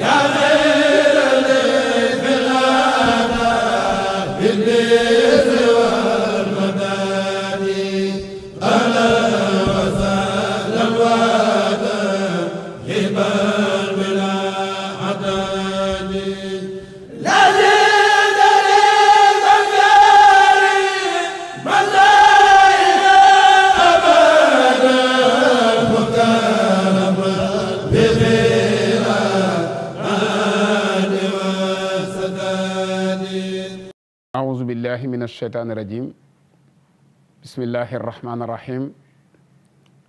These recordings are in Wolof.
yaa الشيطان الرجيم بسم الله الرحمن الرحيم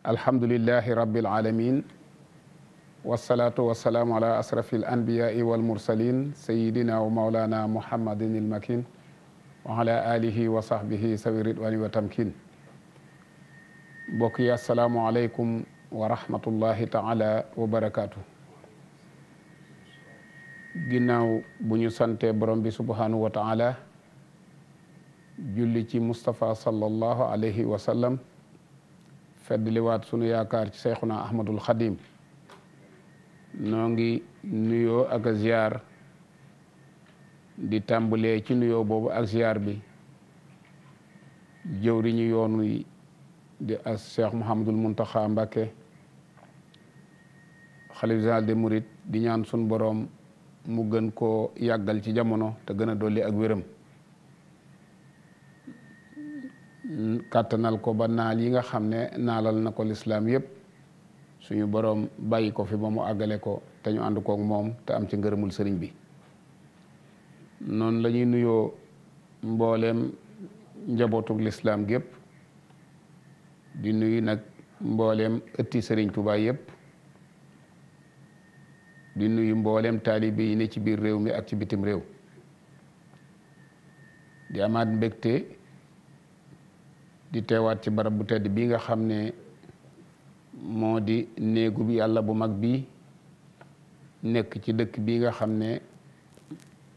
الحمد لله رب العالمين والصلاة والسلام على أشرف الأنبياء والمرسلين سيدنا ومولانا محمد المكين وعلى آله وصحبه سوي الرضوان والتمكين بقي السلام عليكم ورحمة الله تعالى وبركاته ginnaaw bu ñu sante borom bi subhanahu wa taala julli ci Moustapha sallallahu alayhi wa sallam feddliwaat sunu yaakaar ci seyxuna Ahmadul Xadim noo ngi nuyoo ak ziar di tàmbalee ci nuyoo boobu ak ziar bi jëwriñu yoon di as cheikh Mouhamadul Muntaxa Mbàkke xalif général des Mourides di ñaan sunu boroom mu gën koo yàggal ci jamono te gën a dolli ak wéram. kàttanal ko ba naal yi nga xam ne naalal na ko lislaam yépp suñu boroom bàyyi ko fi ba mu àggale ko te ñu ànd moom te am ci ngërëmul sëriñ bi noonu lañuy nuyoo mbooleem njabootug lislaam gépp di nuyu nag mbooleem ëtti sëriñ Tuubaa yépp di nuyu mbooleem taalibe yi ne ci biir réew mi ak ci bitim réew di amaat mbégte di teewaat ci barab bu tedd bii nga xam ne moo di néegu yàlla bu mag bi nekk ci dëkk bii nga xam ne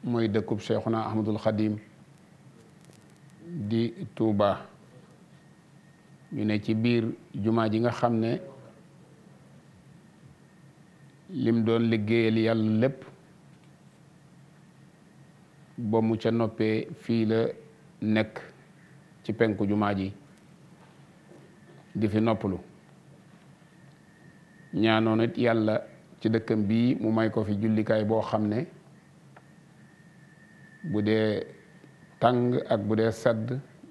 mooy dëkkub Cheikhuna Ahmadul Xadim di Tuuba ñu ne ci biir jumaa ji nga xam ne lim doon liggéeyal yàlla lépp ba mu ca noppee fii la nekk ci penku jumaa ji di fi noppalu ñaanoon it yàlla ci dëkkam bii mu may ko fi jullikaay boo xam ne bu dee tàng ak bu dee sedd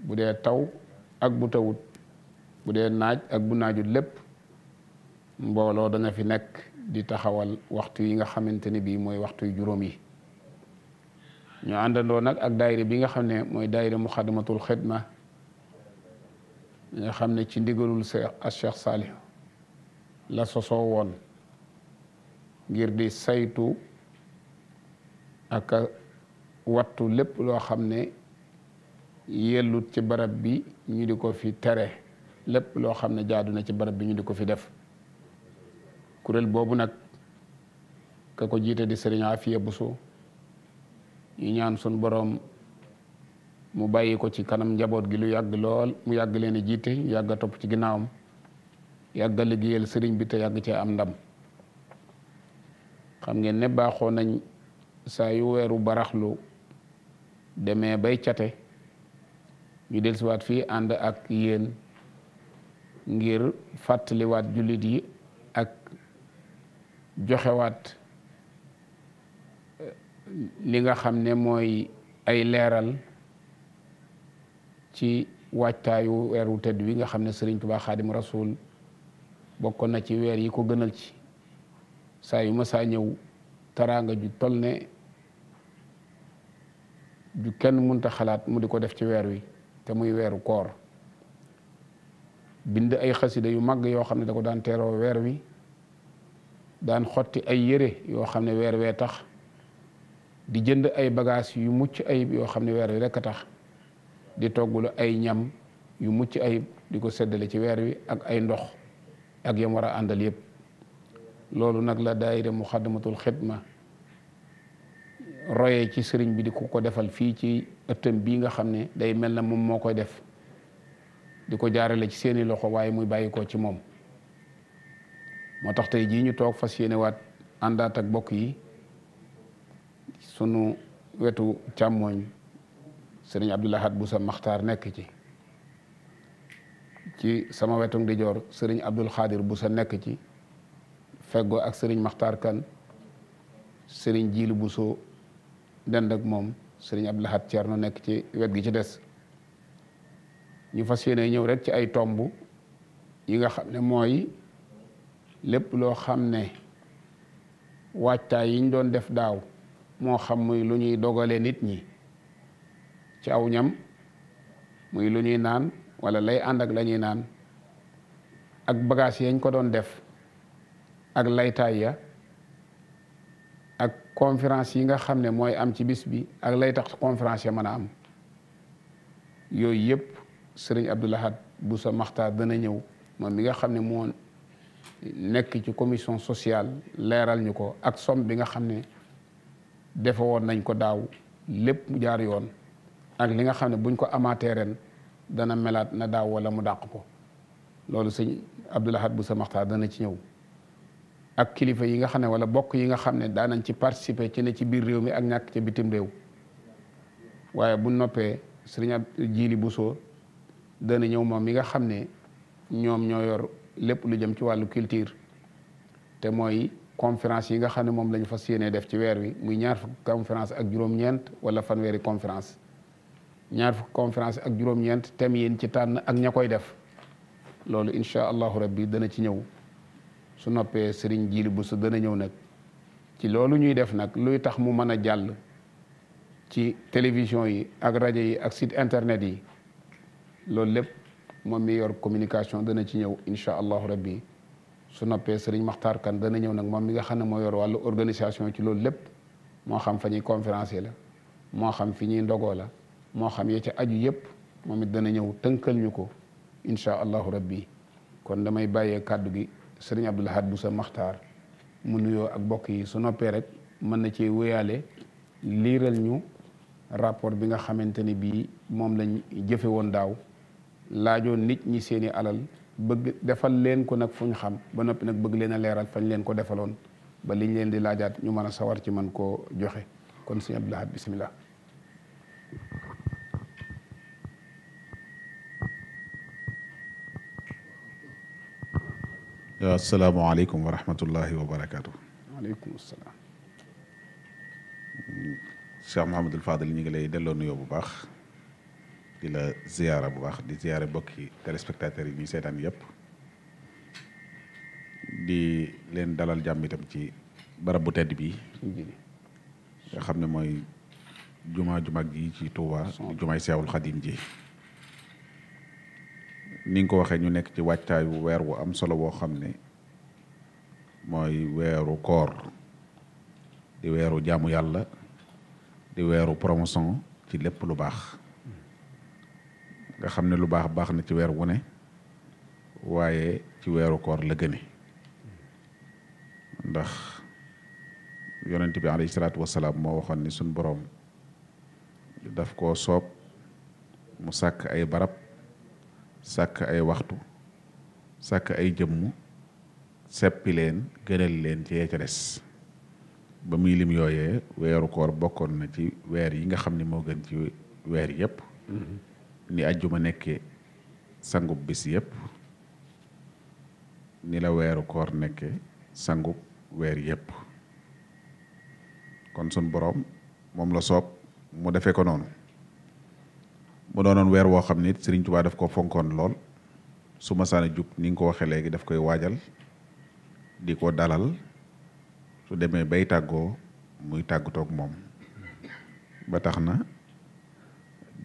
bu dee taw ak bu tawut bu dee naaj ak bu naaju lépp mbooloo dana fi nekk di taxawal waxtu yi nga xamante ne bii mooy waxtu yu juróom yi ñu àndandoo nag ak daayira bi nga xam ne mooy daayira muxadamatul xidma nga xam ne ci ndigalul Cheikh ak la sosoo woon ngir di saytu ak wattu lépp loo xam ne yellut ci barab bi ñu di ko fi tere lépp loo xam ne jaadu na ci barab bi ñu di ko fi def kuréel boobu nag ka ko jiite di sëriñ Afiya Buso ñu ñaan sun boroom mu bàyyi ko ci kanam njaboot gi lu yàgg lool mu yàgg leen a jiite yàgg a topp ci ginnaawam yàgg a liggéeyal sëriñ bi te yàgg cee am ndam xam ngeen ne baaxoo nañ saa yu weeru baraxlu demee bay cate ñu delsiwaat fii ànd ak yéen ngir fàttaliwaat jullit yi ak joxewaat eh, li nga xam ne mooy ay leeral ci waajtaayu weer wu tedd wi nga xam ne sëriñ Serigne Touba Xaadim Rasul bokkoon na ci weer yi ko gënal ci saa yu masaa ñëw taraanga ju toll ne ju kenn munta xalaat mu di ko def ci weer wi te muy weeru koor bind ay xasida yu mag yoo xam ne da ko daan teeroo weer wi daan xotti ay yére yoo xam ne weer wee tax di jënd ay bagaas yu mucc ayib yoo xam ne weer wi rekk a tax di toggulu ay ñam yu mucc ayib di ko seddale ci weer wi ak ay ndox ak yam war a àndal yëpp loolu nag la daayira muxaddamatul xidma royee ci sëriñ bi di ko ko defal fii ci ëttam bii nga xam ne day mel na moom moo koy def di ko jaarale ci seeni loxo waaye muy bàyyi ko ci moom moo tax tey jii ñu toog fas yéene waat àndaat ak bokk yi sunu wetu càmmooñ sëriñ Abdou Lahad Boussa Makhtar nekk ci ci sama wetu ndijoor sëriñ Abdul Xaadir Boussa nekk ci feggoo ak sëriñ Makhtar Kan sëriñ Jiilu Bousso dend ak moom sëriñ Abdou Lahad Thierno nekk ci wet gi ci des ñu fas yéene ñëw rek ci ay tomb yi nga xam ne mooy lépp loo xam ne waajtaay yiñ doon def daaw moo xam muy lu ñuy dogalee nit ñi ci aw ñam muy lu ñuy naan wala lay ànd ak la ñuy naan ak bagage yañ ko doon def ak laytaay ya ak conférence yi nga xam ne mooy am ci bis bi ak lay tax conférence ya mën a am yooyu yëpp sëriñ Abdou bu sa maxtaar dana ñëw moom mi nga xam ne moo nekk ci commission sociale leeral ñu ko ak somme bi nga xam ne defe woon nañ ko daaw lépp mu jaar yoon ak li nga xam ne buñ ko amaatee ren dana melaat na daaw wala mu dàq ko loolu sëñ Abdou Lahad bu sa maxtaar dana ci ñëw ak kilifa yi nga xam ne wala bokk yi nga xam ne daanañ ci participer ci ci biir réew mi ak ñàkk ca bitim réew waaye bu noppee sëriñ ab jiili busoo dana ñëw moom mi nga xam ne ñoom ñoo yor lépp lu jëm ci wàllu culture te mooy conférence yi nga xam ne moom lañu ñu fas yéenee def ci weer wi muy ñaar fukki conférence ak juróom-ñeent wala fanweeri conférence ñaar fukki conférence ak juróom-ñeent thèmes yéen ci tànn ak ña koy def loolu incha allahu rabbi dana ci ñëw su noppee sëriñ jiili bu su dana ñëw nag ci loolu ñuy def nag luy tax mu mën a jàll ci télévision yi ak rajo yi ak site internet yi loolu lépp moom mi yor communication dana ci ñëw incha allahu rabbi su noppee sëriñ Maxtaar Kan dana ñëw nag moom mi nga xam ne moo yor wàllu organisation ci loolu lépp moo xam fa ñuy conférence la moo xam fi ñuy ndogoo moo xam ya ca aju yëpp moom it dana ñëw tënkal ñu ko incha allahu rabbi kon damay bàyyee kàddu gi sëriñ Abdou Lahad Bousso Makhtar mu nuyoo ak mbokk yi su noppee rek mën na cee wéyaale liiral ñu rapport bi nga xamante ni bii moom lañ jëfe woon daaw laajoon nit ñi seeni alal bëgg defal leen ko nag fu ñu xam ba noppi nag bëgg leen a leeral fañ leen ko defaloon ba liñ leen di laajaat ñu man a sawar ci man koo joxe kon sëriñ Abdou Lahad bisimilah. waaw asalaamaaleykum wa rahmatullahi wa barakaatu. waaleykum salaam. Cheikh Mouhamadul ñu ngi lay delloo nuyoo bu baax di la ziyaara bu baax di ziyaare bokki téléspectateurs yi ñuy seetaan yëpp di leen dalal jàmbitam ci barab bu tedd bi nga xam ne mooy jumaa ju mag ji ci Touba jumaay Seexul Xadim ji niñ ko waxee ñu nekk ci waajtaayu weer wu am solo woo xam ne mooy weeru koor di weeru jaamu yàlla di weeru promotion ci lépp lu baax nga xam ne lu baax baax na ci weer wu ne waaye ci weeru koor la gëne ndax yonent bi alayhi salaatu wasalaam moo waxoon ni suñ boroom daf koo soob mu sàkk ay barab sàkk ay waxtu sàkk ay jëmm seppi leen gënal leen ci ca des ba muy lim yooyee weeru koor bokkoon na ci weer yi nga xam ni moo gën ci weer yépp mm-hmm. ni ajjuma nekke sangub bis yépp ni la weeru koor nekke sangub weer yépp kon sun boroom moom la soob mu defe ko noonu mu doonoon weer woo xam ne it Serigne Touba daf ko fonkoon lool su ma saana jug ni nga ko waxee léegi daf koy waajal di ko dalal su demee bay tàggoo muy tàggatoog moom ba tax na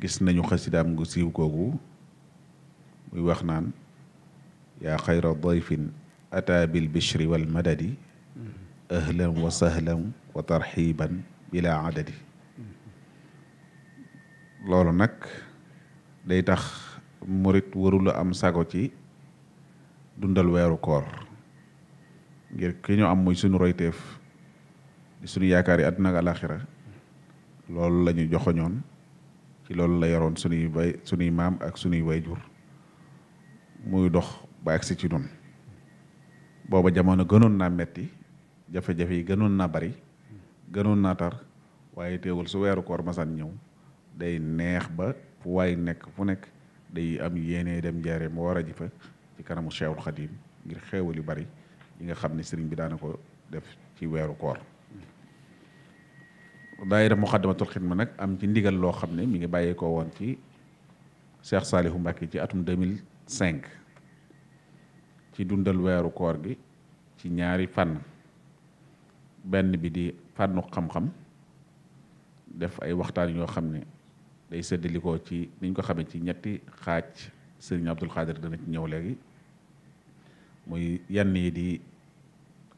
gis nañu xasidaam gu siiw googu muy wax naan yaa xayra dayfin ata bil bishri wal madadi ahlan wa sahlan wa tarxiban bila adadi loolu nag day tax murit warul am sago ci dundal weeru koor ngir ki ñu am muy sunu royteef di sunu yaakaar yi àdduna ak alaxira loolu la ñu joxoñoon ci loolu la yoroon sunuy bay maam ak sunuy wayjur muy dox ba agsi ci nun booba jamono gënoon naa metti jafe-jafe yi gënoon naa bari gënoon naa tar waaye teewul su weeru koor masaan ñëw day neex ba fu waay nekk fu nekk day am yéene dem njaaree mu war a ji fa ci kanamu sew Khadim ngir xeewal yu bari yi nga xam ne sëriñ bi daana ko def ci weeru koor daayira Muxaddamatul ma nag am ci ndigal loo xam ne mi ngi bàyyee ko woon ci Cheikh Salihu Mbacke ci atum 2005 ci dundal weeru koor gi ci ñaari fànn benn bi di fànnu xam-xam def ay waxtaan yoo xam ne day séddalikoo ci niñ ko xamee ci ñetti xaaj sëriñ Abdul Xaadir dana ci ñëw léegi muy yenn yi di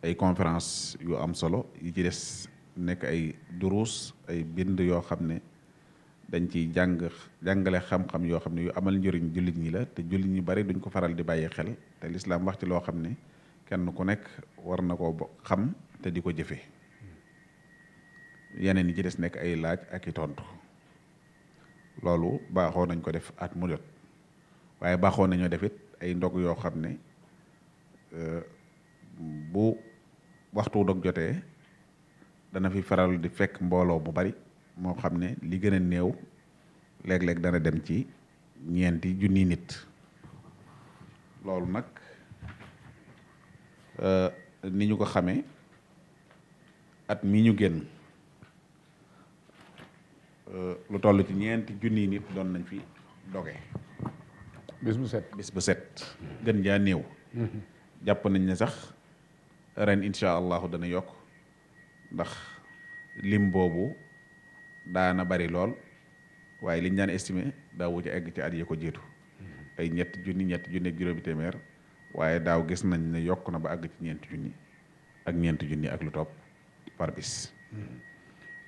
ay conférence yu am solo yi ci des nekk ay duruus ay bind yoo xam ne dañ ci jàng jàngale xam-xam yoo xam ne yu amal njëriñ jullit ñi la te jullit ñi bari duñ ko faral di bàyyi xel te lislaam wax ci loo xam ne kenn ku nekk war na koo xam te di ko jëfe yeneen yi ci des nekk ay laaj ak i tontu. loolu baaxoo nañ ko def at mu jot waaye baaxoo nañoo def ay ndog yoo xam ne euh, bu waxtu dog jotee dana fi faral di fekk mbooloo bu bari moo xam ne li gën a néew léeg-léeg dana dem ci ñeenti junni nit loolu nag euh, ni ñu ko xamee at mi ñu génn Euh, lu toll ci ñeenti junniy nit doon nañ fi doge. bis bu set bis bu set. gën jaa néew. jàpp nañ ne sax ren incha allahu dana yokk ndax lim boobu daana bari lool waaye liñ daan estimé daawu ci egg ci at yi ko jiitu. ay ñetti junni ñetti junni ak juróomi téeméer waaye daaw gis nañ ne yokk na ba àgg ci ñeenti junni ak ñeenti junni ak lu topp par bis.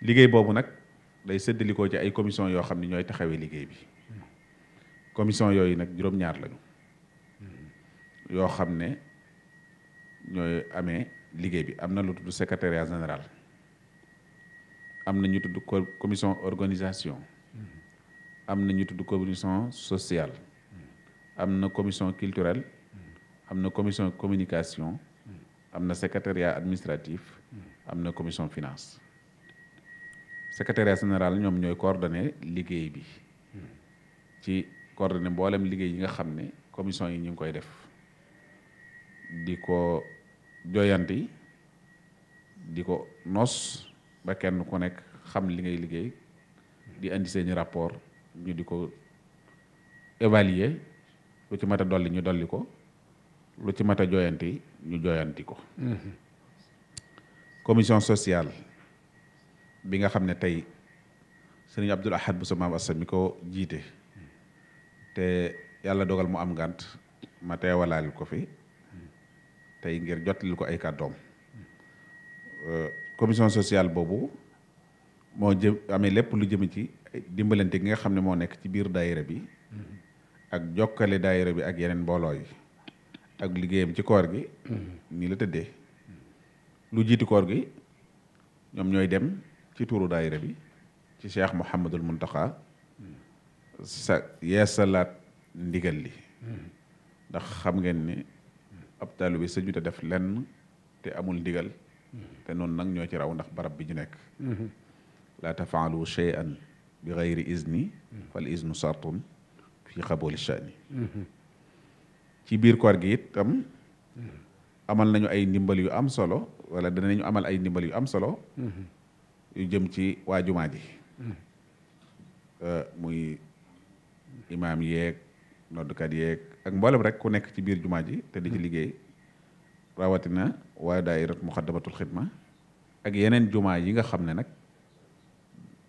liggéey boobu nag. day séddalikoo ci ay commission yoo xam ne ñooy taxawee liggéey bi commission yooyu nag juróom-ñaar lañu yoo xam ne ñooy amee liggéey bi am na lu tudd secrétariat général am na ñu tudd commission organisation am na ñu tudd commission sociale am na commission culturelle am na commission communication am na secretariat administratif am na commission finance secrétaire général ñoom ñooy coordonné liggéey bi ci coordonné mboolem liggéey yi nga xam ne commission yi ñu ngi koy def di ko joyanti di ko nos ba kenn ku nekk xam li ngay liggéey di indi seeni rapport ñu di ko évaluer lu ci mat a dolli ñu dolli ko lu ci mat a joyanti ñu joyanti ko mm-hmm. commission sociale bi nga xam ne tey sëriñ Abdul Ahad bu sama Assa mi ko jiite te yàlla dogal mu am ngànt ma teewalaal ko fi tey ngir jotlil ko ay kàddoom euh, commission sociale boobu moo jëm amee lépp lu jëm ci dimbalante gi nga xam ne moo nekk ci biir daayira bi ak jokkale daayira bi ak yeneen mbooloo yi ak liggéeyam ci koor gi mm-hmm. nii la tëddee lu jiitu koor gi ñoom ñooy dem ci turu daayira bi ci cheikh Mouhamadul Muntaxa sa yeesalaat ndigal li ndax xam ngeen ni ab taalibe bi sëñu te def lenn te amul ndigal te noonu nag ñoo ci raw ndax barab bi ñu nekk laa tafaalu shay'an bi gayri izni fal iznu sartun fi xabooli sha'ni ci biir koor gi itam amal nañu ay ndimbal yu am solo wala danañu amal ay ndimbal yu am solo yu jëm ci waa jumaa ji euh, muy imaam yeeg noddukat yeeg ak mboolem rek ku nekk ci biir jumaa ji te di ci hmm. liggéey rawatina waa daayirat muxaddamatul xidma ak yeneen jumaa yi nga xam ne nag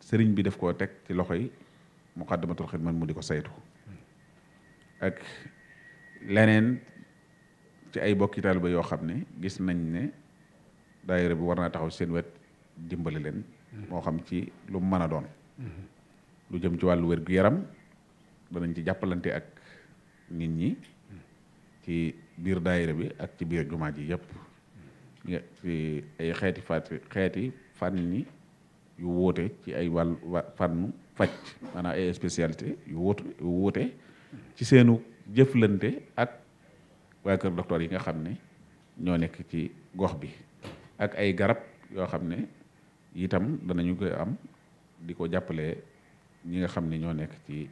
sëriñ bi def koo teg ci loxo yi muxaddamatul xidma mu di ko saytu ak leneen ci ay bokki taaliba yoo xam ne gis nañ ne daayira bi war naa taxaw seen wet dimbali leen moo xam ci lu mën a doon lu jëm ci wàllu wér-gu-yaram danañ ci jàppalante ak nit ñi ci biir daayira bi ak ci biir jumaa ji yëpp ay xeeti fàtt xeeti fànni yu wuute ci ay wàll faj maanaam ay spécialité yu wuute ci seenu jëflante ak waa kër docteur yi nga xam ne ñoo nekk ci gox bi ak ay garab yoo xam ne itam danañu koy am di ko jàppale ñi nga xam ni ñoo nekk ci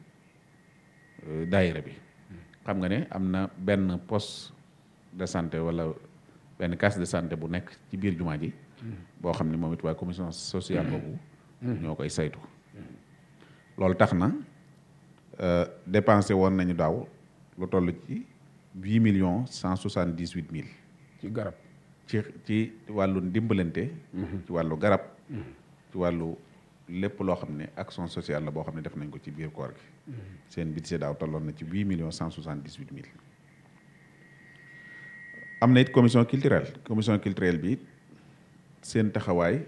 euh, daayira bi xam nga ne am na benn poste de santé wala benn case de santé bu nekk ci biir jumaa ji boo xam ne moom it waa commission sociale boobu ñoo koy saytu loolu tax na euh, dépensé woon nañu daaw lu toll ci huit million cent soixante dix huit mille ci garab ci ci wàllu ndimbalante mm-hmm. ci wàllu garab ci wàllu lépp loo xam ne action sociale la boo xam ne def nañ ko ci biir koor gi seen budget daaw tolloon na ci huit million cent soixante dix huit mille am na it commission culturelle commission culturelle bi seen taxawaay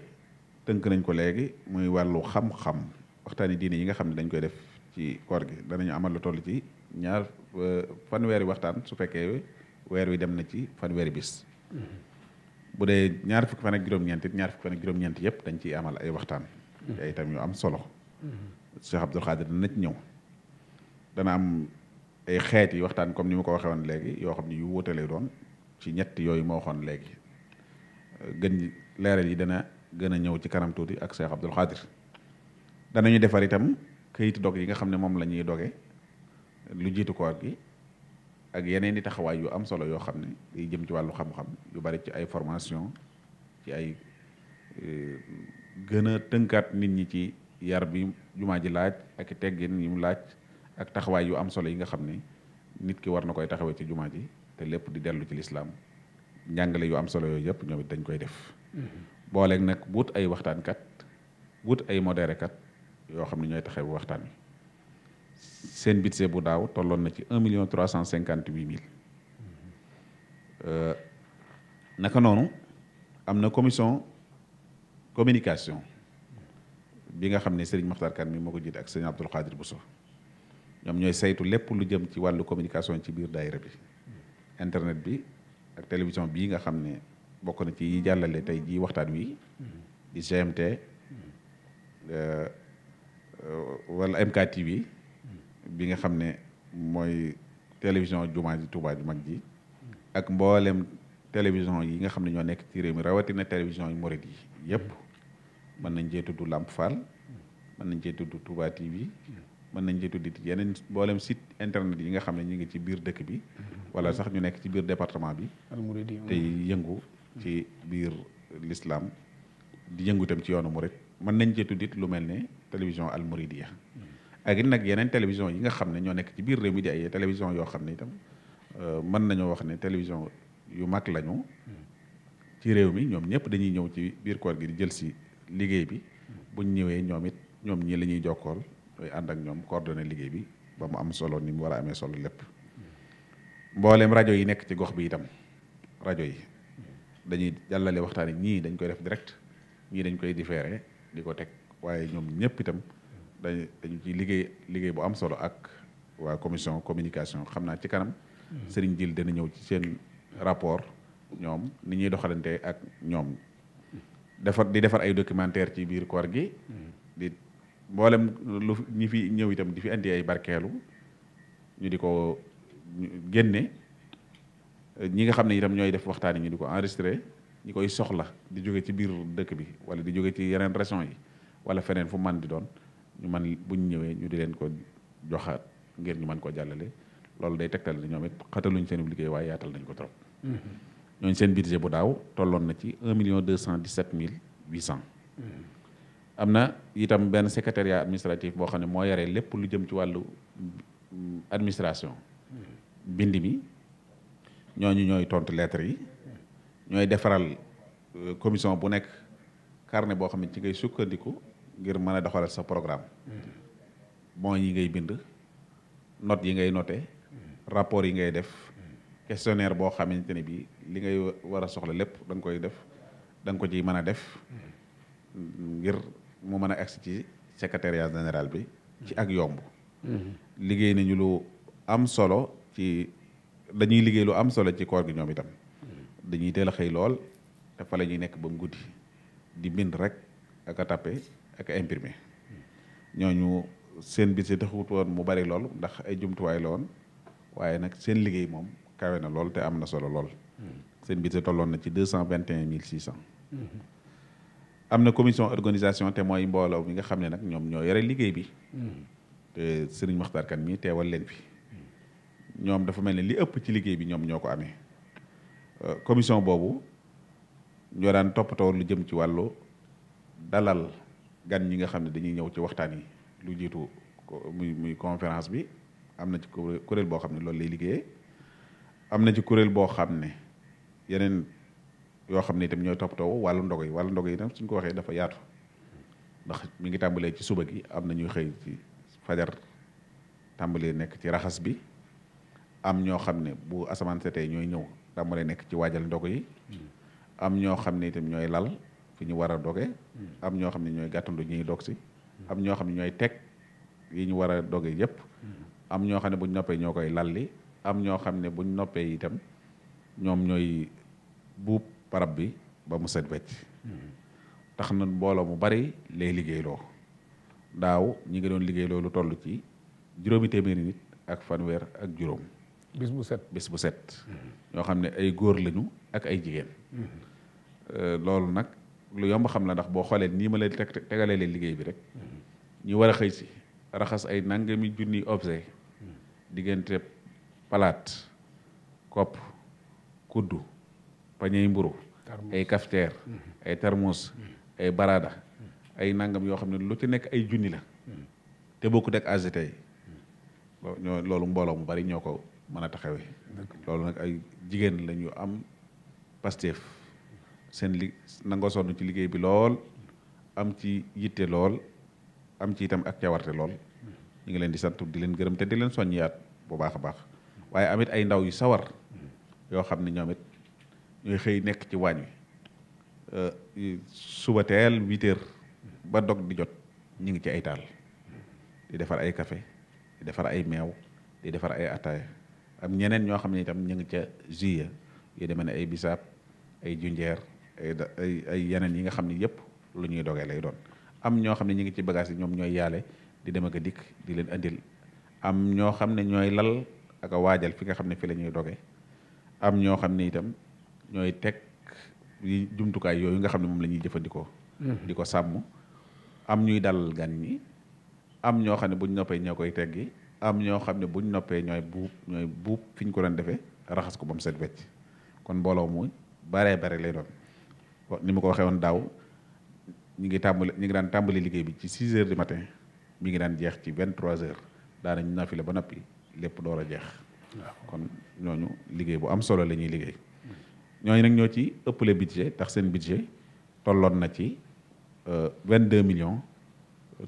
tënk nañ ko léegi muy wàllu xam-xam waxtaan waxtaani diine yi nga xam ne dañ koy def ci koor gi danañu amal lu tollu ci ñaar euh, fanweeri waxtaan su fekkee weer wi dem na ci fanweeri bis bu dee ñaar fukki fan ak juróom-ñeent ñaar fukki fan juróom-ñeent yëpp dañ ciy amal ay waxtaan. Mm-hmm. ay itam yu am solo. Mm-hmm. Cheikh Abdoul Khadir dana ci ñëw. dana am ay xeet yi waxtaan comme ni ma ko waxee woon léegi yoo xam ne yu wuute doon ci ñett yooyu ma waxoon léegi gën leeral yi dana gën a ñëw ci kanam tuuti ak Cheikh Abdoul danañu defar itam këyit dog yi nga xam ne moom la ñuy doge lu jiitu koor gi. ak yeneen i taxawaay yu am solo yoo xam ne day jëm ci wàllu xam-xam yu bari ci ay formation ci ay e, gën a tënkaat nit ñi ci yar bi jumaa ji laaj ak teggin yi mu laaj ak taxawaay yu am solo yi nga xam ne nit ki war na koy taxawee ci jumaa ji te lépp di dellu ci lislaam njàngale yu am solo yooyu yëpp ñoom dañ koy def mm-hmm. booleeg nag wut ay waxtaankat wut ay modérekat yoo xam ne ñooy taxawu waxtaan wi seen budget bu daaw tolloon na ci un million trois cent cinquante huit mille euh, naka noonu am na commission communication bi nga xam ne Serigne Makhtar kan mi moo ko jiite ak Serigne Abdoul Khadir Bousso ñoom ñooy saytu lépp lu jëm ci wàllu communication ci biir daayira bi internet bi ak télévision bii nga xam ne bokk na ci yi jàllale tey jii waxtaan wi di GMT euh, euh, wala MK TV bi nga xam ne mooy télévision jumaa ji Touba ju mag ji ak mboolem télévision yi nga xam ne ñoo nekk ci réew mi rawatina télévision yi morit yi yëpp mën nañ cee tudd làmp Fall mën nañ cee tudd Touba TV mën nañ cee tudd yeneen mboolem site internet yi nga xam ne ñu ngi ci biir dëkk bi wala sax ñu nekk ci biir département bi tey yëngu ci biir l'islam di yëngu itam ci yoonu murit mën nañ cee tudd lu mel ne télévision Al Mouridiyyah ak it nag yeneen télévision yi nga xam ne ñoo nekk ci biir réew mi di ay télévision yoo xam ne itam euh, mën nañoo wax ne télévision yu mag lañu ci réew mi ñoom ñëpp dañuy ñëw ci biir koor gi di jël si liggéey bi buñ ñëwee ñoom it ñoom ñii la ñuy jokkool doy ànd ak ñoom coordonné liggéey bi ba mu am solo ni mu war amee solo lépp mbooleem rajo yi nekk ci gox bi itam rajo yi dañuy jàllale waxtaan yi ñii dañ koy def direct ñii dañ koy différé di ko teg waaye ñoom ñëpp itam dañu dañu ci liggéey liggéey bu am solo ak waa commission communication xam naa ci kanam. Hmm. Serigne Dil dana ñëw ci seen rapport ñoom ni ñuy doxalante ak ñoom. defar di defar ay documentaire ci biir koor gi. Hmm. di mboolem lu ñi fi ñëw itam di fi andi ay barkeelu ñu di ko génne ñi nga xam ne itam ñooy def waxtaan yi ñu di ko enregistré ñi koy soxla di jóge ci biir dëkk bi wala di jóge ci yeneen région yi wala feneen fu man di doon. ñu man bu ñu ñëwee ñu di leen ko joxaat ngir ñu mën ko jàllale loolu day tegtal ne ñoom it xataluñ seen liggéey waaye yaatal nañ ko trop. Mm-hmm. ñooñu seen budget bu daaw tolloon na ci un million deux cent dix-sept mille huit cent. Mm-hmm. am na itam benn secrétariat administratif boo xam ne moo yore lépp lu jëm ci wàllu administration. Mm-hmm. bind mi ñooñu ñooy tontu lettres yi. ñooy defaral euh, commission bu nekk carnet boo xam ne ci ngay sukkandiku. ngir mën a doxalal sa programme bon yi ngay bind not yi ngay noté rapport yi ngay def questionnaire boo xamante ne bii li ngay war a soxla lépp da koy def da nga ko ciy mën a def ngir mu mën a agsi ci secrétariat général bi ci ak yomb liggéey nañu lu am solo ci dañuy liggéey lu am solo ci koor gi ñoom itam dañuy teel xëy lool te fa la ñuy nekk ba mu guddi di bind rek ak a tappe ak imprimé ñooñu seen budget taxut woon mu bari lool ndax ay jumtuwaay lool waaye nag seen liggéey moom kawe na lool te am na solo lool. Hmm. seen budget tolloon na ci deux cent vingt et un mille six hmm. am na commission organisation te mooy mbooloo mi nga xam ne nag ñoom ñoo yare liggéey bi. Hmm. te Serigne Makhtar Kane mi teewal leen fi. ñoom dafa mel ni li ëpp ci liggéey bi ñoom ñoo ko amee. Euh, commission boobu ñoo daan toppatoo lu jëm ci wàllu dalal gan ñi nga xam ne dañuy ñëw ci waxtaan yi lu jiitu muy muy conférence bi am na ci kuréel boo xam ne loolu lay liggéeyee am na ci kuréel boo xam ne yeneen yoo xam ne itam ñooy toppatoo wàllu ndogo yi wàllu ndogo yi itam suñ ko waxee dafa yaatu ndax mu ngi tàmbalee ci suba gi am na ñuy xëy ci fajar tàmbalee nekk ci raxas bi am ñoo xam ne bu asamaan setee ñooy ñëw tàmbalee nekk ci waajal ndogo yi hmm. am ñoo xam ne itam ñooy lal fi ñu war a doge mm. am ñoo xam ne ñooy gàttandu ñuy dog si am ñoo xam ne ñooy teg yi ñu war a doge yëpp mm. am ñoo xam ne buñ noppee ñoo koy lalli am ñoo xam ne buñ noppee itam ñoom ñooy buub parab bi ba mu set wecc mm. tax na mbooloo mu bari lay liggéeyloo daaw ñi ngi doon liggéeyloo lu toll ci juróomi téeméeri nit ak fanweer ak juróom bis bu set bis bu set ñoo xam ne ay góor lañu ak ay jigéen euh, loolu nag lu yomb xam la ndax boo xoolee nii ma lay tegalee leen liggéey bi rek ñu war a xëy si raxas ay nangami junni objet diggante palaat kopp kuddu pañey mburu ay cafetière mm-hmm. ay thermos mm-hmm. ay baraada ay nangam yoo xam ne lu ci nekk ay junni la mm-hmm. te boo ak AGT yi ñoo loolu mbooloo mu bari ñoo ko mën a taxawee loolu nag ay jigéen lañu am Pastef seen li nangoo sonn ci liggéey bi lool am ci yitte lool am ci itam ak cawarte lool ñu ngi leen di santu di leen gërëm te di leen soññiyaat bu baax a baax waaye amit ay ndaw yu sawar yoo xam ne ñoomit it xëy nekk ci waañ wi suba teel huit ba dog di jot ñu ngi ci ay taal di defar ay kafe di defar ay meew di defar ay ataaya am ñeneen ñoo xam ne itam ñu ngi ca jus ya e, yu demee ne ay bisaab ay junjeer ay ay yeneen yi nga xam ne yëpp lu ñuy dogee lay doon am ñoo xam ne ñu ngi ci bagage ñoom ñooy yaale di dem ak dikk di leen andil am ñoo xam ne ñooy lal ak waajal fi nga xam ne fi la ñuy doge am ñoo xam ne itam ñooy teg yi jumtukaay yooyu nga xam ne moom la ñuy jëfandikoo. Mm-hmm. di ko sàmm am ñuy dal gan ñi am ñoo xam ne buñ noppee ñoo koy teggi am ñoo xam ne buñ noppee ñooy buub ñooy buub fi ko doon defee raxas ko ba mu set wecc kon mbooloo mu baree bare lay doon. ni ma ko waxee woon daaw ñi ngi tàmbali ñi daan tàmbali liggéey bi ci 6 heures du matin mi ngi daan jeex ci 23 heures daanañu nafila ba noppi lépp door a jeex kon ñooñu liggéey bu am solo la ñuy liggéey ñooñu nag ñoo ci ëppale budget tax seen budget tolloon na ci 22 euh, millions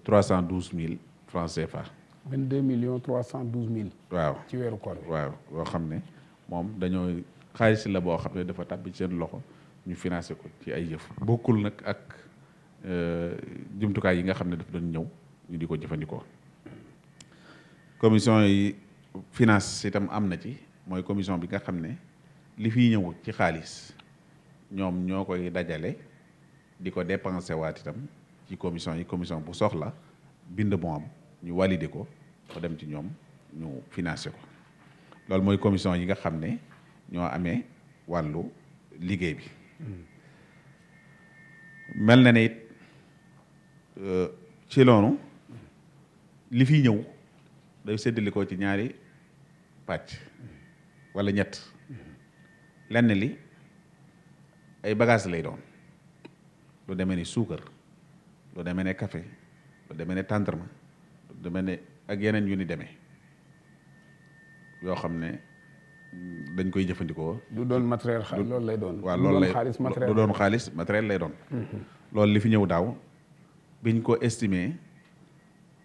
312 mille francs CFA. 22 millions 312 mille. waaw ci weeru koor bi waaw yoo xam ne moom dañoo xaalis la boo xam ne dafa tàbbi seen loxo. ñu financé ko ci ay yëf bokkul nag ak euh, jumtukaay yi nga xam ne daf doon ñëw ñu di ko jëfandikoo commission yi finance itam am na ci mooy commission bi nga xam ne li fiy ñëw ci xaalis ñoom ñoo koy dajale di ko dépensé waat itam ci commission yi commission bu soxla bind moo am ñu validé ko mu dem ci ñoom ñu financé ko loolu mooy commission yi nga xam ne ñoo amee wàllu liggéey bi mel na ne it euh, ci loonu li fi ñëw day séddale ko ci ñaari pàcc wala ñett lenn li ay bagages lay doon lu demee ni suukar lu demee ne café lu demee ne tàndarma lu demee ne ak yeneen yu ni deme yoo xam ne dañ koy jëfandikoo. lu doon matériel xaalis loolu lay doon. waaw loolu lay du doon xaalis matériel lay doon. Mm-hmm. loolu li fi ñëw daaw biñ ko estimé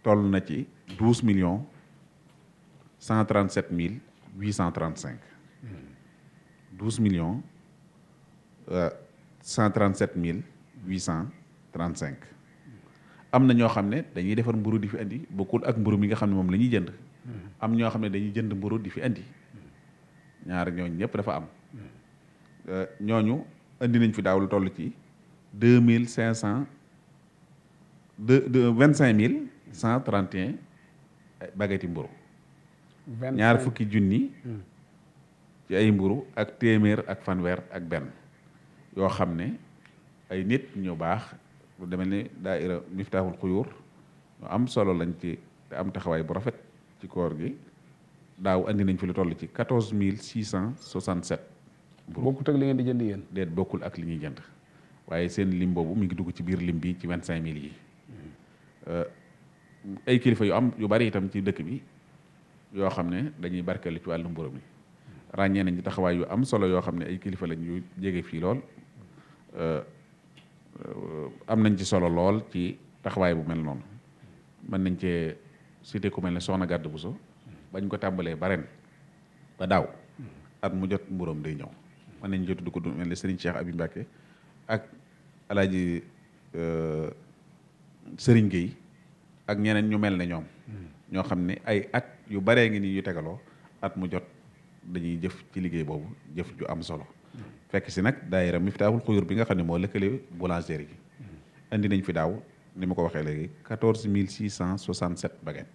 toll na ci douze million cent trente sept mille huit cent trente cinq. Mm-hmm. douze millions euh, cent trente sept mille huit cent trente cinq. Mm-hmm. am na ñoo xam ne dañuy defar mburu di fi andi bokkul ak mburu mi nga xam ne moom la ñuy jënd. am ñoo xam ne dañuy jënd mburu di fi andi. ñaar ñooñ ñëpp dafa am euh, ñooñu indi nañ fi daaw lu toll ci deux mille cinq cent deux deux cinq mille cent trente et un euh, baguettes mburu ñaar fukki junni hmm. ci ay mburu ak téeméer ak fanweer ak benn yoo xam ne ay nit ñu baax lu demee ni daaira Miftaaxul Xuyuur ñu am solo lañ ci te am taxawaay bu rafet ci koor gi daaw andi nañ fi lu toll ci quatorze mille six cent soixante sept. bokkut ak li ngeen di jënd yéen. déet bokkul ak li ñuy jënd waaye seen lim boobu mi ngi dugg ci biir lim bi ci vingt cinq mille yi. Euh, ay kilifa yu am yu bari itam ci dëkk bi yoo xam ne dañuy barkeelu ci wàllu mborom bi ràññee nañ ci taxawaay yu am solo yoo xam ne ay kilifa lañ yu jege fii lool euh, euh, am nañ ci solo lool ci taxawaay bu mel noonu mën nañ cee cité ku mel ne Soxna Gàdd bu Buso bañ ko tàmbalee ba ren ba daaw at mu jot mburoom day ñëw mën nañ jotudu ko du mel ne Serigne Cheikh Abi Mbacke ak alaaji euh, sëriñ Gueye ak ñeneen ñu mel ne ñoom hmm. ñoo xam ne ay at yu baree ngi nii yu tegaloo at mu jot dañuy jëf ci liggéey boobu jëf ju am solo hmm. fekk si nag daayira Miftaahul Xuyur bi nga xam ne moo lëkkale boulangerie yi indi hmm. nañ fi daaw ni ma ko waxee léegi quatorze mille six cent soixante-sept baguettes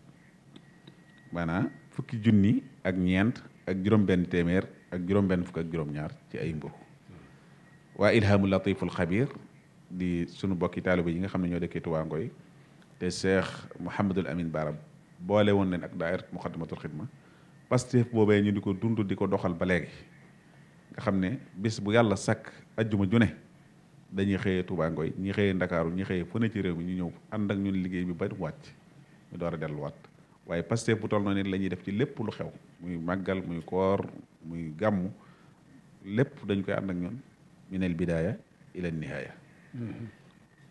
maanaam fukki junni ak ñeent ak juróom-benn téeméer ak juróom-benn fukk ak juróom-ñaar ci ay mburu waa ilhamu latiful xabir di sunu bokki taaliba yi nga xam ne ñoo dëkkee Tuubaa Ngoy te Cheikh Mouhamadul Amin Baara boole woon leen ak daayira Muxaddamatul Xidma Pastef boobee ñu di ko dund di ko doxal ba léegi nga xam ne bis bu yàlla sàkk ajjuma ju ne dañuy xëyee Tuubaa Ngoy ñi xëyee Ndakaaru ñi xëyee fu ci réew mi ñu ñëw ànd ak ñun liggéey bi ba wàcc ñu door a delluwaat waaye Pastef bu toll na nit la ñuy def ci lépp lu xew muy màggal muy koor muy gàmmu lépp dañ koy ànd ak ñoon minel bidaaya ila nihaaya mm-hmm.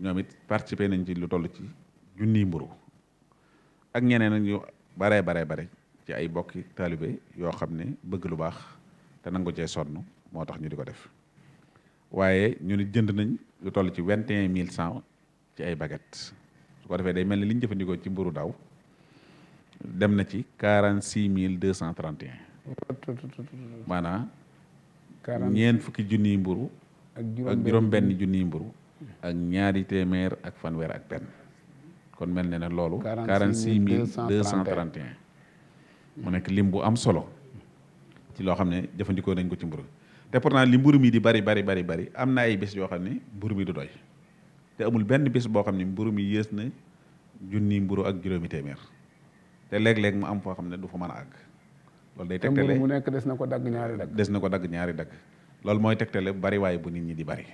ñoom it participer nañ ci lu toll ci junniy mburu ak ñeneen ak bare baree bare ci ay bokki taalibe yoo xam ne bëgg lu baax te nangu cee sonn moo tax ñu di ko def waaye ñu nit jënd nañ lu toll ci vingt et un mille cent ci ay baguettes su ko defee day mel ni li jëfandikoo ci mburu daw dem na ci quarante six mille deux cent trente et un ñeent fukki junniy mburu ak juróom benn junni mburu ak ñaari téeméer ak fanweer ak benn kon mel na ne loolu quarante six mille deux cent trente et mu nekk lim bu am solo ci loo xam ne jëfandikoo nañ ko ci mburu te pourtant li mburu mi di bari bari bari bari am na ay bés yoo xam ne mburu mi du doy te amul benn bés boo xam ne mburu mi yées na junniy mburu ak juróomi téeméer te léeg-léeg mu am foo xam ne du fa mën a àgg loolu day tegtale mu nekk des na ko dagg ñaari dagg des na ko dagg ñaari loolu mooy tegtale bari waaye bu nit ñi di bari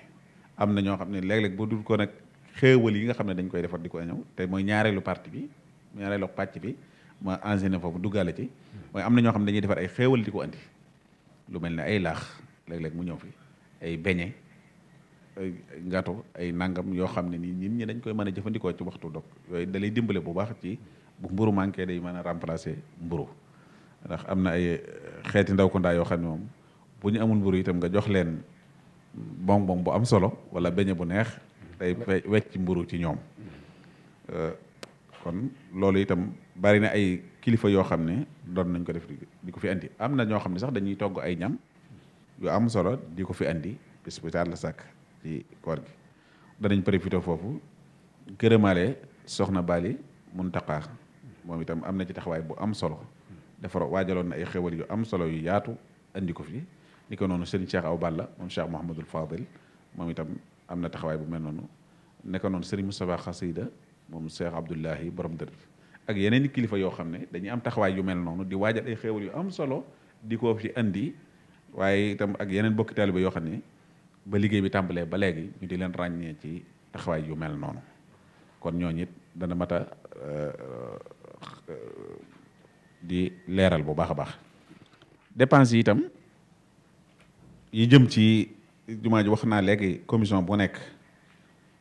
am na ñoo xam ne léeg-léeg bu dul ko nag xéewal yi nga xam ne dañ koy defar ñëw te mooy ñaareelu partie bi ñaareelu pàcc bi ma enseigné foofu duggaale ci mooy am na ñoo xam ne dañuy defar ay xéewal di ko andi lu mel ne ay laax léeg-léeg mu ñëw fi ay beñe ay ay nangam yoo xam ne nii nit ñi dañ koy mën a jëfandikoo ci waxtu dog yooyu da lay dimbale bu baax ci bu mburu manqué day mën a remplacer mburu ndax am na ay eh, xeeti ndaw ko ndaa yoo xam ne moom bu ñu amul mburu itam nga jox leen bonbon bu am solo wala beñe bu neex day mm-hmm. wecc mburu ci ñoom eh, kon loolu itam bari na ay kilifa yoo xam ne doon nañ ko def di ko fi andi am na ñoo xam ne sax dañuy togg ay ñam yu am solo di ko fi andi bis bu taal la sàkk ci koor gi danañ profité foofu gërëmaale soxna baali Bali Muntaqa moom itam am na ci taxawaay bu am solo defar waajaloon na ay xewal yu am solo yu yaatu indi ko fi ni ko noonu sëriñ Cheikh Aw la moom Cheikh Mouhamadul Fadil moom itam am na taxawaay bu mel noonu ne ko noonu sëriñ Moustapha Xasida moom Cheikh Abdoulahi borom dër ak yeneen i kilifa yoo xam ne dañuy am taxawaay yu mel noonu di waajal ay xewal yu am solo di ko fi indi waaye itam ak yeneen bokki taaliba yoo xam ne ba liggéey bi tàmbalee ba léegi ñu di leen ràññee ci taxawaay yu mel noonu kon ñooñu dana mat a euh, Euh, di leeral bu baax a baax dépense yi itam yi jëm ci jumaa ji wax naa léegi commission bu nekk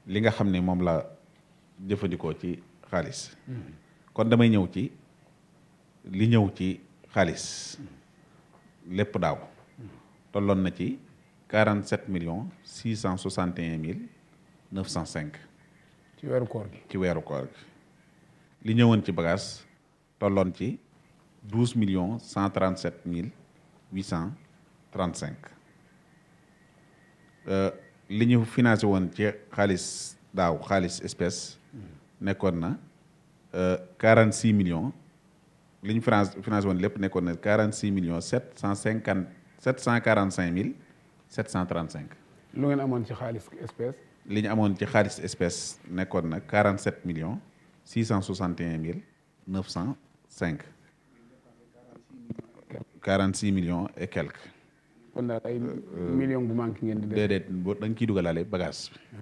li nga xam ne moom la jëfandikoo ci xaalis hmm. kon damay ñëw ci li ñëw ci xaalis hmm. lépp daaw hmm. tolloon na ci quarante sept million six cent soixante et un mille neuf cent cinq ci weeru koor gi ci weeru koor gi li ñëwoon ci bagage tolloon ci douze millions cent trente sept mille huit cent trente cinq euh, li ñu finance woon ci xaalis daaw xaalis espèce nekkoon na euh, quarante six millions li ñu financé financé woon lépp nekkoon na quarante six millions sept cent cinquante sept cent cinq mille sept cinq. lu ngeen amoon ci xaalis espèce. li ñu amoon ci xaalis espèce nekkoon na quarante sept millions six cent soixante et un mille neuf cent. cinq quarante six millions et quelques. kon daal ay euh, euh, millions bu manqué ngeen di. déedéet boo dañ ciy dugalaale bagage bi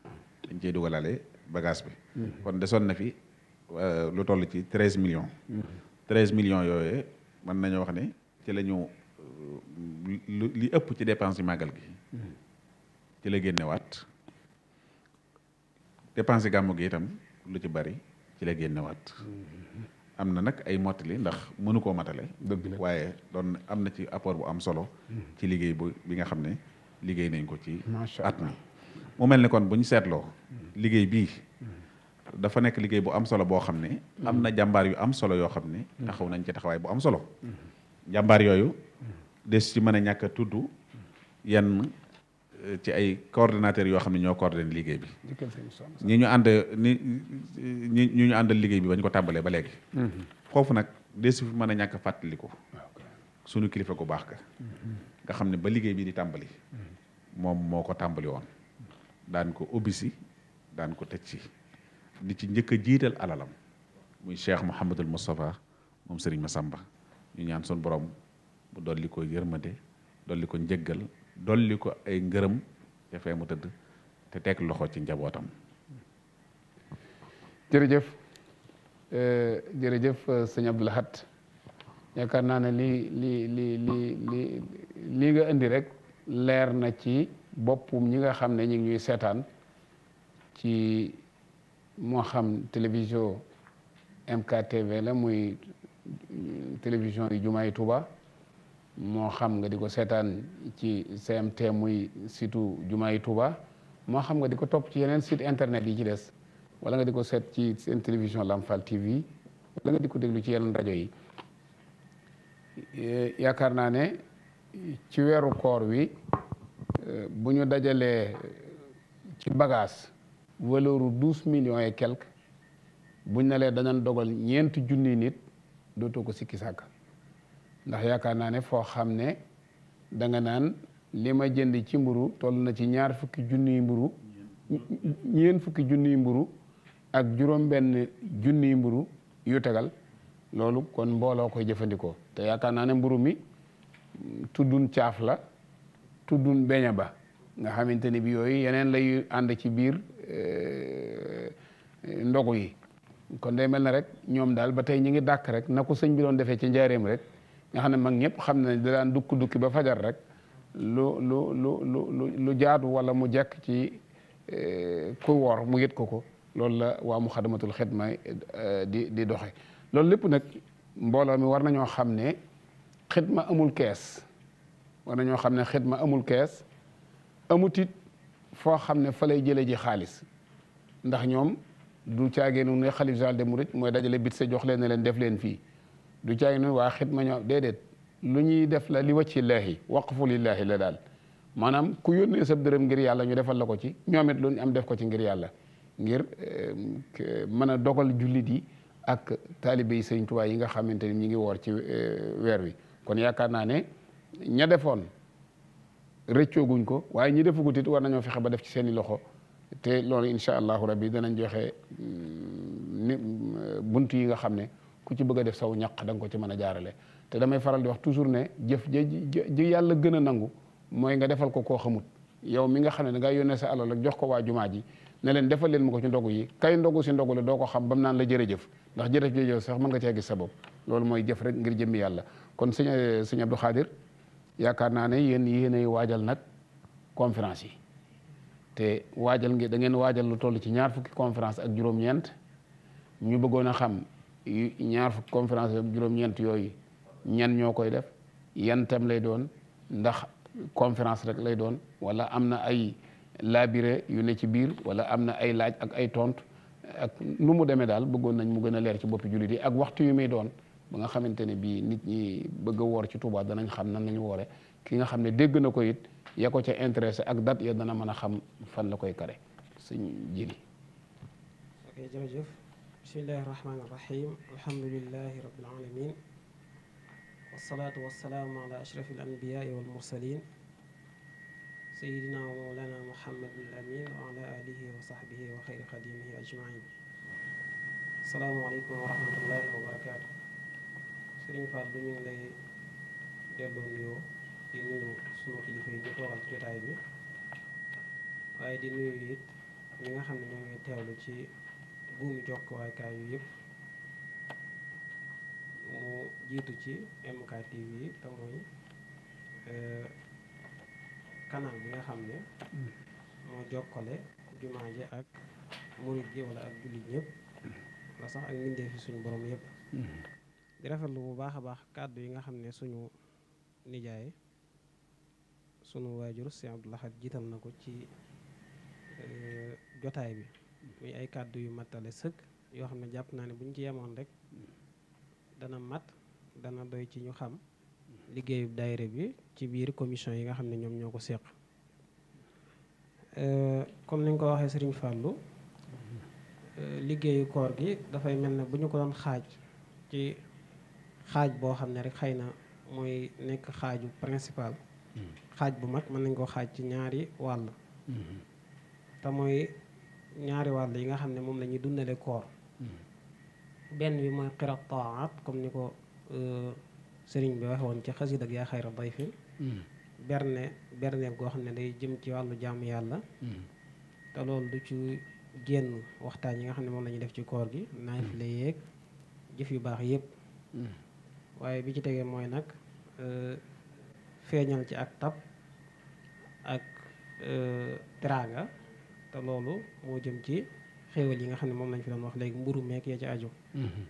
dañ ciy dugalaale bagage bi. Mm-hmm. kon desoon na fi euh, lu toll ci treize million mm-hmm. treize million yooyee mën nañu wax ne ci la ñu li ëpp ci dépense yu màggal gi. Mm-hmm. ci la génnewaat dépense gàmmu gi itam lu ci bari ci la génnewaat. am na nag ay mottali ndax mënu koo matale. dëgg la waaye doon am na ci apport bu am solo. ci liggéey bu bi nga xam ne liggéey nañ ko ci. at mi mu mel ne kon bu ñu seetloo. liggéey bii dafa nekk liggéey bu am solo boo xam ne. am na jàmbaar yu am solo yoo xam ne. taxaw nañ ci taxawaay bu am solo. jàmbaar yooyu des ci mën a ñàkk a tudd yenn ci ay coordinateurs yoo xam ne ñoo coordonné liggéey bi. ñi ñu ànd ni ñi ñu àndal liggéey bi ba ko tàmbalee ba léegi. Mm-hmm. foofu nag des fi mën a ñàkk fàttaliku. Ah, suñu kilifa gu baax ka mm-hmm. nga xam ne ba liggéey bi di tàmbali. Mm-hmm. moom moo ko tàmbali woon. daan ko obisi daan ko tëj ci di ci njëkk jiital alalam. muy cheikh Mouhamadul Moustapha moom ma Massamba ñu ñaan suñu borom dool li ko yërmande li ko njëggal. dolli ko ay ngërëm ca fee mu tëdd te teg loxo ci njabootam. jërëjëf eh, jërëjëf eh, sëñ Abdou Lahad yaakaar naa ne lii lii lii lii lii nga indi rek leer na ci boppum ñi nga xam ne ñu ngi ñuy seetaan ci moo xam télévision MKTV la muy mm, télévision yi Jumaay Touba. moo xam nga di ko seetaan ci CMT muy situ yi Touba moo xam nga di ko topp ci yeneen site internet yi ci des wala nga di ko seet ci seen télévision Lamfal TV wala nga di ko déglu ci yeneen rajo yi eh, yaakaar naa ne ci weeru koor wi eh, bu ñu dajalee ci bagage valeuru douze millions et quelque buñ ne lee danañ dogal ñeenti junni nit dootoo ko sikki sàkk ndax yaakaar naa ne foo xam ne da nga naan li ma jënd ci mburu toll na ci ñaar fukki junniy mburu ñeen fukki junniy mburu ak juróom-benn junniy mburu yu tegal loolu kon mbooloo koy jëfandikoo te yaakaar naa ne mburu mi tuddun caaf la tuddun beña ba nga xamante ni bi yooyu yeneen lay ànd ci biir eh, ndogu yi kon day mel na rek ñoom daal ba tey ñu ngi dàkk rek na ko sëñ bi doon defee ci njaareem rek nga xam ne mag ñëpp xam ne da daan dukki dukki ba fajar rek lu lu lu lu jaadu wala mu jekk ci eh, ku woor mu yët ko ko loolu la waa mu xadamatul xidma eh, di di doxe loolu lépp nag mbooloo mi war nañoo xam ne xidma amul kees war nañoo xam ne xidma amul kees amutit foo xam ne fa lay jële ji xaalis ndax ñoom du caagéenu ne xalif général des mourides mooy dajale bit jox leen leen def leen fii du caagi noonu waa xidma ñoo déedéet lu ñuy def la li wacci laahi waqfu lillaahi la daal maanaam ku yónnee sab dërëm ngir yàlla ñu defal la ko ci ñoom it lu ñu am def ko ci ngir yàlla ngir mën a dogal jullit yi ak taalibe yi sëñ yi nga xamante ni ñu ngi woor ci e, weer wi kon yaakaar naa ne ña defoon rëccooguñ ko waaye ñi defagut it war nañoo fexe ba def ci seeni loxo te loolu incha allahu rabbi danañ joxe mm, bunt yi nga xam ne ku ci bëgg a def saw ñaq da ko ci mën a jaarale te damay faral di wax toujours ne jëf ji yàlla gën a nangu mooy nga defal ko koo xamut yow mi nga xam ne da nga yónnee sa alal ak jox ko waa jumaa ji ne leen defal leen ma ko ci ndogu yi kay ndogu si ndogu la doo ko xam ba naan la jëf ndax jërëjëf sax mën nga cee gis sa bopp loolu mooy jëf rek ngir jëmmi yàlla kon sëñ eh, sëñ Abdou yaakaar naa ne yéen yéenay waajal nag conférence yi te waajal ngi da ngeen waajal lu toll ci ñaar fukki conférence ak juróom ñu bëggoon a xam ñaar fukk conférence ak juróom-ñeent yooyu ñan ñoo koy def yan tam lay doon ndax conférence rek lay doon wala am na ay labiré yu ne ci biir wala am na ay laaj ak ay tontu ak nu mu demee daal bëggoon nañ mu gën a leer ci boppi jullit yi ak waxtu yu muy doon ba nga xamante ne bii nit ñi bëgg a woor ci Touba danañ xam nan lañ woore ki nga xam ne dégg na ko it ya ko ca intéressé ak dat ya dana mën a xam fan la koy kare suñ jili ok bismillahi irrahmani irrahim alhamdulilahi rabilalamin wasalaatu wasalaamu ala ashrafi alanbiyaai walmursalin sayidina wa mawlana muhammadin alamin wa ala alihi wa sahbihi wa xayri xadimihi ajmain asalaamualeykum wa rahmatullahi wa barakaatu sëriñ Fall bi ñu ngi lay delloo nuyoo di nuyu sunu kilifa yi ñu toogal ci jotaay bi waaye di nuyu it ñi nga xam ne ñoo ngi teewlu ci buumi jokkuwaay kaay yu yëpp mu jiitu ci MK yi te mooy euh, canal bi nga xam ne mm. moo jokkale jumaa ji ak murit ji wala ak jullit ñëpp mm. la sax ak mbindee fi suñu borom yëpp mm. di rafetlu bu baax a baax kàddu yi nga xam ne suñu nijaay sunu waajur Sëñ Abdou Lahad jiital na ko ci euh, jotaay bi muy ay kàddu yu matale sëkk yoo xam ne jàpp naa ne bu ñu ci yemoon rek dana mat dana doy ci ñu xam liggéeyu daayira bi ci biir commission yi nga xam ne ñoom ñoo ko séq euh, comme ni ko waxee Sëriñ Fàllu euh, liggéeyu koor gi dafay mel ne bu ñu ko doon xaaj ci xaaj boo xam ne rek xëy na mooy nekk xaaju principal hmm. xaaj bu mag mën nañ koo xaaj ci ñaari wàll hmm. te ñaari wàll yi nga xam ne moom la ñuy dundale koor hmm. benn bi mooy xirat taat comme ni ko euh, sëriñ bi waxe ci xasid ak yaa xayra dayfin hmm. berne berne goo xam ne day jëm ci wàllu jàmm yàlla hmm. te loolu du ci génn waxtaan yi nga xam ne moom lañuy def ci koor gi naafile yeeg jëf yu baax yépp waaye bi ci tegee mooy nag euh, feeñal ci ak tab ak euh, teraanga te loolu moo jëm ci xéewal yi nga xam ne moom lañ fi doon wax léegi mburu meek ya ci aju mm-hmm.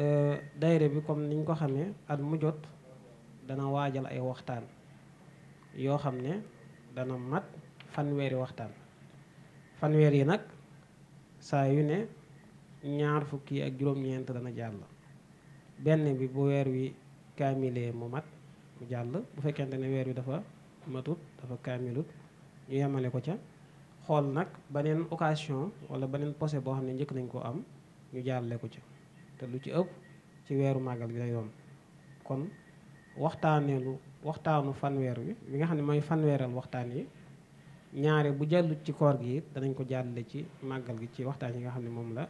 euh, daayira bi comme niñ ko xamee at mu jot dana waajal ay waxtaan yoo xam ne dana mat fanweeri waxtaan fanweer yi nag saa yu ne ñaar fukki ak juróom-ñeent dana jàll benn bi bu weer wi kaamilee mu mat mu jàll bu fekkente ne weer wi dafa matut dafa kaamilut ñu yemale ko ca xool nag beneen occasion wala beneen posé boo xam ne njëkk nañ koo am ñu jaarale ko ci te lu ci ëpp ci weeru màggal gi lay doon kon waxtaaneelu waxtaanu fanweer wi bi nga xam ne mooy fanweeral waxtaan yi ñaare bu jàllut ci koor gi danañ ko jàllale ci màggal gi ci waxtaan yi nga xam ne moom la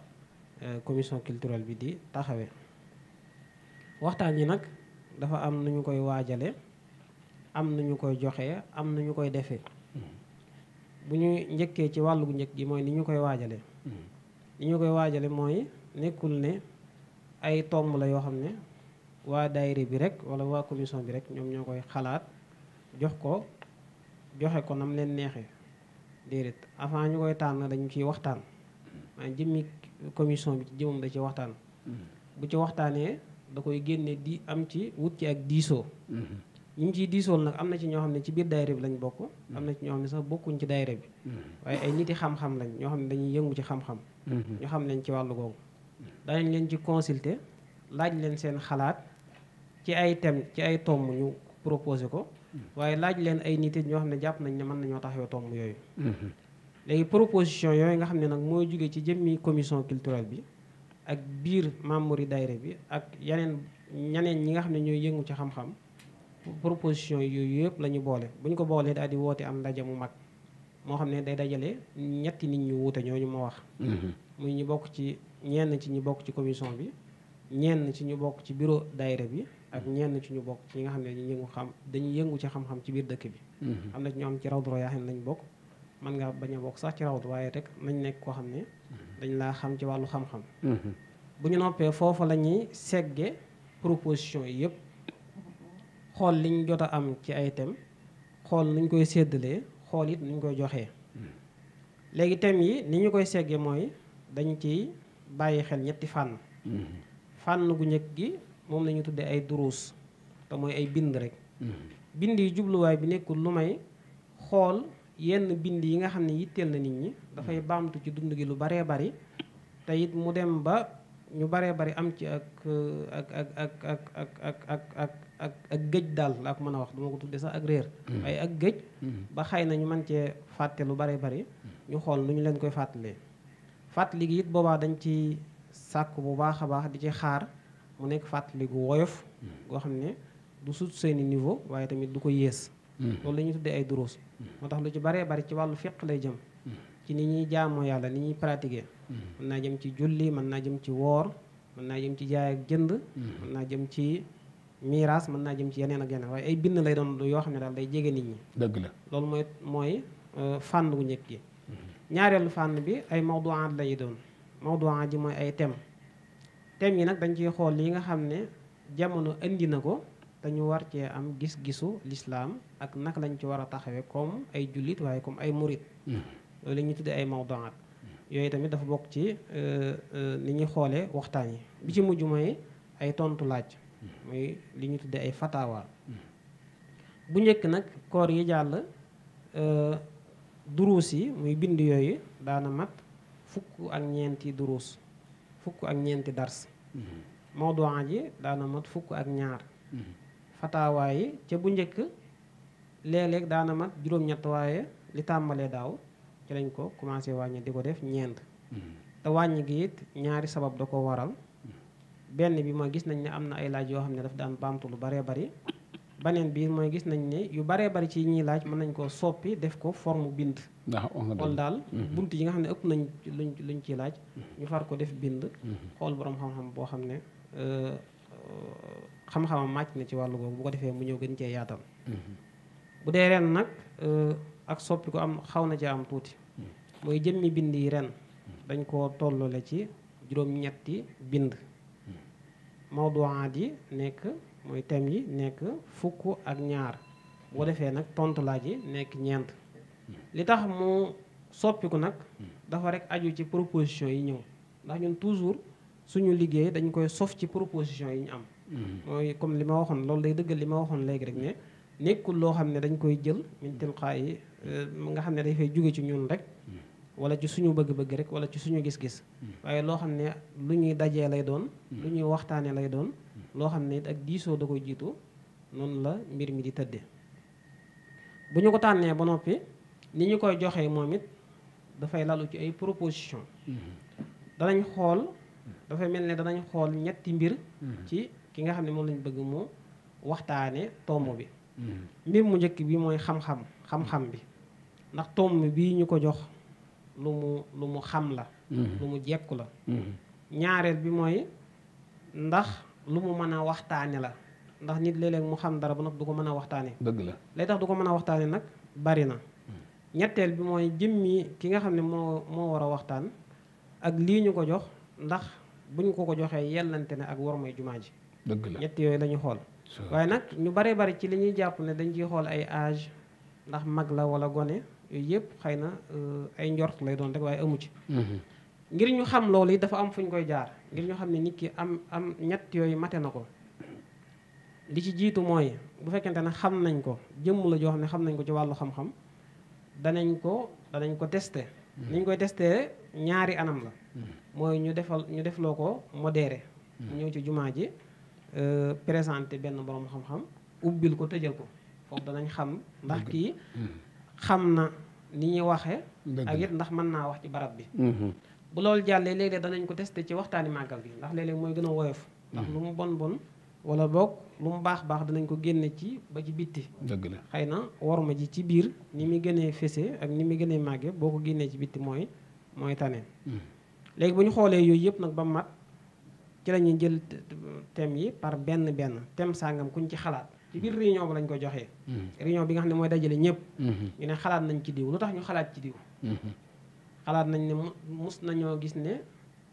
euh, commission culturelle bi di taxawee waxtaan yi nag dafa am nu ñu koy waajale am nañu koy joxe am nañu koy defee bu ñu njëkkee ci wàllu njëkk gi mooy ni ñu koy waajale mm-hmm. ni ñu koy waajale mooy nekkul ne ay tomb la yoo xam ne waa daayira bi rek wala waa commision bi rek ñoom ñoo koy xalaat jox ko joxe ko nam leen neexee déedéet avant ñu koy tànn dañu ciy waxtaan maanaam jëmmi commission bi ci jëmam da ci waxtaan mm-hmm. bu ci waxtaanee da koy génne di am ci wut ci ak diisoo mm-hmm. yi ci ciy diisool nag am na ci ñoo xam ne ci biir daayira bi lañ bokk am na ci ñoo xam ne sax bokkuñ ci daayira bi waaye ay niti xam-xam lañ ñoo xam ne dañuy yëngu ci xam-xam xam nañ ci wàllu googu danañ leen ci consulter laaj leen seen xalaat ci ay thème ci ay tomb ñu proposé ko waaye laaj leen ay nit ñoo xam ne jàpp nañ ne mën nañoo taxawee tomb yooyu léegi proposition yooyu nga xam ne nag mooy jóge ci jëmmi commission culturelle bi ak biir membre yi daayira bi ak yeneen ñeneen ñi nga xam ne ñooy yëngu ci xam-xam proposition yooyu yëpp lañu ñu boole bu ñu ko boolee daal di woote am ndaje mu mag moo xam ne day dajale ñetti nit ñu ñoo ñu ma wax mm-hmm. muy ñu bokk ci ñenn ci ñu bokk ci commission bi ñenn ci ñu bokk ci bureau daayira bi ak ñenn ci ñu bokk ci ñi nga xam ne dañuy yëngu xam dañuy yëngu ci xam-xam ci biir dëkk bi mm-hmm. am na ci ñoo xam ci rawdu rayaahin lañ bokk mën nga bañ a bokk sax ci rawdu waaye rek nañ nekk koo xam ne mm-hmm. dañ laa xam ci wàllu xam-xam bu ñu noppee foofa la segge proposition yi yëpp xool liñ jot a am ci ay thèmes xool nuñ koy seddalee xool it nuñ koy joxee hmm. léegi thèmes yi ni ñu koy seggee mooy dañ ci bàyyi xel ñetti fànn hmm. fànn gu njëkk gi moom la ñu tuddee ay duruus te mooy ay bind rekk hmm. bind yi jubluwaay bi nekkul lu may xool yenn bind yi nga xam ne yitteel na nit ñi dafay baamtu ci dund gi lu baree bari te it mu dem ba ñu baree bari am ci ak ak ak ak ak ak ak ak ak géej daal laa ko mën a wax duma ko tuddee sax ak réer mm. waaye ak géej mm. ba xëy nañu ñu cee fàtte lu bare bari ñu xool nu ñu leen koy fàttalee fàttali gi it boobaa dañ ci sàkk bu baax a baax di ci xaar mu nekk fàttali gu woyof mm. goo xam ne du sut seeni niveau waaye tamit du ko yées loolu lañu tuddee ay duruus moo tax lu ci baree bari ci wàllu fiq lay jëm ci ni ñuy jaamoo yàlla ni ñuy pratiquer mën naa jëm ci julli mën naa jëm ci woor mën naa jëm ci jaay jënd naa jëm ci miraas mën naa jëm ci yeneen ak yeneen waaye ay bind lay doon yoo xam ne daal day jege nit ñi. dëgg la loolu mooy mooy euh, fànn gu njëkk gi. Mhm. ñaareelu fànn bi ay mawduwaat lay doon mawduwaat ji mooy ay thème thème yi nag dañ ciy xool li nga xam ne jamono indi na ko dañu war cee am gis-gisu lislaam ak nak lañ ci war a taxawee comme ay jullit waaye comme ay murit mhm. loolu la ñuy tuddee ay mawduwaat mhm. yooyu tamit dafa bokk ci euh, euh, ni ñuy xoole waxtaan yi bi ci mujj mooy ay tontu laaj. muy li ñu tuddee ay fatawa bu njëkk nag koor yi jàll euh, duruus yi muy bind yooyu daana mat fukk ak ñeenti duruus fukk ak ñeenti dars mawduwaa yi daana mat fukk ak ñaar fatawa yi ca bu njëkk léeg daana mat juróom-ñett waaye li tàmbalee daaw ci lañ ko commencé wàññi di ko def ñeent mm-hmm. te wàññi gi it ñaari sabab da ko waral benn bi mooy gis nañ ne am na ay laaj yoo xam ne daf daan baamtu lu baree bari baneen bi mooy gis nañ ne yu baree bari ci ñuy laaj mën nañ koo soppi def ko forme bind kon daal mhm. bunt yi nga xam ne ëpp nañ luñ luñ ciy laaj ñu far ko def bind mhm. xool boroom xam-xam boo xam ne euh, euh, xam-xamam màcc na ci wàllu googu bu ko defee mu ñëw gën cee yaatal mhm. bu dee ren nag euh, ak soppi ko am xaw na ci am tuuti mooy jëmmi bind yi ren dañ koo tolloole ci juróom-ñetti bind mawduwaat yi nekk mooy thème yi nekk fukk ak ñaar boo defee nag tontu laaj yi nekk ñeent li tax mu ku nag dafa rek aju ci proposition yi ñëw ndax ñun toujours suñu liggéey dañ koy sof ci proposition yi ñu am mooy comme li ma waxoon loolu day dëggal li ma waxoon léegi rek ne nekkul loo xam ne dañ koy jël min tilqaa yi euh, nga xam ne dañ dafay jóge ci ñun rek wala ci suñu bëgg-bëgg rek wala ci suñu gis-gis waaye loo xam ne lu ñuy daje lay doon lu ñuy waxtaane lay doon loo xam ne ak diisoo da koy jiitu noonu la mbir mi di tëdde bu ñu ko tànnee ba noppi ni ñu koy joxee moom it dafay lalu ci ay proposition danañ xool dafay mel ne danañ xool ñetti mbir ci ki nga xam ne moom lañu bëgg mu waxtaane tomb bi mbir mu njëkk bi mooy xam-xam xam-xam bi ndax tomb bii ñu ko jox lu mu lu mu xam la mm-hmm. lu mu jekku la mm-hmm. ñaareel bi mooy ndax lu mu mën a waxtaane la ndax nit léeg-léeg mu xam dara ba nag du ko mën a waxtaane dëgg la lay tax du ko mën a waxtaane nag bari na mm-hmm. ñetteel bi mooy jëmmi ki nga xam ne moo moo war a waxtaan ak lii ñu ko jox ndax buñ ko ko joxee yellante ne ak war mooy jumaa ji dëgg ñett yooyu la xool waaye nag ñu baree bari ci li ñuy jàpp ne dañ ciy xool ay âge ndax mag la wala gone yooyu yëpp xëy na euh, ay njort lay doon rek waaye amu ci. Mhm. ngir ñu xam loolu yi dafa am fu ñu koy jaar ngir ñu xam ne nit ki am am ñett yooyu mate na ko li ci jiitu mooy bu fekkente ne xam nañ ko jëmm joo xam ne xam nañ ko ci wàllu xam danañ ko danañ ko testé. Mhm. niñ koy testé ñaari anam la. Mhm. mooy ñu defal ñu def loo ko modéré. ñëw ci jumaa ji euh, présenté benn borom xam-xam ubbil ko tëjal ko foofu danañ xam ndax kii. xam na ni ñuy waxee ak it ndax mën naa wax ci barab bi mhm. bu loolu jàllee léeg-léeg danañ ko testé ci waxtaani màggal bi ndax léeg mooy gën a woyof ndax mhm. lu mu bon bon wala boog lu mu baax baax danañ ko génne ci ba ci bitti dëgg la xëy na worma ji ci biir ni muy gënee fese ak ni muy gënee màgge boo ko génnee ci bitti mooy mooy tane mhm. léegi bu ñu xoolee yooyu yëpp nag ba mat ci lañuy jël thème yi par benn benn thème sàngam kuñ ci xalaat ci biir réunion bi lañ ko joxee mm-hmm. réunion bi nga xam ne mooy dajale ñëpp mm-hmm. ñu ne xalaat nañ ci diw lu tax ñu xalaat ci diw mm-hmm. xalaat nañ ne mus nañoo gis ne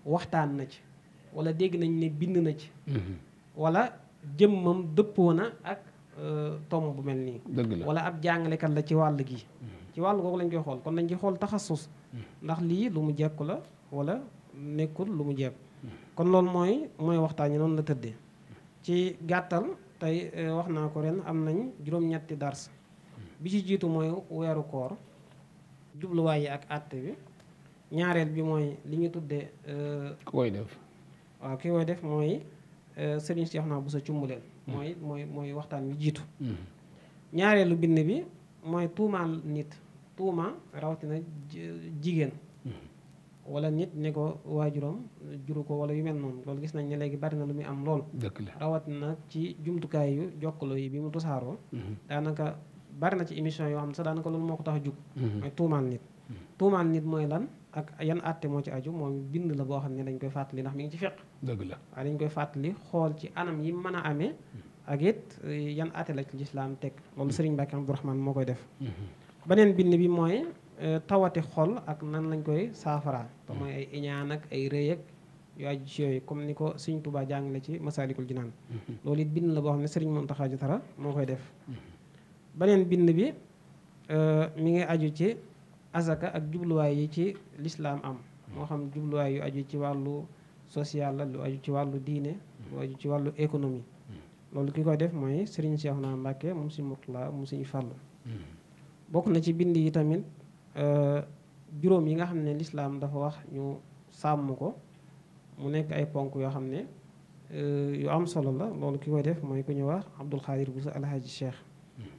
waxtaan na ci wala dégg nañ ne bind na ci wala jëmmam dëppoo na ak euh, tomb bu mel nii wala ab jàngalekat la ci wàll gi ci wàll googu lañ koy xool kon nañ ci xool taxasus ndax lii lu mu jekku la walla nekkul lu mu jekk kon loolu mooy mooy waxtaan yi noonu la tëddee ci gàttal tey eh, wax naa ko ren am nañ juróom-ñetti dars bi ci jiitu mooy weeru koor jubluwaay yi ak àtte bi ñaareel bi mooy li ñu tuddee eh, ku koy def waaw ki koy def mooy eh, sëriñ Cheikh naa bu sa cumbuleen mooy mooy mooy waxtaan wi jiitu mm. ñaareelu bind bi mooy tuumaal nit tuuma rawatina jigéen wala nit ne ko waajuram juru ko wala yu mel noonu loolu gis nañ ne léegi bari na lu muy am lool. dëgg rawat na ci jumtukaay yu jokkaloo yi bi mu tasaaroo. Mm-hmm. daanaka bari na ci émission yoo xam ne sax daanaka loolu moo ko tax a jug. Mm-hmm. mooy nit. Mm-hmm. tuumaal nit mooy lan ak yan àtte moo ci aju moom bind la boo xam ne dañ koy fàttali ndax mi ngi ci fekk. dëgg la waaye dañ koy fàttali xool ci anam yi mën a amee. ak it eh, yan àtte la ci lislaam teg loolu Serigne Mbacke Abdourahmane moo koy def. beneen bind bi mooy eh, tawati xol ak nan lañ koy saafaraa. ba mooy ay iñaan ak ay rëy ak yu aju ci yooyu comme ni ko sëñ Tuubaa jàngale ci Masaalikul Jinaan mm-hmm. loolu it bind la boo xam ne sëriñ Muntaxaa Jatara moo koy def mm-hmm. beneen bind bi euh, mi ngi aju ci asaka ak jubluwaay yi ci lislaam am moo xam jubluwaay yu aju ci wàllu social la lu aju ci wàllu diine lu aju ci wàllu économie mm-hmm. loolu ki koy def mooy Serigne Cheikhouna Mbacké moom si Murtala moom si Fàll bokk na ci bind yi tamit euh, juróom yi nga xam ne lislaam dafa wax ñu sàmm ko mu nekk ay ponk yoo xam ne euh, yu am solo la loolu ki koy def mooy ku ñu wax Abdul Xaadir Buso Alhaji Cheikh hmm.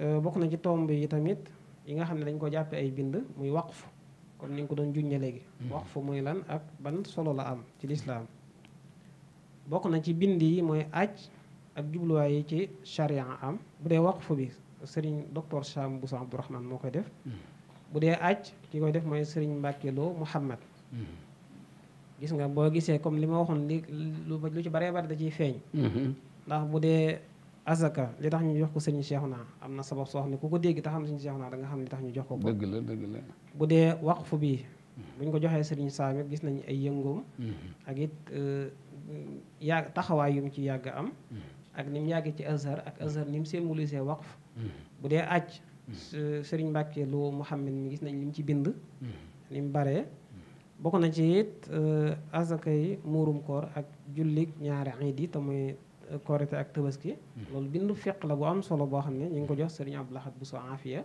euh, bokk na ci tomb yi tamit yi nga xam ne dañ ko jàppe ay bind muy waqfu fu kon nga ko doon junñe léegi hmm. waqfu muy lan ak ban solo la am ci lislaam bokk na ci bind yi mooy aj ak jubluwaay yi ci charia am bu dee waqfu bi sëriñ docteur Cham Buso Abdourahman moo koy def hmm. bu dee aj ki koy def mooy sëriñ Mbàkke Lo Muhammad mm-hmm. gis nga boo gisee comme li ma waxoon li lu ci baree bari da ciy feeñ mm-hmm. ndax bu dee azaka li tax ñu jox ko sëriñ naa am na sabab soo xam ne ku ko dégg te xam sëriñ Cheikhouna da nga xam ne li ñu jox ko ko dëgg la dëgg la bu dee waqfu bi buñ ko joxee sëriñ Saamit gis nañu ay yëngoom mm-hmm. ak it euh, yàgg taxawaay yu ci yàgg am ak ni yàgg ci azhar ak azhar ni mu seen mulisee waqf bu dee aj Euh, sëriñ Mbàkke lu Muhammad mu gis nañ li mu ci bind mm-hmm. li mu baree mm-hmm. bokk na ci it euh, azaka yi muurum koor ak jullik ñaari iid yi te mooy euh, korite ak tabaski mm-hmm. loolu bind fiq la bu am solo boo xam ne ñu ngi ko jox sëriñ laxat bu Bousso Afia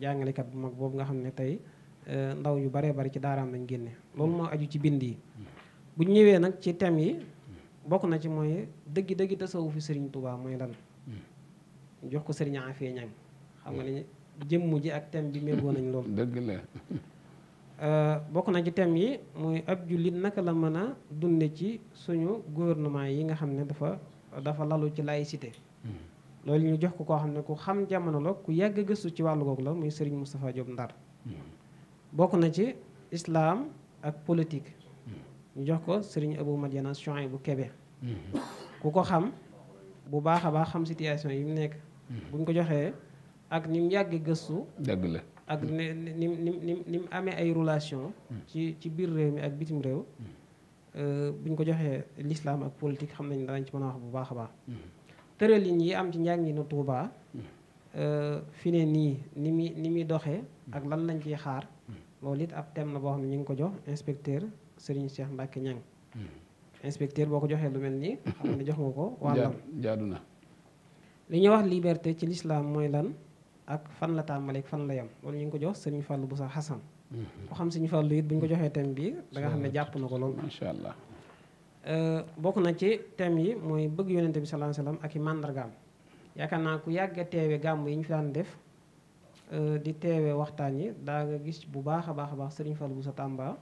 jàngalekat bu mag boobu nga xam ne tey ndaw yu baree bari ci daaraam lañ génne loolu moo aju ci bind yi bu ñëwee nag ci thème yi bokk na ci mooy dëggi dëggi tasawuf fi sëriñ Touba mooy lan jox ko sëriñ Afia ñang xam jëmm ji ak thème bi méngoo nañ lool. dëgg la. Euh, bokk na ci thème yi muy ab jullit naka la mën a dunde ci suñu gouvernement yi nga xam ne dafa dafa lalu ci laïcité. Hmm. loolu ñu jox ko koo xam ne ku xam jamono la ku yàgg gëstu ci wàllu googu la muy Serigne Moustapha Diop Ndar. Hmm. bokk na ci islaam ak politique. Hmm. ñu jox ko Serigne Abou Madiana Chouaïb bu Kébé. ku ko xam bu baax a baax xam situation yi mu nekk. buñ ko joxee. ak ni mu yàggee gëstu. dëgg la ak ni mu amee ay relation ci ci biir réew mi ak bitim réew. Euh, buñ ko joxee lislaam ak politique xam nañ danañ ci mën a wax bu baax a baax. tëralin yi am ci njànginu Tuuba. Euh, fi ne nii ni muy ni muy doxee ak lan lañ ciy xaar. loolu it ab thème la boo xam ne ñu ngi ko jox inspecteur Serigne Cheikh Mbacke Niang. inspecteur boo ko joxee lu mel nii. xam ne jox nga ko wàllam jaadu na. li ñuy wax liberté ci lislaam mooy lan. ak fan la tàmbaleeg fan la yem loolu ñu ngi ko jox sëriñ bu Boussa Hassan mhm. ku xam sëriñ Fallou it bu ñu ko joxee thème bi da nga xam ne jàpp na ko loolu macha allah euh, bokk na ci thème yi mooy bëgg yonente bi sallallahu alayhi ak i màndargaam yaakaar naa ku yàgg a teewe gàmm yi ñu fi daan def euh, di teewe waxtaan yi daa nga gis bu baax a baax a baax sëriñ bu Boussa Tamba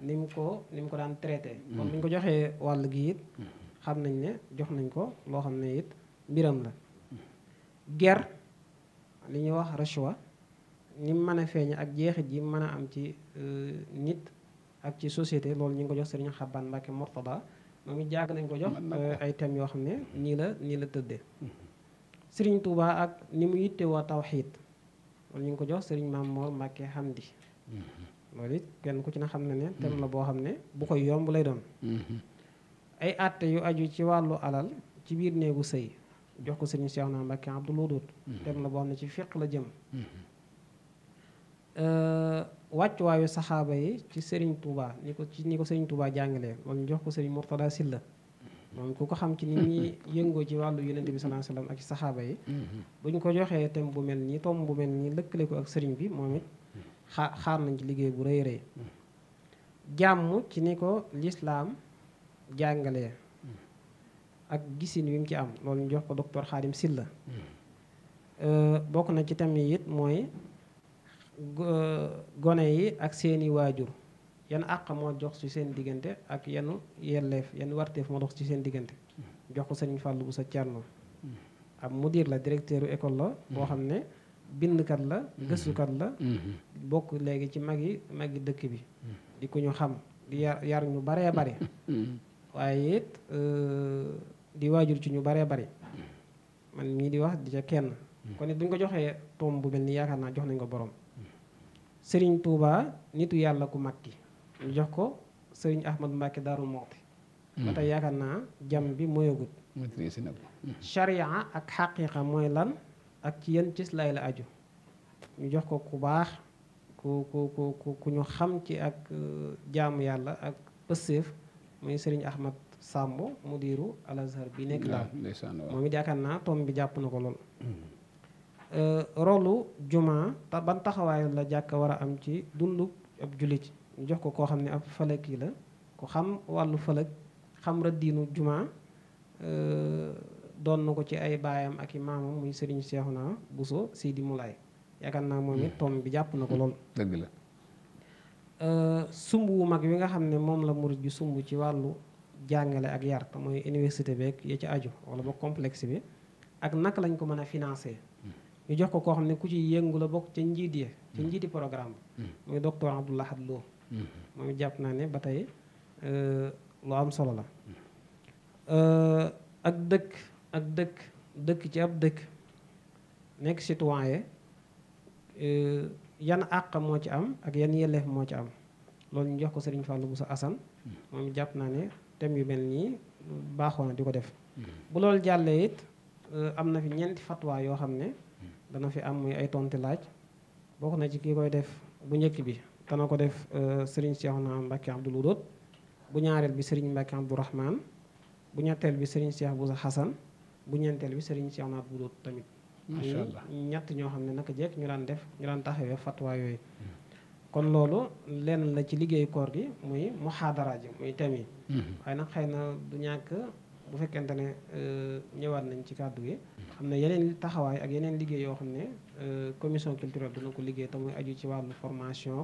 ni mu ko ni mu ko daan traité mhm. kon bu ñu ko joxee wàll gi it mhm. xam nañ ne jox nañ ko loo xam ne it mbiram la ger li ñuy wax rachwa ni mën a feeñe ak jeexit ji mën a am ci euh, nit ak ci société loolu ñu ngi ko jox sëriñ Xaban Mbàkke Mortada moom it jàgg nañ ko jox euh, ay thèmes yoo xam ne nii la nii la tëddee mm-hmm. sëriñ Touba ak ni mu yitte woo tawxiid loolu ñu ngi ko jox sëriñ Maam Moor Mbàkke Hamdi mm-hmm. loolu it kenn ku ci na xam ne ne thème la mm-hmm. boo xam ne bu koy yomb lay doon ay àtte yu aju ci wàllu alal ci biir néegu sëy jox ko sëriñ Cheikh naa Mbacke Abdoul Wadoud mhm. dem la boo xam ne ci fiq la jëm mhm. euh, wàccuwaayu saxaaba yi ci sëriñ Touba ni ko ci ni ko sëriñ Touba jàngale moom ñu jox ko sëriñ Mourtada Silla moom ku ko xam ci nit ñi yëngoo ci wàllu yonente bi sallallahu alayhi wasallam ak saxaaba yi mhm. bu ñu ko joxee thème bu mel nii tomb bu mel nii lëkkale ko ak sëriñ bi moom it xaa xaar nañ ci liggéey bu rëy rëy jàmm ci ni ko lislaam jàngale ak gisin yu mu ci am loolu ñu jox ko docteur Khadim Silla hmm. euh, bokk na ci tam mooy euh, gone yi ak seeni waajur yan àq moo jox ci seen diggante ak yenn yelleef yenn warteef moo dox ci seen diggante hmm. jox ko Sëriñ Fàllu bu sa Cerno hmm. ab mudir la directeur u école la boo xam ne bindkat la gëstukat la bokk léegi ci mag yi mag yi dëkk bi di ku ñu xam di yar yar ñu baree bare waaye it euh, di waajur ci ñu baree bari man mii di wax di ca kenn hmm. kon it bu ñu ko joxee toom bu mel ni yaakaar naa jox nañ ko borom sëriñ Touba nitu yàlla ku mag ki ñu jox ko sëriñ Ahmad Mbacke Darou Mouhty ba tey hmm. yaakaar naa jam bi moyagut hmm. sharia ak xaqiqa mooy lan ak ci yan cis lay la aju ñu jox ko ku baax ku ku ku ñu xam ci ak euh, jaamu yàlla ak pëseef muy sëriñ Ahmad Samb mu diiru Al Azhar bi nekk daal moom it yaakaar naa tom bi jàpp na ko lool eh, rolu juma ban taxawaay la jàkk war am ci dundu ab jullit ñu jox ko koo xam ne ab falak yi la ko xam wàllu falak xam rëddiinu juma eh, doon na ko ci ay baayam ak i maamam muy naa Cheikhouna Bousso Sidi Moulay yaakaar naa moom it tom bi jàpp na ko lool dëgg la eh, sumb wu mag wi nga xam ne moom la murit bi sumb ci wàllu jàngale ak yar te mooy université beeg ya ci aju wala boog complexe bi ak naka lañ ko mën a financé hmm. ñu jox ko koo xam ne ku ci yëngu la bokk ca njiit ya ca hmm. njiiti programme mooy hmm. docteur Abdou Lahad Lo moom jàpp naa ne ba tey euh, lu solo la euh, ak dëkk ak dëkk dëkk ci ab dëkk nekk citoyen euh, yan àq moo ci am ak yan yelleef moo ci am loolu jox ko Serigne Fallou Moussa Assane moom jàpp naa ne thèmes yu mel nii baaxoo na di ko def. Mm-hmm. bu loolu jàllee it euh, am na fi ñeenti fatwa yoo xam ne mm-hmm. dana fi am muy ay tonti laaj bokk na ci ki koy def bu njëkk bi dana ko def euh, Serigne Cheikhouna Mbacké Abdoul Wudud bu ñaareel bi Serigne Mbacké Abdou Rahman bu ñetteel bi Serigne Cheikh Boussa Hassan bu ñeenteel bi Serigne Cheikhouna Abdoul Wudud tamit. macha ñett ñoo xam ne naka jekk ñu daan def ñu daan taxawee fatwa yooyu. Mm-hmm. kon loolu lenn la ci liggéeyu koor gi muy muxaadara ji muy thème mm-hmm. yi waaye nag xëy na du ñàkk bu fekkente ne euh, ñëwaat nañ ci kàddu gi xam ne yeneen taxawaay ak yeneen liggéey yoo xam ne euh, commission culturelle dina ko liggéey te muy aju ci wàllu formation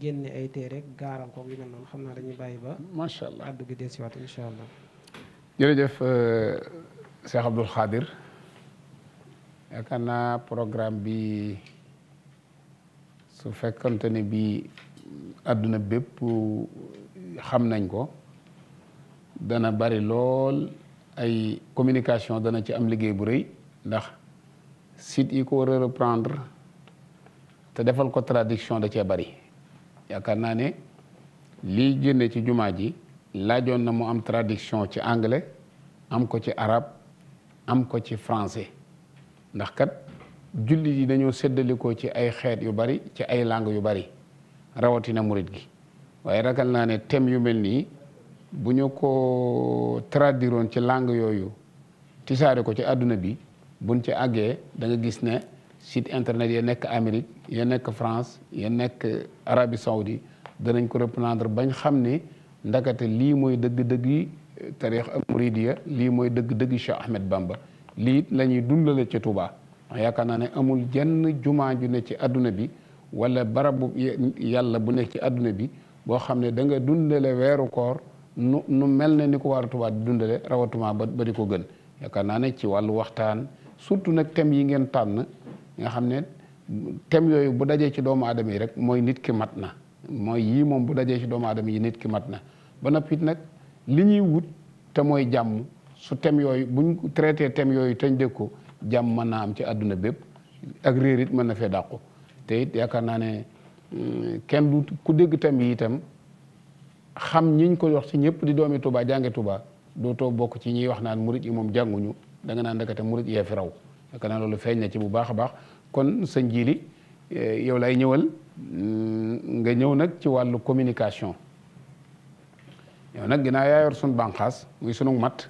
génne ay téere rek gaaral ko yu mel noonu xam naa dañuy bàyyi ba macha allah kàddu gi desiwaat incha allah jërëjëf euh, Cheikh Abdoul Khadir yaakaar naa programme bi su fekkonte ne bii àdduna bépp xam nañ ko dana bari lool ay communication dana ci am liggéey bu rëy ndax site yi ko war reprendre te defal ko tradiction da cee bari yaakaar naa ne lii génne ci jumaa ji laajoon na mu am tradiction ci anglais am ko ci arab am ko ci français ndax kat jullit yi dañoo séddalikoo ci ay xeet yu bari ci ay làng yu bari rawatina murit gi waaye ragal naa ne thème yu mel nii bu ñu ko traduiroon ci langue yooyu tisaare ko ci àdduna bi buñ ci àggee da gis ne site internet ya nekk Amérique ya nekk France ya nekk Arabie Saoudi danañ ko reprendre bañ xam ne ndakate lii mooy dëgg-dëgg yi tarix muridiya lii mooy dëgg-dëgg Cheikh Ahmed Bamba lii lañuy la ñuy dundale ci Touba. yaakaar naa ne amul jenn jumaa ju ne ci àdduna bi wala barabu yàlla bu nekk ci àdduna bi boo xam ne da nga dundale weeru koor nu nu mel ne ni ko waar Tuubaa di dundale rawatuma ba ba di ko gën yaakaar naa ne ci wàllu waxtaan surtout nag thèmes yi ngeen tànn nga xam ne thèmes yooyu bu dajee ci doomu aadama yi rek mooy nit ki mat na mooy yii moom bu dajee ci doomu aadama yi nit ki mat na ba noppi nag li ñuy wut te mooy jàmm su thèmes yooyu buñ traité thèmes yooyu teñ ko jàmm mën naa am ci àdduna bépp ak réer it mën na fee dàqu te it yaakaar naa ne mm, kenn du ku dégg tam yi itam xam ñiñ koy wax ci ñëpp di doomi Touba jànge doo dootoo bokk ci ñiy wax naan murit yi moom jànguñu danga nga naan ndekete murit yee fi raw yaakaar naa loolu feeñ na ci bu baax a baax kon sa njiili eh, yow lay ñëwal mm, nga ñëw nag ci wàllu communication yow nag ginnaaw yaa yor sunu bànqaas muy sunu mat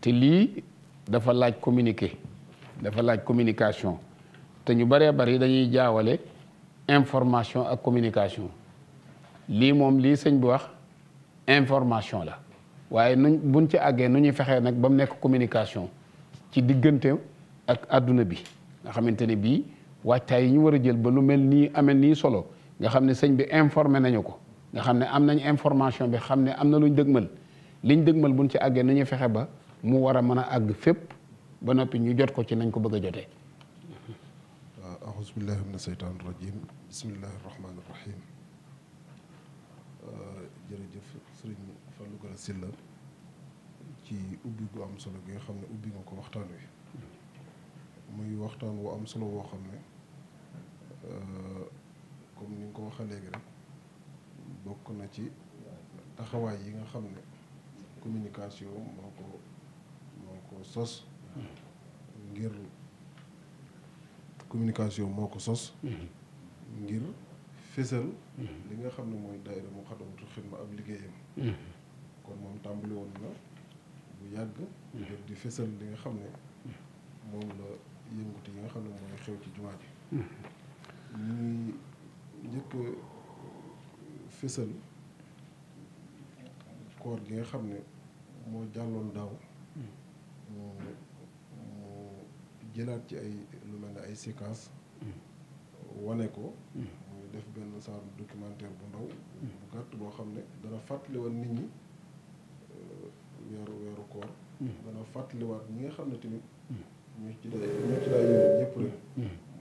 te lii dafa laaj communiquer dafa laaj communication te ñu bëree bari dañuy jaawale information ak communication lii moom lii sëñ bi wax information la waaye nuñ buñ ci àggee nu ñuy fexee nag ba mu nekk communication ci diggante ak àdduna bi nga xamante ne bii waajtaay yi ñu war a jël ba lu mel nii amee nii solo nga xam ne sëñ bi informé nañu ko nga xam ne am nañ information bi xam ne am na luñ dëgmal liñ dëgmal buñ ci àggee nu ñuy fexe ba mu war a mën a àgg fépp ba noppi ñu jot ko ci nañ ko bëgg a jotee waaw axusu billahi mina seytaan rajim bismillahi rahmaani rahim jërëjëf sëriñ Fallou Gora Sylla ci ubbi gu am solo gi nga xam ne ubbi nga ko waxtaan wi muy waxtaan wu am solo woo ne euh, comme ni ko waxee léegi rek bokk na ci taxawaay yi nga xam ne communication moo ko moo ko sos ngir communication moo ko sos. ngir fésal. li nga xam ne mooy daayira mu xadamatul xidma am liggéeyam. kon moom tàmbali woon na bu yàgg. di fésal li nga xam ne moom la yëngut yi nga xam ne mooy xew ci jumaa ji. ñuy njëkk a fésal koor gi nga xam ne moo jàlloon daaw. jëlaat ci ay lu mel ne ay séquence wane ko muy def benn saaru documentaire bu ndaw bu gàtt boo xam ne dana fàttaliwaat nit ñi euh, weeru weeru fàttaliwaat ñi nga xam ne tamit ñu ci day ñu ci day yooyu rek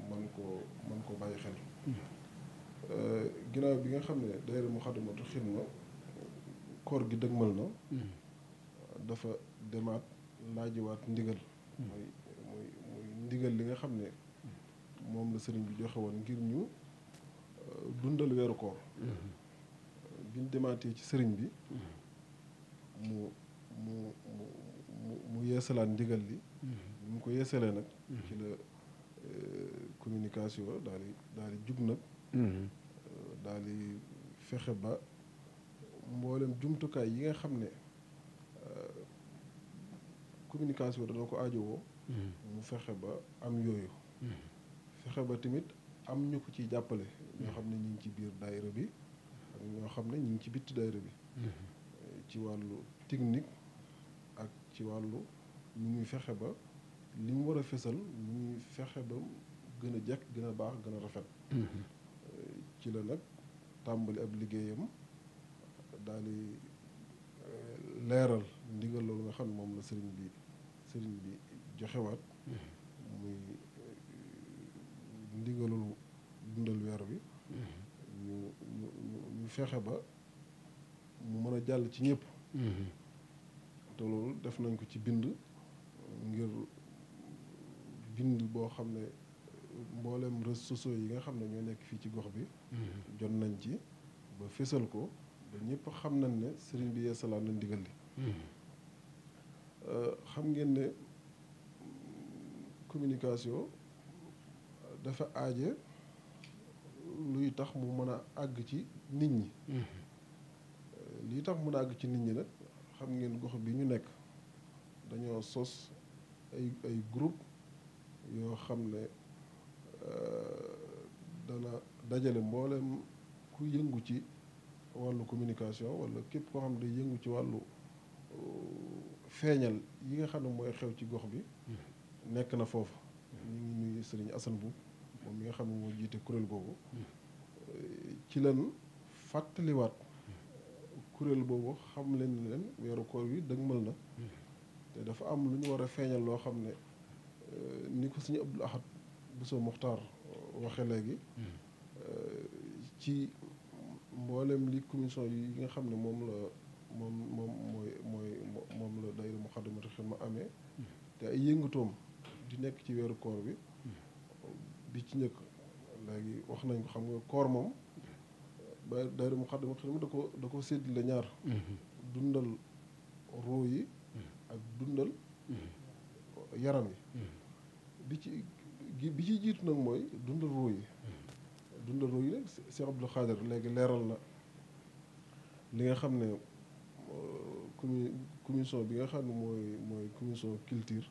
man ko man ko bàyyi xel euh, ginnaaw bi nga xam ne daayira Muxaddamatul Xidma koor gi dëgmal na hmm. dafa demaat laajiwaat ndigal hmm. mooy ndigal li nga xam ne moom la sëriñ bi joxe woon ngir ñu euh, dundal weeru koor mm-hmm. biñ demaatee ci sëriñ bi mm-hmm. mu mu mu mu yeesalaat ndigal li mm-hmm. mu ko yeesalee nag ci la euh, communication daal di daal di jug nag euh, daal di fexe ba mboolem jumtukaay yi nga xam ne communication dana ko aajowoo mu fexe ba am yooyu fexe ba tamit am ñu ko ciy jàppale ñoo xam ne ñu ngi ci biir daayira bi ak ñoo xam ne ñu ngi ci bitti daayira bi ci wàllu technique ak ci wàllu ñu ngi fexe ba li mu war a fesal ñu ngi fexe ba gën a jekk gën a baax gën a rafet ci la nag tàmbali ab liggéeyam daal di eh, leeral ndigal loolu nga xam ne moom la sëriñ bi sëriñ bi joxewaat muy ndigalul dundal weer bi mm-hmm. ñu ñu ñu fexe ba mu mën a jàll ci ñépp mm-hmm. te loolu def nañ ko ci bind ngir bind boo xam ne mboolem réseaux sociaux yi nga xam ne ñoo nekk fii ci gox bi mm-hmm. jot nañ ci ba fésal ko ba ñëpp xam nañ ne sëriñ bi yeesalaat na ndigal li euh, xam ngeen ne communication dafa aaje luy tax mu mën a àgg ci nit ñi mm-hmm. lii tax mun a àgg ci nit ñi nag xam ngeen gox bi ñu nekk dañoo sos ay ay groupe yoo xam ne euh, dana dajale mboolem ku yëngu ci wàllu communication walla képp koo xam day yëngu ci wàllu euh, feeñal yi nga xam ne mooy xew ci gox bi mm-hmm. nekk na foofa ñu ngi nuyu sëriñ Assane bu moom mi nga xam ne moo jiite kuréel googu ci lan fàttaliwaat kuréel boobu xam leen leen weeru koor wi dëgmal na te dafa am lu ñu war a feeñal loo xam ne eh, ni ko suñu Abdul bu Bousso Mokhtar eh, waxe léegi eh, ci mboolem li commission yi nga xam ne moom la moom moom mooy mooy moom la daayira Moukhaddamatoul Khidma amee te ay yëngatoom nekk ci weeru koor bi bi ci njëkk léegi wax nañ ko xam nga koor moom ba daari mu xaddama xidma da ko da ko séddale ñaar dundal ruu yi ak dundal yaram yi bi ci bi ci jiitu nag mooy dundal ruu yi dundal ruu yi nag Cheikh Abdou Khadir léegi leeral na li nga xam ne euh, commission bi nga xam ne mooy mooy commission culture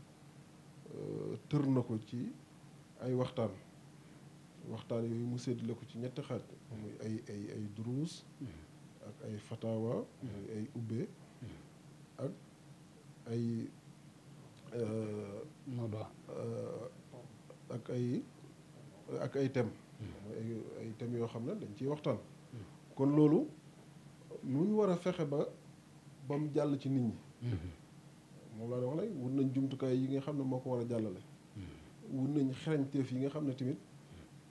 Euh, tër na ko ci ay waxtaan waxtaan yooyu mu séddale ko ci ñetti xaaj muy ay ay ay duruus ak ay fatawa ay ubbe ak ay euh, euh, ak ay ak ay tem ay ay yoo xam ne dañ ciy waxtaan kon loolu nu ñu war a fexe ba ba jàll ci nit ñi moom laa wax lay wut nañ jumtukaay yi nga xam ne moo ko war a jàllale wut nañ xerañteef yi nga xam ne tamit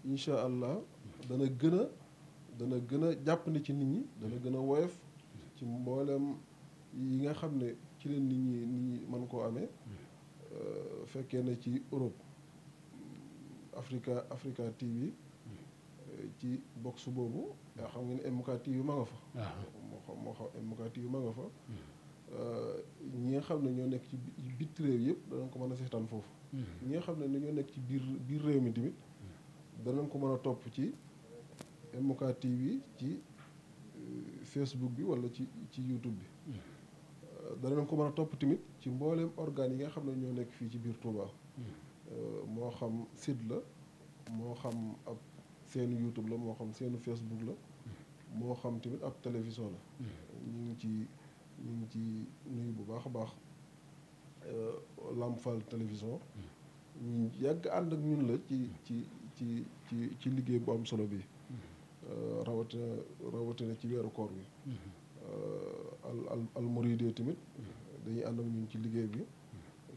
incha allah dana gën a dana gën a jàpp ne ci nit ñi dana gën a woyof ci mbooleem yi nga xam ne ci leen nit ñi nit mën koo amee euh, fekkee na ci Europe Africa Africa TV euh, ci box boobu nga xam ngeen MK TV ma nga fa ah. moo xam moo xam MK TV ma nga fa hmm. Euh, ñi nga xam ne ñoo nekk ci bit réew yëpp dana ko mën a seetaan foofu. Hmm. ñi xam ne ñoo nekk ci biir biir réew mi tamit hmm. danañ ko mën a topp ci MK TV ci euh, Facebook bi wala ci ci YouTube bi. Hmm. Euh, danañ ko mën a topp tamit ci mbooleem organes yi nga xam ne ñoo nekk fii ci biir Touba. moo xam site la moo xam ab seenu YouTube la moo xam seenu Facebook la moo xam tamit ab télévision la. ñu ngi ci. ñu ngi ci nuyu bu baax a baax euh, Lamp Fall télévision mm. ñu yàgg ànd ak ñun la ci mm. ci ci ci ci liggéey bu am solo bi rawatina mm. euh, rawatina ci weeru koor bi mm-hmm. euh, al al Mouride tamit dañuy ànd ak ñun ci liggéey bi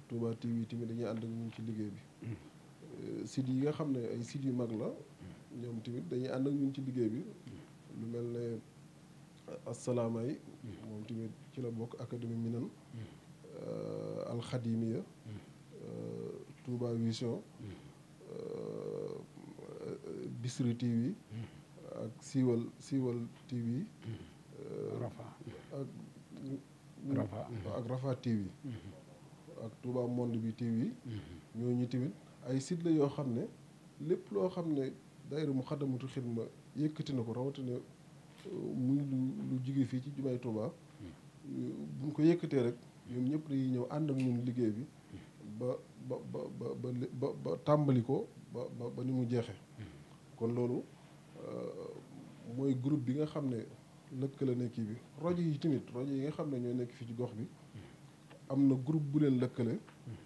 Touba TV tamit dañuy ànd ak ñun ci liggéey bi sites yi nga xam ne ay sites yu mag la ñoom tamit dañuy ànd ak ñun ci liggéey bi lu mel ne asalaama yi moom tamit ci la bokk académie minan euh, alxadimiya euh, touba vision euh, bisri tv ak siiwal siiwal tv ak rafa tv ak touba monde bi tv ñooñu tamit ay site la yoo xam ne lépp loo xam ne daayira mu xaddamatu xidma yëkkati na ko rawatina muy lu lu jóge fii ci jumaay Touba buñ ko yëkkatee rek ñoom ñëpp dañuy ñëw ànd ak ñun liggéey bi ba ba tàmbali ko ba mu jeexee kon loolu euh, mooy groupe bi nga xam ne lëkkale na kii bi rajo yi tamit rajo yi nga xam ne ñoo nekk fii ci gox bi am na groupe bu leen lëkkale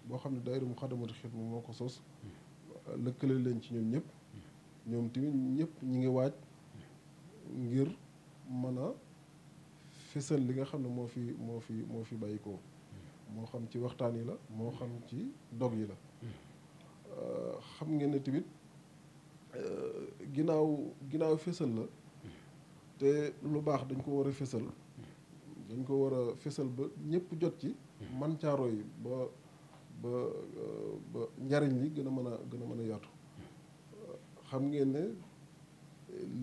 boo xam ne daayira Muxaddamatul Xidma moo ko sos lëkkale leen ci ñoom ñëpp ñoom tamit ñëpp ñi ngi waaj ngir mën a fësal li nga xam ne moo fi moo fi moo fi bàyyikoo moo xam ci waxtaan yi la moo xam ci dog yi la euh, xam ngeen ne euh, ginnaaw ginnaaw fësal la te lu baax dañ ko war a fësal dañ ko war a fësal ba ñépp jot ci man caaro yi ba ba euh, ba njariñ li gën a mën a gën a mën a yaatu xam ngeen ne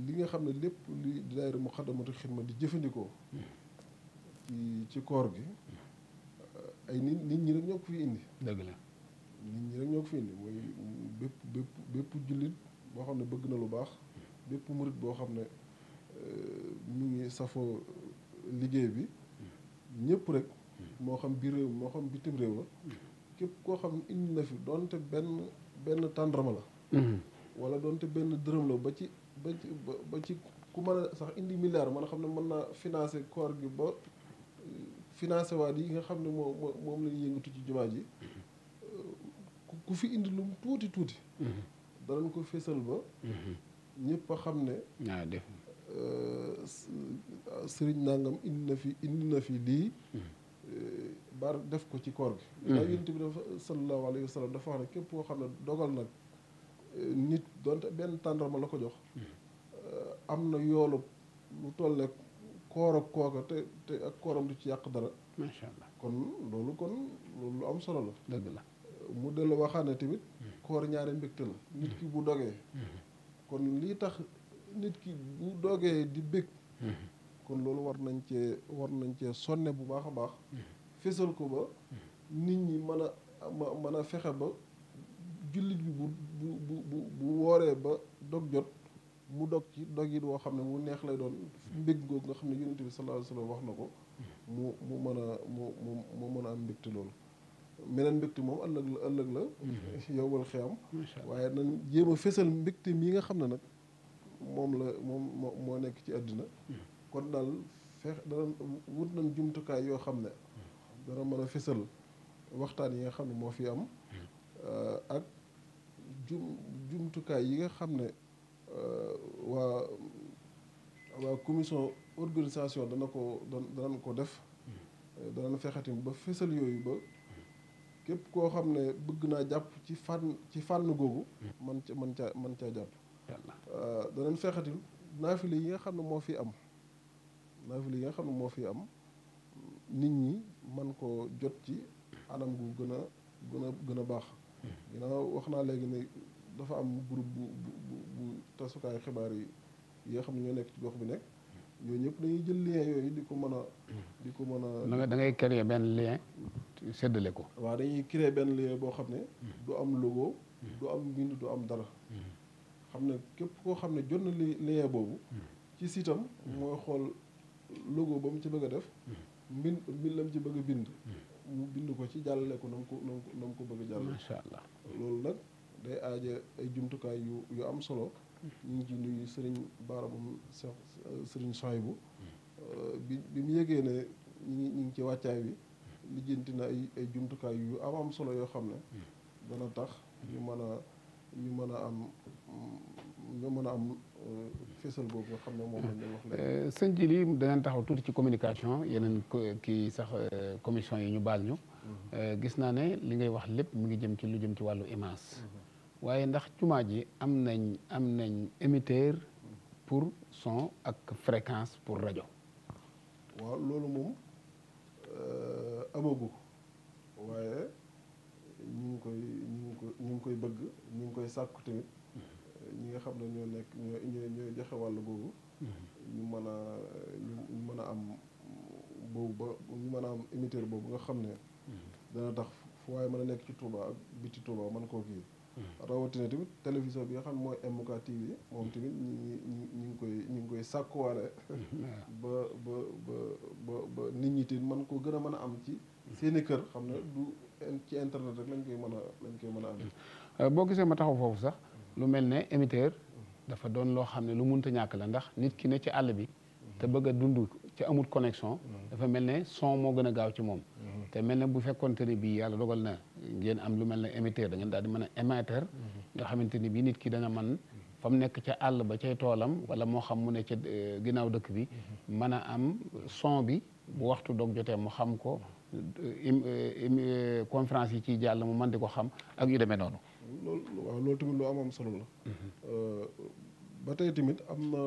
li nga xam ne lépp li daayira Muxaddamatul Xidma di jëfandikoo ci ci koor gi ay nit nit ñi rek ñoo ko fi indi dëgg la nit ñoo ko mooy bépp bépp bépp jullit boo xam ne bëgg na lu baax bépp murit boo xam ne euh, mu ngi safoo liggéey bi ñëpp rek moo xam biir réew moo xam bitim réew la képp koo xam ne indi na fi doonte benn benn tàndarma la mm-hmm. wala doonte benn dërëm la ba ci ba ci ba ci ku mën a sax indi milliard man xam ne mën naa financer koor gi ba financé waat yi nga xam ne moom moom la ñuy ci jumaa ji ku fi indi lum tuuti tuuti. danañ ko fésal ba. ñëpp a xam ne. waaw ah, def euh, sëriñ nangam indi na fi indi na fi lii. Euh, bar def ko ci koor gi. Mm-hmm. ndax yonent bi dafa sallallahu alayhi wa sallam dafa wax ne képp koo xam ne dogal nag. nit donte benn tàndarma la ko jox hmm. am na yoolu lu tolle koor ak kooka te ak kooram du ci yàq dara macha kon loolu kon lu am solo la dëgg la mu dellu waxaane tamit hmm. koor ñaari mbégte la hmm. nit ki bu dogee kon lii tax nit ki bu dogee di bég kon loolu war nañ cee war nañ cee sonne bu baax a baax fésal ko ba nit ñi mën a mën a fexe ba jullit bi bu bu bu bu wooree ba dog jot mu dog ci dog it woo xam ne mu neex lay doon mbég googu nga xam ne yonent bi sallallahu alayhi wasallam wax na ko mu mu mën a mu mu mën a am meneen mbégte moom ëllëg la ëllëg la mm-hmm. yowal xiyam waaye nañ jéem a fésal mbégte mii nga xam ne nag moom la moom moo nekk ci àddina mm-hmm. kon daal feex dana wut nañ jumtukaay yoo xam ne mm-hmm. dana mën a fésal waxtaan yi nga xam ne moo fi am euh, ak jum jumtukaay yi nga xam ne euh, waa waa commission organisation dana ko danañ ko def mm-hmm. danañ fexetim ba fésal yooyu ba képp koo xam ne bëgg naa jàpp ci fànn ci fànn googu mm-hmm. man ca man caa man caa jàpp euh, danañ fexetim naafili yi nga xam ne moo fi am naafile yi nga xam ne moo fi am nit ñi man ko jot ci anam gu gën a gën a gën a baax ginnaaw wax naa léegi ne dafa am groupe bu bu bu tasukaayu xibaar yi yoo xam ne ñoo nekk ci gox bi nekk ñoo ñëpp dañuy jël lien yooyu di ko mën a di ko mën a da ngay créer benn lien séddale ko waaw dañuy créer benn lien boo xam ne du am logo du am mbind du am dara xam ne képp koo xam ne jot na li lien boobu ci siitam mooy xool logo ba mu ci bëgg a def mbind mbind la mu ci bëgg a bind mu bind ko ci jàllale ko na mu ko na mu ko bëgg a jàllale. macha allah loolu nag day aaja ay jumtukaay yu yu am solo. ñu ngi ci nuyu Serigne Bara moom Cheikh Serigne Sohaibou euh, bi bi mu yëgee ne ñu ngi ñu ci wàccaay wi lijjanti na ay ay jumtukaay yu am am solo yoo xam ne. dana tax ñu mën a ñu mën a am ñu mën a am euh, fésal boobu xam ne moom lañ wax léegi. Euh, sëñ ji lii taxaw tuuti ci communication yeneen kii sax euh, commission yi ñu baal ñu. Mhm. Euh, gis naa ne li ngay wax lépp mu ngi jëm ci lu jëm ci wàllu image. Mhm. waaye ndax jumaa ji am nañ am nañ émetteur pour son ak fréquence pour rajo. waaw loolu moom amagu waaye ñu ngi koy ngi koy ñu ngi koy bëgg ñu ngi koy sàkku tamit. ñi nga xam ne ñoo nekk ñoo ñooy joxe wàllu googu mm-hmm. ñu mën a ñu mën a am boobu ba ñu mën a am émetteur boobu nga xam ne mm-hmm. dana tax fu mën a nekk ci Touba ak biti Touba mën koo kii mm-hmm. rawatina tamit télévision bi nga xam ne mooy MK TV moom tamit ñi ngi koy ñi ngi koy sàkkuwaale ba ba ba ñi tamit mën koo gën a mën a am ci seeni kër xam ne du ci internet lañ koy mën a lañ koy mën a am euh, boo gisee ma taxaw foofu sax lu mel ne émetteur dafa doon loo xam ne lu munta ñàkk la ndax nit ki ne ci àll bi te bëgg a dund ci amul connexion dafa mel ne son moo gën a gaaw ci moom mhm. te mel ne bu fekkonte ne bii yàlla dogal na ngeen am lu mel ne émetteur da ngeen daal di mën a émetteur mhm. nga xamante ni bii nit ki dana man fa mu nekk ca àll ba cay toolam wala moo xam mu ne ca euh, ginnaaw dëkk bi mhm. mën a am son bi bu waxtu doog jotee mu xam ko euh, euh, conférence yi ciy jàll mu mën di ko xam ak yu demee noonu loolu waaw loolu tamit lu am am solo la. Mm-hmm. ba tey tamit am na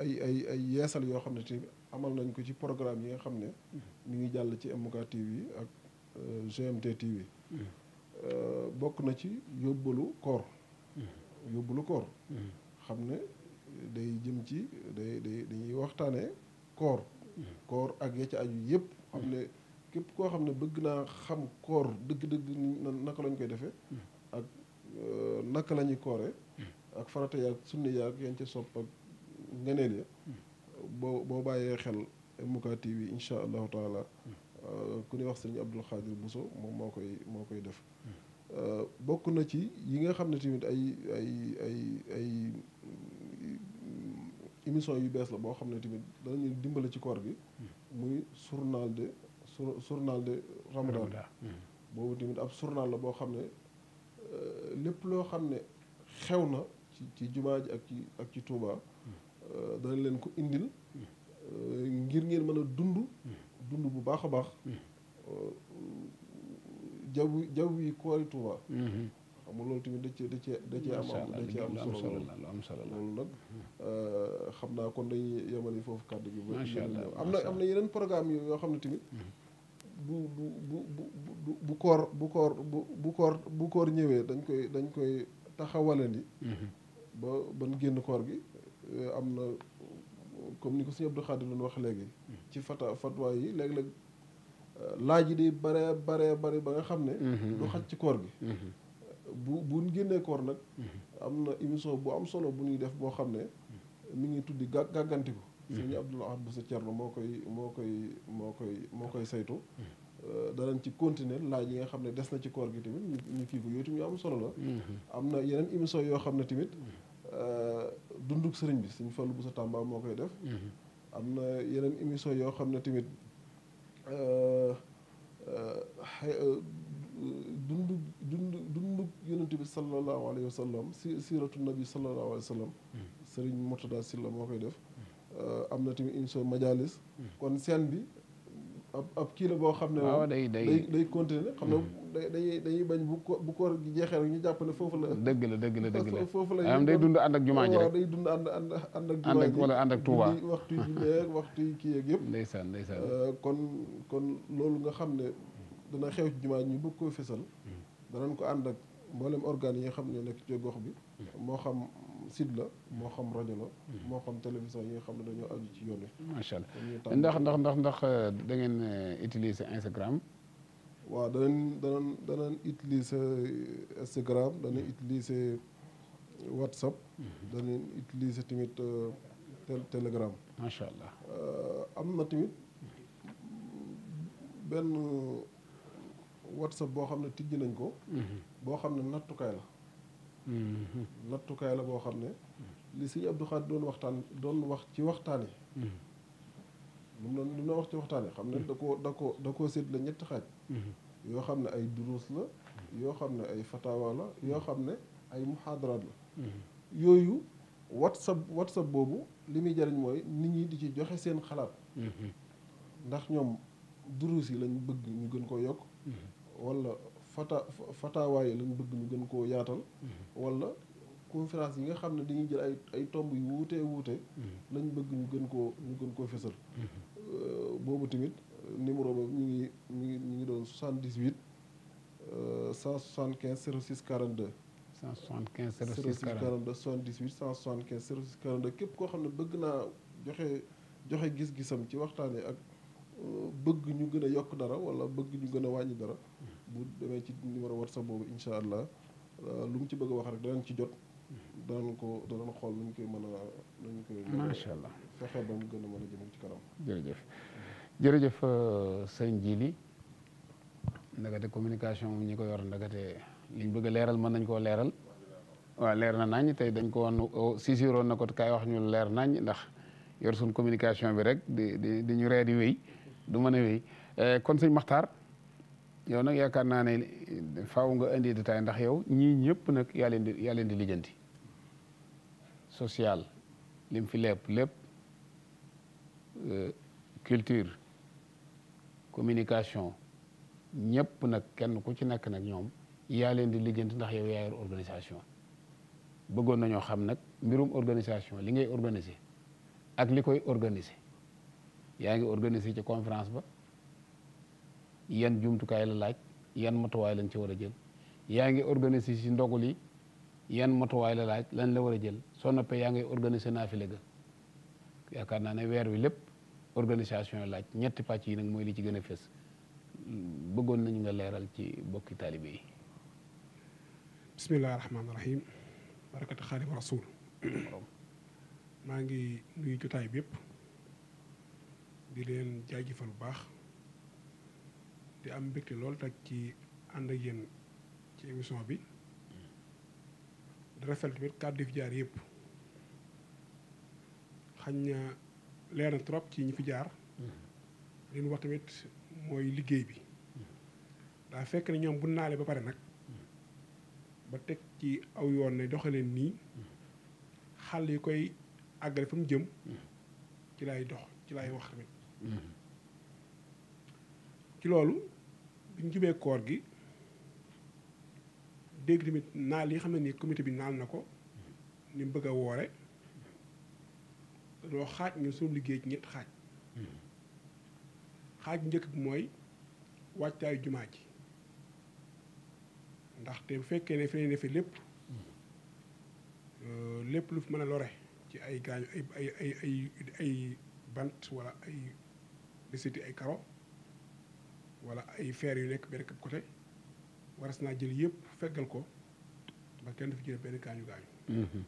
ay ay ay yeesal yoo xam ne tamit amal nañ ko ci programme yi nga xam ne. ñu mm-hmm. ngi jàll ci MK yi ak euh, GMT TV. Mm-hmm. Euh, bokk na ci yóbbalu koor. yóbbalu koor. xam ne day jëm ci day day dañuy waxtaanee koor. koor ak ya ci aju yëpp xam ne képp koo xam ne bëgg naa xam koor dëgg-dëgg naka lañ koy defee. Euh, naka la ñuy koore hmm. ak farata yaag sunni yaag yan ca sopp ak ngeneen ya hmm. boo boo bàyyee xel MK TV incha allahu taala hmm. euh, ku ñuy wax sëriñ Abdul Xaadir Bousso moom moo koy moo koy def euh, bokk na ci yi nga xam ne tamit ay ay ay ay émission yu bees la boo xam ne tamit danañu dimbale ci koor gi muy journal de journal de Ramadan boobu tamit ab journal la boo xam ne Euh, lépp loo xam ne xew na ci ci jumaa ji ak ci ak ci Touba euh, dana leen ko indil euh, ngir ngeen mën a dund dund bu baax a baax jaww jaww yi koori Touba xam nga loolu tamit da cee da cee da cee am da cee am solo am solo loolu nag xam naa kon dañuy yemale foofu kàddu gi. macha allah am na am na yeneen programme yoo xam ne tamit mm-hmm. bu bu bu bu bu koor bu koor bu bu koor bu koor ñëwee dañ koy dañ koy taxawalandi mhm. ba ban génn koor gi eh, am na comme ni ko sëñ Abdou Khadim doon wax léegi mhm. ci fata fatwa yi léeg-léeg eh, laaj yi di bare bare bari ba nga xam ne mhm. du xaj ci koor gi bu buñ génnee koor nag am na émission bu am solo bu ñuy def boo xam ne mi ngi tuddi gàggantiku Serigne Abdoul Ahad bu sa Cerno moo koy moo koy moo koy moo koy saytu mm-hmm. danañ ci continuer laaj yi nga xam ne des na ci koor gi tamit ñu kii ko yooyu tamit ñu am solo la mm-hmm. am na yeneen émission yoo xam ne tamit mm-hmm. euh, dunduk sëriñ bi Serigne Fallou bu sa Tamba moo koy def am na yeneen émission yoo xam ne tamit dund dund dund yonent bi sallallahu alayhi wa si siratu nabi sallallahu alayhi wa sallam sëriñ Murtada Sylla moo koy def Euh, am na tamit émission majalis kon scène bi ab ab kii la boo xam ne. waaw day day day continuer xam ne day bañ bu ko bu koor jeexee rek ñu jàpp ne foofu la. dëgg la dëgg la dëgg foofu la am day dund ànd ak jumaa ji day dund ànd ànd ànd ak. jumaa ji wala ànd ak Touba waxtu yi ak waxtu yi kii yeeg yëpp. ndeysaan euh, kon kon loolu nga xam ne dana xew ci jumaa ji ñu bëgg koo fésal. Hmm. danañ ko ànd ak mboolem organes yi xam ne nekk ci bi. Hmm. moo xam. site la moo xam rajo la. moo xam télévision yi xam ne dañoo aju ci yoon wi. macha allah ndax ndax ndax ndax euh, da ngeen euh, utiliser Instagram. waaw danañ danañ danañ utiliser euh, Instagram danañ hmm. utiliser WhatsApp. Hmm. danañ utiliser tamit Telegram. macha allah am na tamit benn WhatsApp boo xam ne tijji nañ ko. Hmm. boo xam ne nattukaay la. Mm-hmm. nattukaay la boo xam ne li si Abdou Khadre doon waxtaan doon wax ci waxtaan yi mm-hmm. lu mu doon lu wax ci waxtaan yi xam ne da koo da koo da koo sédd la ñetti xaaj mm-hmm. yoo xam ne ay duruus la yoo xam ne ay fatawa la yoo xam ne ay muhaadaraat la yooyu whatsapp whatsapp boobu li muy jariñ mooy nit ñi di ci joxe seen xalaat ndax ñoom duruus yi lañ bëgg ñu gën koo yokk wala fata fatawaaye lañ bëgg ñu gën koo yaatal mm-hmm. wala conférence yi nga xam ne di dañuy jël ay ay tomb yu wuutee wuute mm-hmm. lañ bëgg ñu gën koo ñu gën koo fësal mm-hmm. euh, boobu tamit numéro ba ñu ngi ñu ngi ñu ngi doon 78 de 06 42 175 06 42 78 175 06 42 képp koo xam ne bëgg naa joxe joxe gis-gisam ci waxtaan waxtaane ak euh, bëgg ñu gën a yokk dara wala bëgg ñu gën a wàññi dara bu demee ci numéro whatsapp boobu incha allah euh, lu mu ci bëgg a wax rek danañ ci jot. danañ ko danañ xool nu ñu koy mën macha allah fexe ba mu gën a mën a jëm ci kanam. jërëjëf jërëjëf euh, sëñ Jili ndagate communication ñu ko yor ndagate liñ bëgg leeral mën nañ koo leeral. waaw leer na nañ tey dañ ko woon oh, sisiroon na ko kaay wax ñu leer nañ ndax yor suñ communication bi rek di di di ñu ree di wéy du mën wéy euh, kon sëñ Maxtaar yow nag yaakaar naa ne faaw nga indi détail ndax yow ñii ñëpp nag yaa leen di yaa di lijjanti social lim fi lépp lépp euh, culture communication ñëpp nag kenn ku ci nekk nag ñoom yaa leen di lijjanti ndax yow yaa organisation bëggoon nañoo xam nag mbirum organisation li ngay organiser ak li koy organiser yaa ngi organiser ci conférence ba yan jumtukaay la laaj yan matuwaay lañ ci war a jël yaa ngi organiser si ndogul yi yan matuwaay la laaj lan la war a jël soo noppee yaa ngi organiser naafile ga yaakaar naa ne weer wi lépp organisation laaj ñetti pàcc yi nag mooy li ci gën a fës bëggoon nañ nga leeral ci bokki taalibe yi bismillahi rahmaani rahim barakatu xaadimu rasul maa ngi nuyu jotaay bi yëpp di leen jaajëfal bu baax di am mbégte lool nag ci ànd ak yéen ci émission bi di rafetlu tamit kàddu yi fi jaar yëpp xañ na leer na trop ci ñu fi jaar li wax tamit mooy liggéey bi daa fekk ne ñoom bu naale ba pare nag ba teg ci aw yoon ne doxaleen nii xàll yi koy àggale fa mu jëm ci lay dox ci lay wax tamit ci loolu biñ jubee koor gi dégg tamit naal yi xam ne ni comité bi naal na ko ni bëgg a woore loo xaaj ñun suñu liggéey ci ñett xaaj xaaj njëkk bi mooy waajtaayu jumaa ji ndaxte bu fekkee ne fi ne fi lépp euh, lépp lu fi mën a lore ci ay gaañu ay ay ay ay bant wala ay desiti ay karo wala ay feer yu nekk benn côté waras naa jël yëpp feggal ko ba kenn du fi benn gaañu gaañu. Mhm.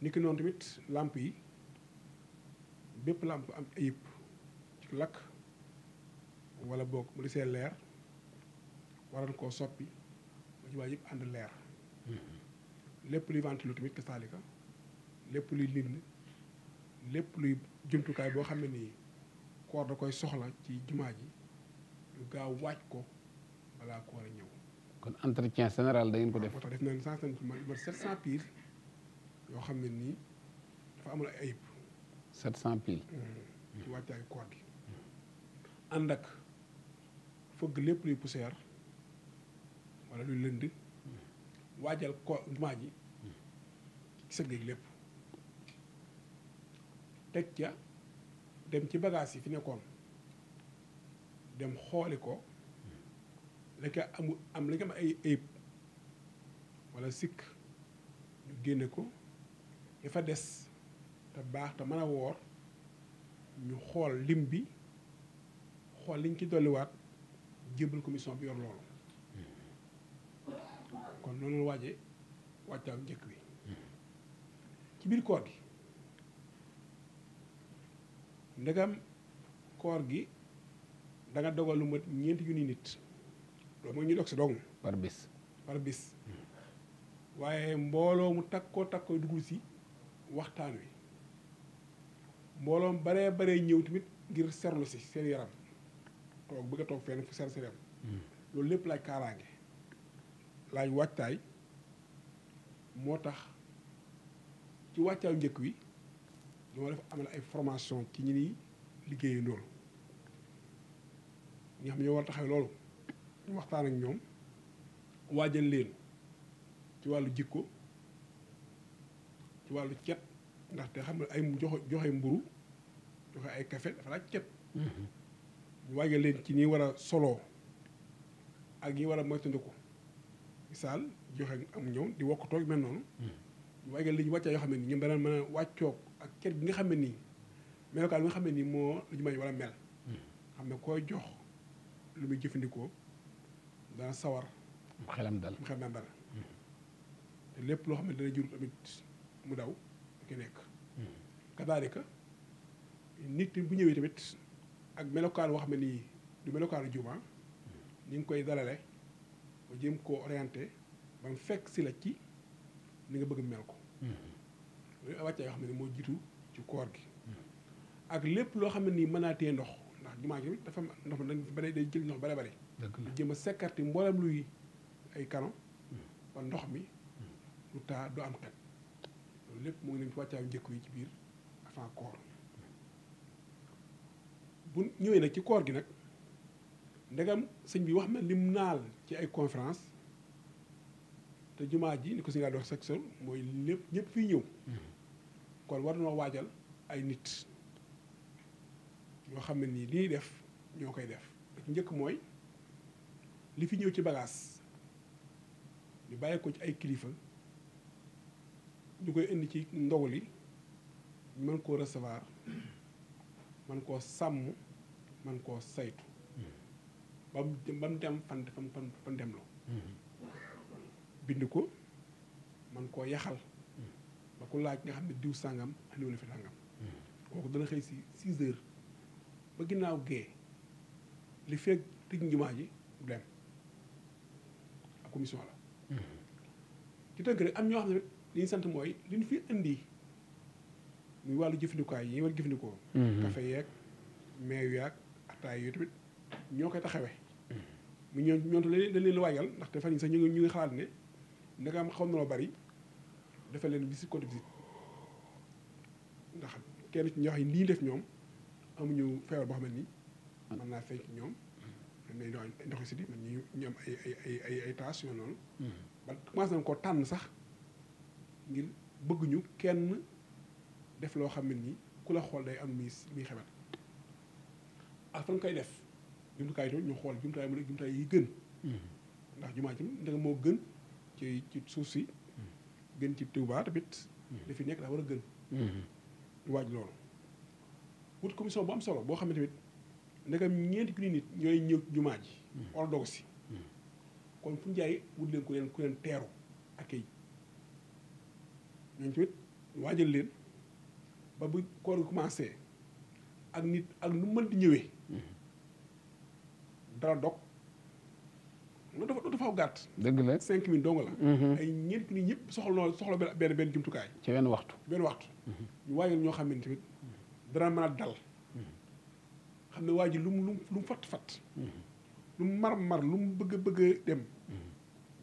niki noonu tamit làmp yi bépp làmp am ayib ci lakk wala boo mu desee leer waral koo soppi ba ci waa yëpp ànd leer. Mhm. lépp luy ventilo tamit kasaalika lépp luy lind lépp luy jumtukaay boo xam ne nii koor da koy soxla ci jumaa ji ñu gaaw waaj ko balaa ko war a ñëw. kon entretien général da ngeen ko def. moo tax def nañu sens nañu lu mat 700 piles yoo xam ne nii dafa amul ay ayib. 700 piles. ci wàccaayu koor gi. ànd ak fëgg lépp luy poussière wala luy lënd waajal ko jumaa ji sëgg lépp teg ca dem ci bagage yi fi nekkoon. dem xooli ko la ca amul am la ca am ay ayib wala sikk ñu génne ko ya fa des te baax te mën a woor ñu xool lim bi xool liñ ci dolliwaat jébbal commission bi yoon loolu kon noonu la waaje wàccaaw njëkk wi ci biir koor gi ndegam koor gi da nga dogal lu mat ñeenti junni nit loolu mooy ñu dog si dong par bis par bis waaye mbooloo mu takkoo takkoo dugul si waxtaan wi mbooloo mu baree baree ñëw tamit ngir serlu si seen yaram toog bëgg a toog fenn fu ser seen yaram loolu lépp laaj kaaraange laaj waajtaay moo tax ci wàccaaw njëkk wi dama def amal ay formation ci ñu ni liggéeyee ndoolu ñi xam ñoo war a taxaw loolu ñu waxtaan ak ñoom waajal leen ci wàllu jikko ci wàllu cet ndaxte xam ne ay joxe joxe mburu joxe ay kafe dafa laaj cet mm-hmm. ñu waajal leen ci ñi war a solo ak ñi war a moytandiku misaal joxe am ñëw di wokk toog mel noonu mm-hmm. ñu waajal li ñu wàccee yoo xam ne nii ñoom dana mën a wàccoog ak cet bi nga xam ne nii melokaan bi nga xam ne nii moo la ñu may war a mel mm-hmm. xam ne koy jox lu muy jëfandikoo dana sawar. mu xelam dal mu xelam dal. te lépp loo xam ne dana jur tamit mu daw ki nekk. kadaalika nit bu ñëwee tamit ak melokaan woo xam ne nii du melokaanu jumaa ni nga koy dalale ba jëm koo orienté ba mu fekk si la ci ni nga bëgg mel ko. loolu wàccee yoo xam ne moo jiitu ci koor gi. ak lépp loo xam ne nii mën naa ndox. jumaa ji dafa am ndox mi day jël ndox bare bare jéem a sécurité mboolem luy ay canon hmm. ba ndox mi hmm. du taa du am loolu lépp mu ngi leen ci ci biir avant bu ñëwee nag ci koor gi nag ndegam sëñ bi wax na lim naal ci ay conférence te jumaa ji ni ko si nga doon wax sax mooy lépp ñëpp fiy ñëw hmm. kon war noo waajal ay nit ñoo xam ne nii li ñuy def ñoo koy def ci njëkk mooy li fi ñëw ci bagaas ñu bàyyi ko ci ay kilifa ñu koy indi ci ndogu li mën koo recevoir man koo sàmm man koo saytu ba mu dem fan fan fan dem loo bind ko man koo yaxal ba ku laaj nga xam ne diw sàngam andiwul fi sàngam kooku dana xëy si 6 ba ginnaaw gée li fekk tij njumaa ji du dem ak commission la mm-hmm. ci tënk rek am ñoo xam ne li ñu sant mooy li ñu fi indi muy wàllu jëfandikuwaay yi ñu war jëfandikoo mm-hmm. café yeeg meew yaag ataay yooyu tamit ñoo koy taxawe mm-hmm. mu ñoo ñoontu dañ leen waajal ndax te fan yi sax ñu ngi ñu ngi xalaat ne ndaka am xaw na loo bari dafa leen visite compte visite ndax kenn ci ñoo xam ne def ñoom amuñu feebar boo xam ne nii mën naa feeñ ñoom dañ doon ndoxi siti man ñu ñu am ay ay ay ay taas yoo noonu hmm. ba commencé ko tànn sax ngir bëgguñu kenn def loo xam ne nii ku la xool day am mi muy xebat ak fan koy def jumtukaay to ñu xool jumtukaay mu ne jumtukaay yi gën hmm. ndax jumaa ci ndax moo gën ci ci suuf si hmm. gën ci tubaa tamit dafi nekk daa war a gën waaj loolu wut commission bu am solo boo xam ne tamit ndegam ñeenti junni nit ñooy ñëw jumaa ji hmm. wala doog si hmm. kon fu njaay wut ku leen ku leen teeru ak kay ñooñu tamit waajal leen ba bu koor gi commencé ak nit ak nu mën di ñëwee hmm. dara dog loolu dafa dafa aw gàtt. dëgg la cinq mille dong la. ay ñeent nit ñëpp soxla soxla benn benn jumtukaay. ci benn waxtu benn waxtu. ñu waajal ñoo xam ne tamit. dana mën a dal xam ne waa ji lu mu lu mu fatt fatt lu mar mar lu mu bëgg bëgg dem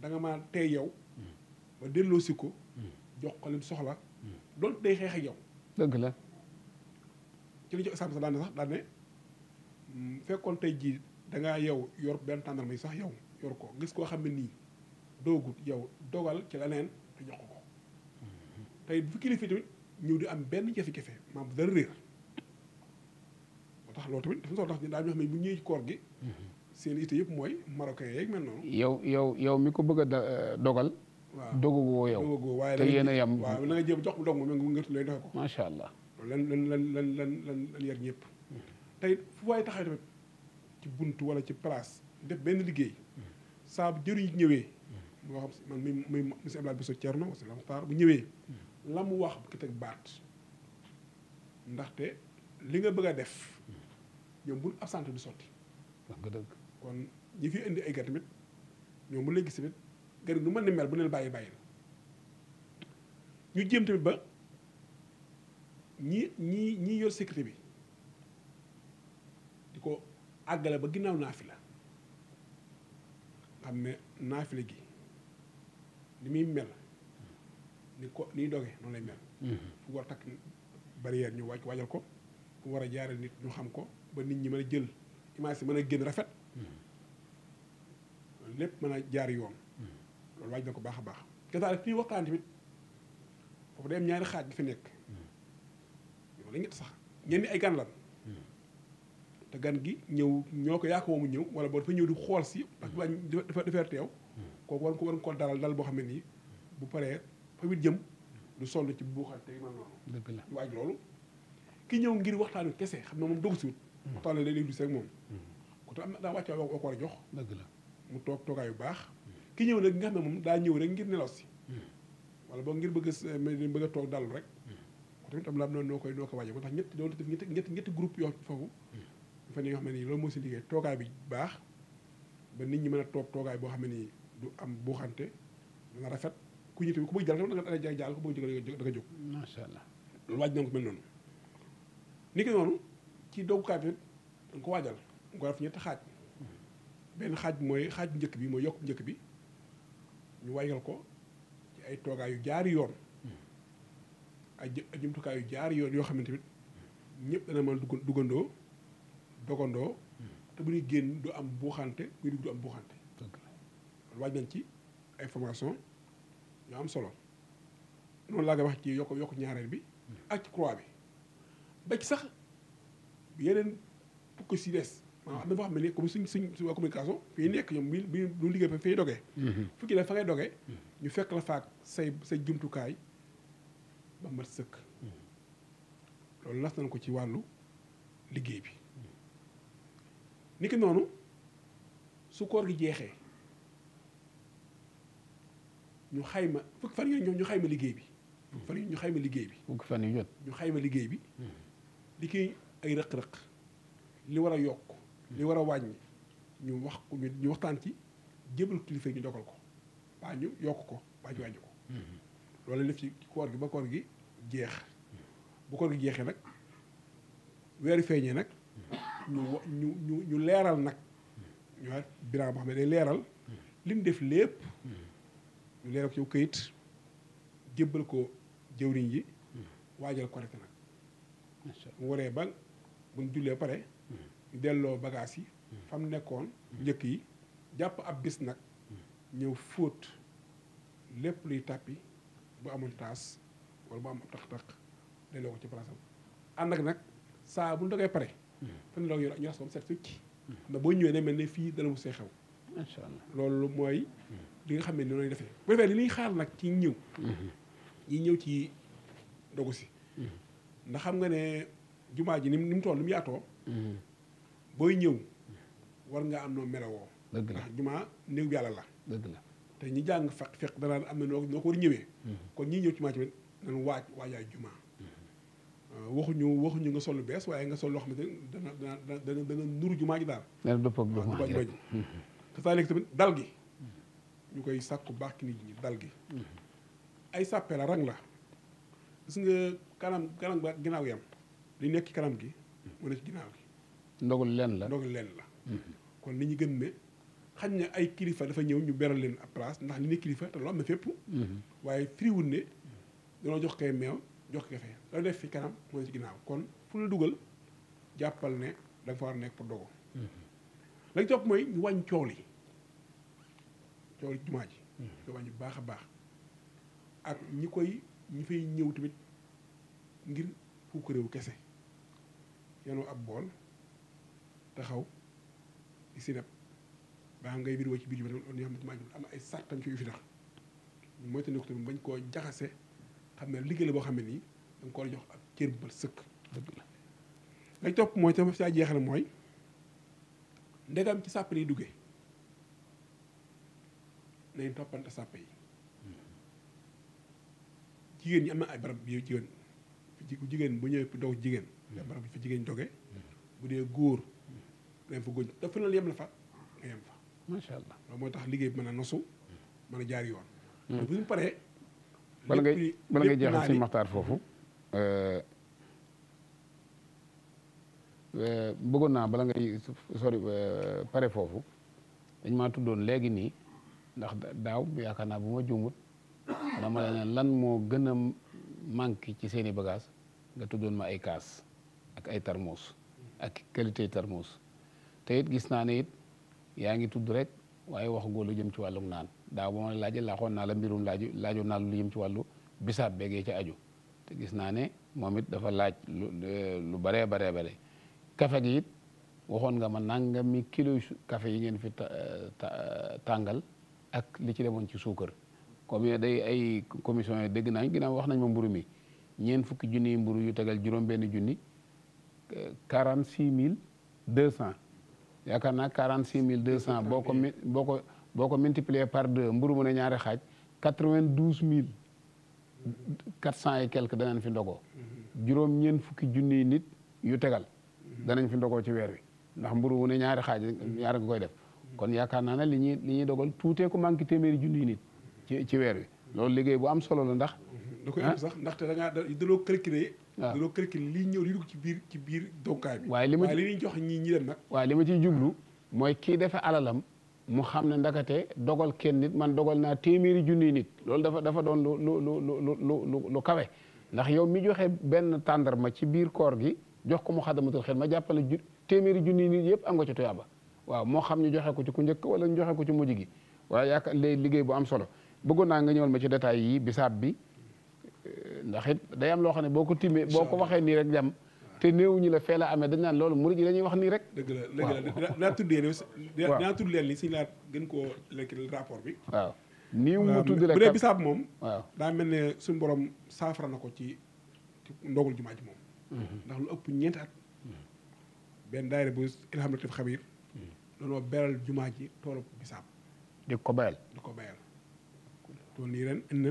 da nga ma tey yow ma delloo si ko jox ko lim soxla doon day xeex ak yow dëgg la ci li jox exemple sax daan sax daan hmm, fekkoon tey jii dangaa yow yor benn tàndarma yi sax yow yor ko gis koo xam ne nii doogut yow dogal ci leneen te jox ko ko hmm. tey bu fi kilifa tamit ñëw di am benn jafe-jafe maam dara réer tax loolu tamit dafa tax ñu daal ñoo bu ñëwee ci koor seen ité yëpp mooy marocain yeeg yow yow yow mi ko bëgg a euh, dogal waaw dogagoo waaye te yéen a yem waaw la nga jéem jox dog ma nga ngërtu allah lan lan lan lan lan lan lan ñëpp tey fu waaye taxawee tamit bunt wala ci place def benn liggéey saa bu jëriñ ñëwee moo xam man mi muy monsieur Abdoulaye Bousso Thierno wala bu ñëwee la mu wax ki teg baat ndaxte li nga bëgg a def ñoom bu absenté du sotti. kon ñi fi indi ay gar tamit ñoom bu leen gis tamit gar nu mën na mel bu leen bàyyi bàyyi ñu jéem tamit ba ñi ñi ñi yor sécurité bi di ko àggale ba ginnaaw naafila xam ne naafila gi ni muy mel ni ko ni doge noonu lay mel. fu mhm. war a takk barrière ñu waaj waajal ko fu war a jaaree nit ñu xam ko. ba nit ñi mën a jël image yi mën a génn rafet mm-hmm. lépp mën a jaar yoon mm-hmm. loolu waaj na ko baax a baax gasaale fii waxtaan tamit foofu day am ñaari xaaj bi fi nekk ñoo mm-hmm. la sax ñenn ay gan lan te gan gi ñëw ñoo ko yaa ko moomu ñëw wala boo dafa ñëw di xool si parce que dafa defee teew kooku war ko war ko dalal dal boo xam ne nii bu paree fa wit jëm du sonn ci buuxante yi man noonu waaj loolu ki ñëw ngir waxtaanu kese xam ne moom dogu si wut waxtaan la léeg-léeg moom ko am na daa wàcce woo jox dëgg la mu toog toogaay yu baax ki ñëw nag nga xam moom daa ñëw rek ngir nelaw si mmh. wala boog ngir bëgg eh, bëgg a toog dal rek mmh. ko tamit am la am koy noo ko wàññi ko tax ñetti loolu def ñetti ñetti ñetti groupe yoo foofu mmh. dafa ne nga xam ne nii moo si liggéey toogaay bi baax ba nit ñi mën a toog toogaay boo xam ne nii du am buuxante dana rafet ku ñëw tamit ku bëgg jàll da nga jàll ko bëgg jóg da nga jóg macha allah loolu waaj na ko mel noonu ni ki noonu ci doggukaay bi da ko waajal nga ko def ñetti xaaj benn xaaj mooy xaaj njëkk bi mooy yokk njëkk bi ñu waajal ko ci ay toogaay yu jaari yoon ay jumtukaay yu jaari yoon yoo xamante ne tamit ñëpp dana mën duggandoo dogandoo te bu ñuy génn du am buuxante buy dugg du am buuxante loolu waaj nañ ci ay formation ñu am solo noonu laa koy wax ci yokk yokk ñaareel bi ak ci croix bi ba ci sax yeneen pukk si des maanaam am na boo xam ne comme suñ suñ suñ waa fii nekk ñoom bi bi lu liggéey fa fay dogee mhm. fukki la fa ngay dogee ñu fekk la faak say say jumtukaay ba mat sëkk mhm. loolu nas nañ ko ci wàllu liggéey bi ni ki noonu su koor gi jeexee ñu xayma fukki fan yooyu mhm. ñu xayma liggéey bi fukki fan yooyu ñu xayma liggéey bi ñu xayma liggéey bi li ki ay rëq-rëq li war a yokk li war a wàññ ñu wax ko ñu waxtaan ci jébal kilifa ñu dogal ko waa yokk ko waa ñu wàññi ko loolu def ci koor gi ba koor gi jeex bu koor gi jeexee nag weeri feeñee nag ñu ñu ñu ñu leeral nag ñu wax bilan boo xam ne day leeral li mu def lépp ñu leeral ko ci këyit jébbal ko jëwriñ yi waajal ko rek nag mu waree ban buñ jullee pare mm-hmm. delloo bagaas yi mm-hmm. fam nekkoon mm-hmm. njëkk yi jàpp ab bis nag ñëw fóot lépp luy tàppi bu amul taas wala bu am ab taq-taq delloo ko ci palaasam ànd ak nag saa bu ñu dogee pare fan la yor ñu raxas ko set succ ndax boo ñëwee ne mel ne fii dana mu see xew macha allah loolu mooy li nga xam ne noonu lañ defee bu defee li ñuy xaar nag ci ñëw yi ñëw ci dogu si ndax xam nga ne jumaa ji ni mu ni mu mu yaatoo. Mm-hmm. booy ñëw war nga am noo melawoo. dëgg la ndax jumaa néew yàlla la. dëgg la te ñi jàng fekk fekk danaan am na noo noo ko war ñëwee. Mm-hmm. kon ñii ñëw ci jumaa ci tamit nañu waaj waajaay mm-hmm. euh, nga sol lu bees waaye nga sol loo xamante ni nuru jumaa ji daal. dana dëppoo ak jumaa te saa léegi tamit dal gi. ñu koy sàkku baax ki nit ñi dal gi. ay sàppe la rang la gis nga kanam kanam ba ginnaaw yam. li nekk ci kanam gi mu ne ci ginnaaw gi ndogul leen la ndogul leen la mhm. kon li ñu gën ne xañ na ay kilifa dafa ñëw ñu beral leen ab place ndax li ne kilifa te loolu am fépp mhm. waaye firiwul ne dañoo jox kay meew jox kafe la def fi kanam mu ne ci ginnaaw kon fu la dugal jàppal ne da nga fa war a nekk pour dogo mhm. lañ topp mooy ñu wàññ coow li coow li jumaa ji ñu wàññ bu baax a baax ak ñi koy ñi fay ñëw tamit ngir fu kese yenu ab bool taxaw di sinab ba xam ngay biir woo ci biir bi tam loolu yoo xam ne maa am ay sàrtam ci yu fi tax mooy te nekk bañ koo jaxase xam ne liggéey boo xam ne nii da koo jox ak cër bu sëkk dëgg la lañ topp mooy tam saa jeexal mooy ndegam ci sàpp yi duggee nañ toppante sàpp yi hmm. jigéen ñi am na ay barab bi jigéen jigéen bu ñëwee daw jigéen ndax barab bi fa jigéen doge bu dee góor dañ fa góor dafa la yem la fa nga allah moo tax liggéey bi mën a nosu mën a yoon hmm. bu ñu paree bala ngay bala ngay jeexal si maxtaar foofu euh, euh, bëggoon naa bala ngay sori euh, pare foofu dañ ma tuddoon léegi nii ndax daaw yaakaar naa bu ma juumut dama lan moo gën a manqué ci seen i bagage nga tuddoon ma ay kaas ak ay tarmoos ak qualité tarmoos te it gis naa ne it yaa ngi tudd rek waaye wax góor lu jëm ci wàllum naan daaw ba ma laajee laaxoon naal la mbirum laaju laajoon lu jëm ci wàllu bisaab beegee ci aju te gis naa ne moom it dafa laaj lu lu baree baree bare kafe gi it waxoon nga ma mi kilo kafe yi ngeen fi tàngal ak li ci demoon ci suukar kom comme day ay commission yi dégg naa ginnaaw wax nañ ma mburu mi ñeent fukki junni mburu yu tegal juróom benn junni quarante six mille deux cent yaakaar na quarante six mille deux cent boo ko boo ko boo ko multiplier par deux mburu mu ne ñaari xaaj quatre vingt douze mille quatre cent et quelque danañ fi ndogoo juróom ñeent fukki junniy nit yu tegal danañ fi ndogoo ci weer wi ndax mburu mu ne ñaari xaaj ñaari nga koy def kon yaakaar naa ne li ñuy li ñuy dogal tuutee ko manqué téeméeri junniy nit ci ci weer wi loolu liggéey bu am solo la ndax da da ngaa daloo calculer waaw dañoo kër li ñëw li dugg ci biir ci biir donkaay waaye li ma li ñuy jox ñi nag. waaye li ma ciy jublu mooy kii defe alalam mu xam ne ndakate dogal kenn nit man dogal naa téeméeri junni nit loolu dafa dafa doon lu lu lu lu lu kawe. ndax yow mi joxe benn ma ci biir koor gi jox ko mu xadamatul xel ma jàppale ju téeméeri junniy nit yëpp a nga ci tuyaaba waaw moo xam ñu joxe ko ci ku njëkk wala ñu joxe ko ci mujj gi waaye yaakaar léegi liggéey bu am solo bëggoon naa nga ñëwal ma ci détails yii bisaab bi. ndax it day am loo xam ne boo ko timmee boo ko waxee nii rek jam te néew ñi la fee la amee dañ naan loolu murid yi dañuy wax nii rek dëgg la dëgg la dinaa tudd yéen dinaa tudd leen li si laa gën koo lekk rapport bi waaw nii mu euh, tudd rek bu dee bisaab moom waaw daa mel ne suñ boroom saafara na ko ci ndogul jumaa ji moom mhm. ndax lu ëpp ñeenti at mhm. benn daayira bu ilham latif xabir loolu mhm. beral jumaa ji toolu bisaab di ko bayal di ko bayal tool nii ren indi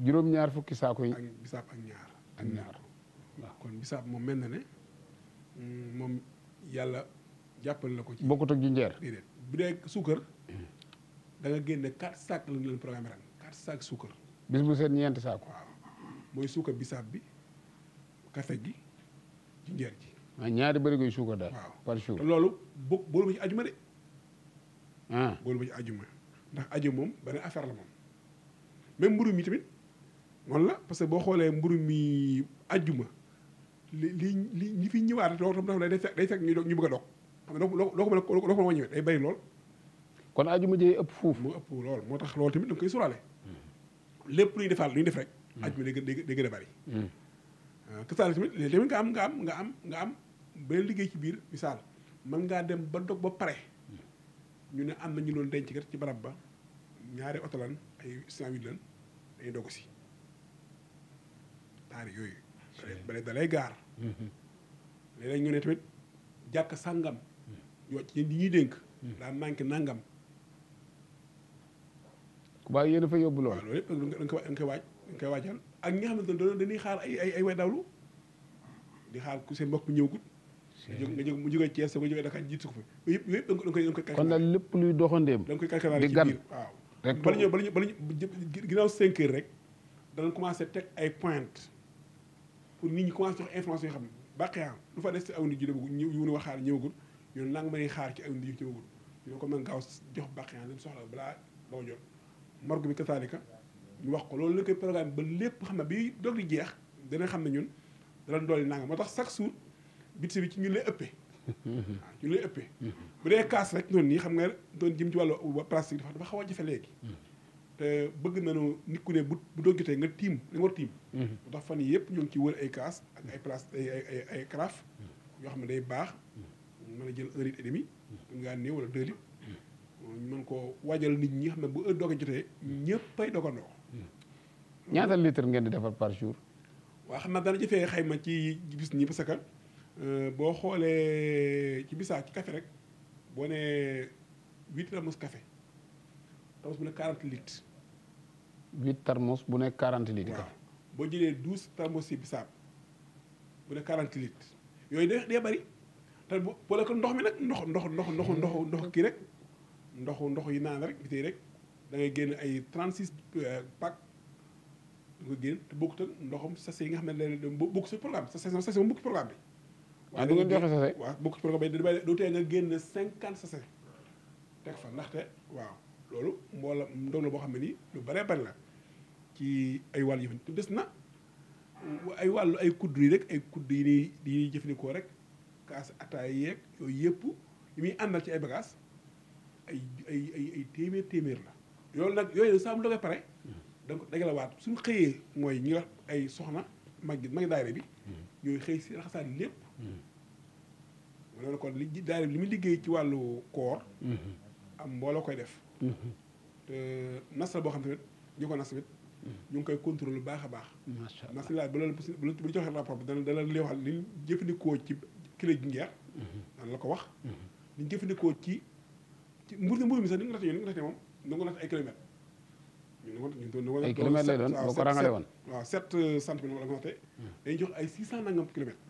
juróom-ñaar fukki saako yi. ak bisaab ak ñaar ak ñaar waaw kon bisaab moom mel na ne mm, moom yàlla jàppale la ko ci. bokkut ak jinjeer déedéet bu dee suukar da nga génne quatre sacs lañ leen programme ren quatre sacs suukar. bis bu seen ñeenti saako. waaw mooy suukar bisaab bi kafe gi jinjeer ji. waaw ah, ñaari bërigo yu suukar daal. waaw par jour loolu bo boolu ma ci ajuma de. ah ma ci ajuma ndax aju moom beneen affaire la moom même mburu mi tamit. noonu la parce que boo xoolee mburu mi àjjuma li li li ñi fi ñëwaat loolu tam day fekk day fekk ñu bëgg a dog xam ne loo ko mën a loo ko mën a wàññiwee day bari lool. kon àjjuma jëyee ëpp fuuf. mu ëpp lool moo tax loolu tamit da nga koy sóoraale. lépp lu ñu defaat def rek. àjjuma day gën day gën a bari. kasaale hmm. ah, tamit léegi tamit nga am nga am nga am nga am beneen liggéey ci biir misaal mën ngaa dem ba dog ba pare ñu ne am na ñu doon denc kat ci barab ba ñaari oto lan ay 100 000 lan dañuy dogg si. daara yooyu. bële da gaar. léeg-léeg ñu ne tamit jàkk sàngam. ci yéen ñuy dénk. daa manqué nangam. waaye yéen a fa yóbbu lool. loolu yëpp da nga koy da nga koy waaj da nga koy waajal ak ñi nga xaar ay ay ay way dawlu di ku seen mbokk mu ñëwagul. nga mu jógee Thiès nga jógee Dakar jiitu yooyu yëpp yëpp da nga koy da nga koy. kon nag lépp luy doxandeem. da nga koy calculer ci biir waaw. rek bala ñu bala commencé teg ay point pour nit ñi commencé jox information yoo xam ne Bakhia lu fa des ci aw nit yu ne bëgg yu ne waxaar ñëwagul xaar ci aw nit yu ñëwagul ñu ne ko mën gaaw jox Bakhia lim soxla balaa boo jot morgue bi kasaalika ñu wax ko loolu la koy programme ba lépp xam ne bi dog di jeex dana xam ne ñun danañ doole nangam moo tax chaque jour bitse bi ci ñun lay ëppee waaw ñun lay ëppee mm-hmm. bu dee kaas rek noonu nii xam nga doon jëm ci wàllu plastique dafa dafa xaw a jafe léegi mm-hmm. te bëgg nañu nit ku ne bu bu doog jotee nga tiim li nga war tiim. Mm-hmm. ndax fan yii yëpp ñu ngi ci wër ay kaas ak ay place ay ay mm-hmm. yoo xam ne day baax mm-hmm. mën a jël un litre et ko waajal nit ñi xam ne bu heure doog a jotee ñëpp ay dogandoo. ñaata litre ngeen di defar par jour. waaw xam naa dana jëfee xayma ci bis ñi parce que euh, boo xoolee ci bisaa ci café rek boo nee huit ramus café ramus bu ne quarante litres. huit thermos bu nekk quarante litres. waaw boo jëlee douze thermos yi bisaab bu nekk quarante litres yooyu de day bëri te bu boole ko ndox mi nag ndox ndox ndox ndoxu ndoxu ndox kii rek ndoxu ndox yi naan rek bitey rek da ngay génn ay trente six euh, pack da nga génn te bokkut ak ndoxam sachet yi nga xam ne dañuy dem bokk sa programme sa saison saison bokk programme bi. Ah, waaw du ngeen joxe sachet waaw bokk programme bi du tee nga génn cinquante sa teg fa ndaxte waaw. loolu mboola ndog la boo xam ne ni lu baree bari la ci ay wàll yëf des na ay wàllu ay kudd yi rek ay kudd yi ni yi ñuy jëfandikoo rek kaas ataay yeeg yooyu yëpp yi muy àndal ci ay bagages ay ay ay téeméer téeméer la loolu nag yooyu saa dogee pare donc da nga la waat suñu xëyee mooy ñi nga ay soxna mag mag daayira bi ñooy xëy si raxasaat lépp loolu kon li daayira bi li muy liggéey ci wàllu koor mm-hmm. am mbooloo koy def nas la boo xam tamit ñu ko nas tamit ñu ngi koy contrôle lu baax a baax nas la bu loolu bu ñu joxee rapport bi dana dana leewal li ñu jëfandikoo ci kilo gi ngeer mhm. dana la ko wax mhm. li ñu jëfandikoo ci ci mbur ni mburu mi sax ni nga nattee ñu ni nga nattee moom na nga natt ay kilomètres ay kilomètres lay doon boo ko woon waaw sept centimètres la ko nattee mhm. dañuy jox ay six cent nangam kilomètres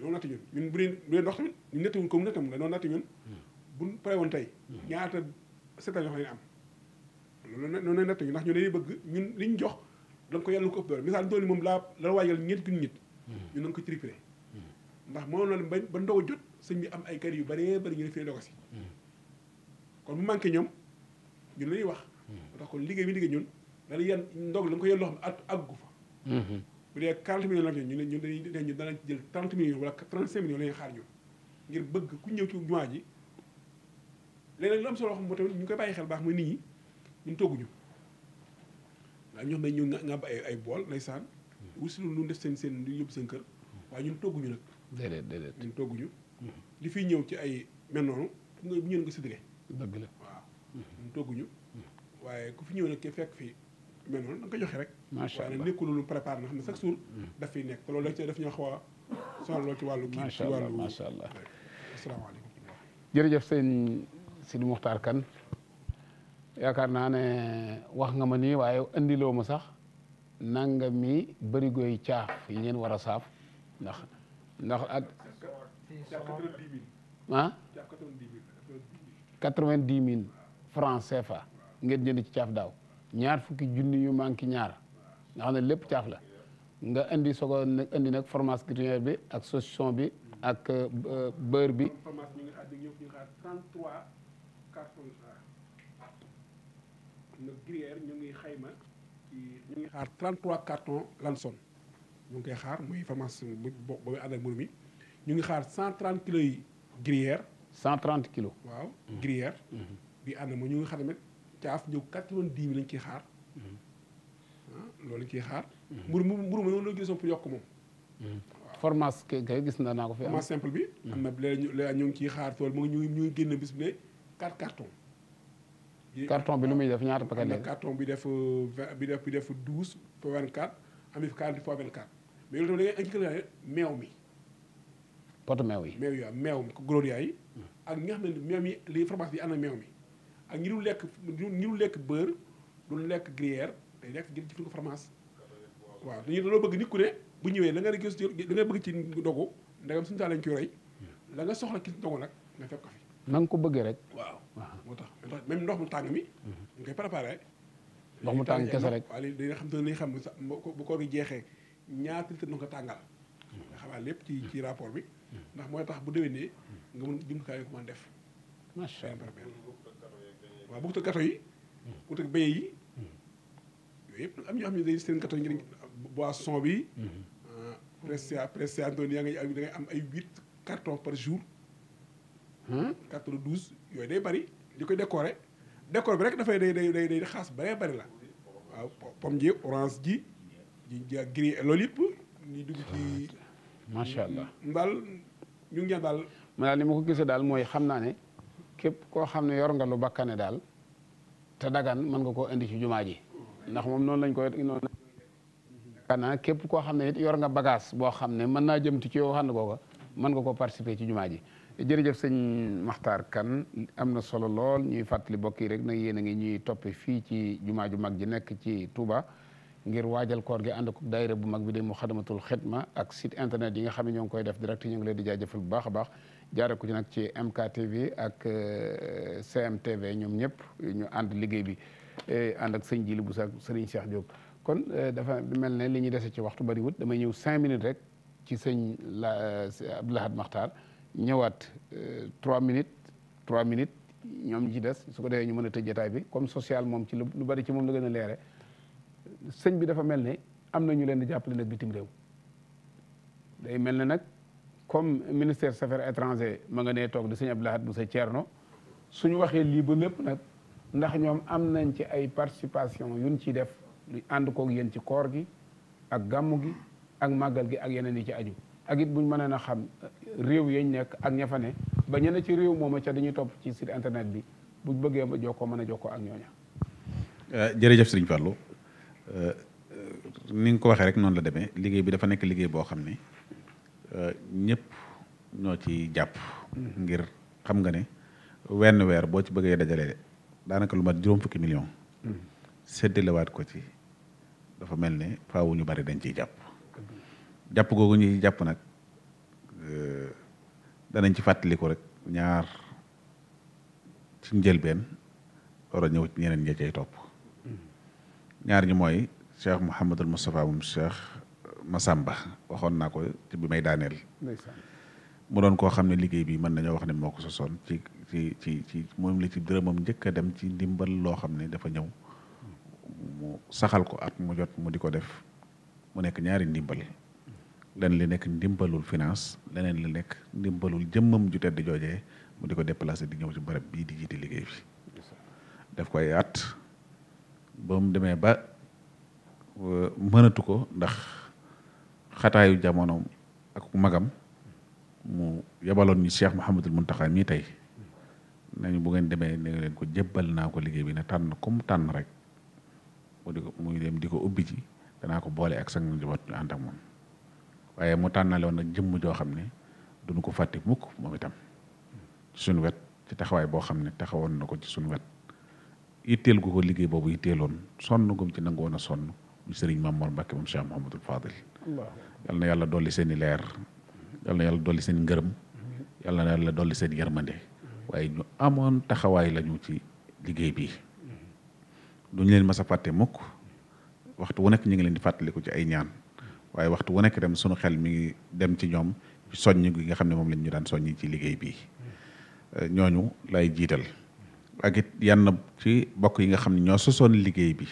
ñoo natt ñun ñun bu dee bu dee ndox tamit ñu nattewuñ comme nattam dañoo woon tey ñaata seetal yoo xam ne am loolu noonu la nattuñu ndax ñu dañuy bëgg ñun li ñu jox da nga ko yàlla ko moom laa la waajal ñeent ki nit hmm. ñu ngi ko triplé ndax moo noonu ba ba ndogu jot sëñ bi am ay kër yu bëri ñu ne fii ndogu si hmm. kon bu manqué ñoom ñun lañuy wax hmm. tax kon bi liggéey ñun dana yan ndog la nga ko yàlla loo xam ne at àggu fa bu dee 40 millions la ñu ne ñun dañuy ñu danañ ci jël 30 millions wala 35 millions la ñuy xaar ñun ngir bëgg ku ñëw ci jumaa ji leneen léeg lu am solo xam boo tamit ñu koy bàyyi xel baax mooy nit ñi ñun togguñu waaye ñoo xam ne ñu ay ay bool ndeysaan wusilu lu def seen seen lu seen kër waaye ñun togguñu nag déedéet déedéet ñun togguñu mm-hmm. li fiy ñëw ci ay mel noonu bu nga bu ñëwee nga séddale dëgg la waaw mm-hmm. ñun togguñu mm-hmm. waaye ku fi ñëw nag ke fekk fi mel noonu da nga ko joxe rek macha allah waaye nekkul lu préparé na xam ne chaque jour daf fiy nekk loolu dañ daf ñoo xaw a sonal lool ci wàllu kii ci wàllu macha allah asalaamaaleykum jërëjëf Sidi Muxtaar Kan yaakaar naa ne wax nga ma ni waaye andiloo ma sax nanga mi bërigoy caaf yi ngeen war a saaf ndax ndax ak ah quatre-vingt-dix mille francs fa ngeen jënd ci caaf daaw ñaar fukki junni yu manqué ñaar ndax na lépp caaf la nga indi sogo indi nag fromage gruyère bi ak saucisson bi ak euh, beurre bi Carpentras nag ñu ngi xayma ci ñu ngi xaar 33 cartons Lanson ñu ngi koy xaar muy formation bu bo booy ànd ak mbir mi ñu ngi xaar cent 130 kilos yi Gruyère. 130 kilos waaw mhm. Gruyère. bi mhm. ànd ma ñu ngi xaar tamit caaf ñëw 90 bi lañ ciy xaar. Mhm. ah loolu lañ xaar. mburu mu mburu mu loolu la gisoon pour yokk moom. fromage kay gis na naa ko fi am. fromage simple bi. am na léegi ngi ciy xaar tool mu ngi ñu ngi génn bis bu ne. quatre cartons. carton bi lu muy def ñaata paquet la carton bi def euh, bi def bi def douze fois vingt quatre am na fi quarante quatre mais loolu tamit da ngay inclure meew mi. pot meew yi meew yi waaw meew mi gloria hmm. ak meew mi li fromage bi am na meew mi ak ñi dul lekk ñi dul lekk beurre dul lekk gruyère day lekk jël jëfandikoo fromage. waaw dañuy dañoo bëgg nit ku ne bu ñëwee la nga gis da bëgg ci dogu ndegam suñu saa lañ hmm. la nga soxla ci dogu nag nga fekk ko nanga ko bëggee rek. waaw moo tax même ndox mu tàng mi. Mhm. ñu koy préparé. ndox mu tàng kese rek waaye li nga xam te ne xam bu koor gi jeexee ñaata litre nga ko tàngal. Mhm. nga xamaa lépp ci mhm. ci rapport bi. ndax mooy tax bu déwénee nga mën jumtukaay yi ko mën def. macha allah waaw bokkut ak gato yi. bokkut ak yi. yëpp am ñoo xam ne dañuy seen gato yi boisson bi. presse ah, presse antonia nga da ngay am ay huit cartons par jour. carte de douze yooyu day bari di koy décorer décor bi rek dafay day day day xaas bare bari la waaw pomme ji orange ji ji gris loolu yëpp ñu dugg ci. macha allah daal ñu ngi daal. ma daal ni ma ko gisee daal mooy xam naa ne képp koo xam ne yor nga lu bakkane daal te dagan mën nga koo indi ci jumaa ji ndax moom noonu lañ koy noonu kana képp koo xam ne it yor nga bagage boo xam ne mën naa jëm ti ci yow xam ne googa mën nga ko participer ci jumaa ji jërëjëf sëñ Maxtaar Kan am na solo lool ñuy fàttali mbokk yi rek nag yéen a ngi ñuy toppe fii ci jumaa ju mag ji nekk ci Touba ngir waajal koor gi ànd ko daayira bu mag bi de Muxaddamatul Xidma ak site internet yi nga xam ne ñoo ngi koy def direct ñu ngi leen di jaajëfal bu baax a baax jaare ci nag ci MKTV ak euh, CMTV ñoom ñëpp ñu ànd liggéey bi euh, ànd ak sëñ Jili bu sax sëriñ Cheikh Diop kon euh, dafa mel ne li ñuy dese ci waxtu bariwut damay ñëw cinq minutes rek ci sëñ la Abdoulahad Maxtaar ñëwaat euh, trois minutes trois minutes ñoom ñi ci des su ko dee ñu mën a tëj jotaay bi comme social moom ci lu bari ci moom la gën a leere sëñ bi dafa mel ni am na ñu leen di jàppale nag bitim réew day mel ni nag comme ministère des affaires étrangères ma nga nee toog di sëñ Abdoulahat bu sa Thierno suñu waxee lii ba lépp nag ndax ñoom am nañ ci ay participation yuñ ciy def lu ànd koog yéen ci koor gi ak gàmmu gi ak màggal gi ak yeneen yi ci aju ak it buñ mënoon a xam euh, réew yañ nekk ak ña fa ne ba ñenn ci réew moom mooma ca dañuy topp ci site internet bi bu bëggee ma jokkoo mën a jox ko ak ñooña euh, jërëjëf sëriñ Fallou euh, ni nga ko waxee rek noonu la demee liggéey bi dafa nekk liggéey boo xam ne ñëpp ñoo ci jàpp mm-hmm. ngir xam nga ne wenn weer boo ci bëggee dajale daanaka lu mat juróom fukki million mm-hmm. séddalewaat ko ci dafa mel ne faawu ñu bari dañ ciy jàpp jàpp googu ñuy jàpp nag euh, danañ ci fàttaliku rek ñaar ci njëlbeen war a ñëw ci ñeneen ña cay topp ñaar ñi mooy cheikh Mouhamadul Moustapha moom cheikh Massamba waxoon naa ko ci bi may daaneel. mu doon koo xam ne liggéey bii mën nañoo wax ne moo ko sosoon ci ci ci ci moom li ci dërëmam njëkk a dem ci ndimbal loo xam ne dafa ñëw mu saxal ko at mu jot mu di ko def mu nekk ñaari ndimbal. leneen li nekk ndimbalul finance leneen li nekk ndimbalul jëmmam ju tedd joojee mu di ko déplacé di ñëw ci barab bii di jiite liggéey bi def koy at ba mu demee ba euh, mënatu ko ndax xataayu jamono ak magam mu yebaloon ñu Cheikh Mouhamadul Mountakha mii tey nañu bu ngeen demee ne leen ko jébbal naa ko liggéey bi ne tànn comme tànn rek mu di ko muy dem di ko ubbi ji danaa ko boole ak sang njaboot ñu ànd ak moom waaye mu tànnale woon nag jëmm joo xam ne duñu ko fàtte mukk moom itam ci suñu wet ci taxawaay boo xam ne taxawoon na ko ci suñu wet itteel gu ko liggéey boobu itteeloon sonn gum ci nangu woon a sonn mu sëriñ Maam Mor Mbàkke moom Cheikh Mouhamadul Fadil yal na yàlla dolli seen i leer yal yàlla dolli seen ngërëm yal na yàlla dolli seen yërmande waaye ñu amoon taxawaay lañu ci liggéey bi duñ leen mas a fàtte mukk waxtu wu nekk ñu ngi leen di fàttaliku ci ay ñaan waaye waxtu wu nekk dem sunu xel mi ngi dem ci ñoom soññ gi nga xam ne moom lañ ñu daan soññi ci liggéey bi euh, ñooñu lay jiital ak yan ci bokk yi nga xam ne ñoo sosoon liggéey bi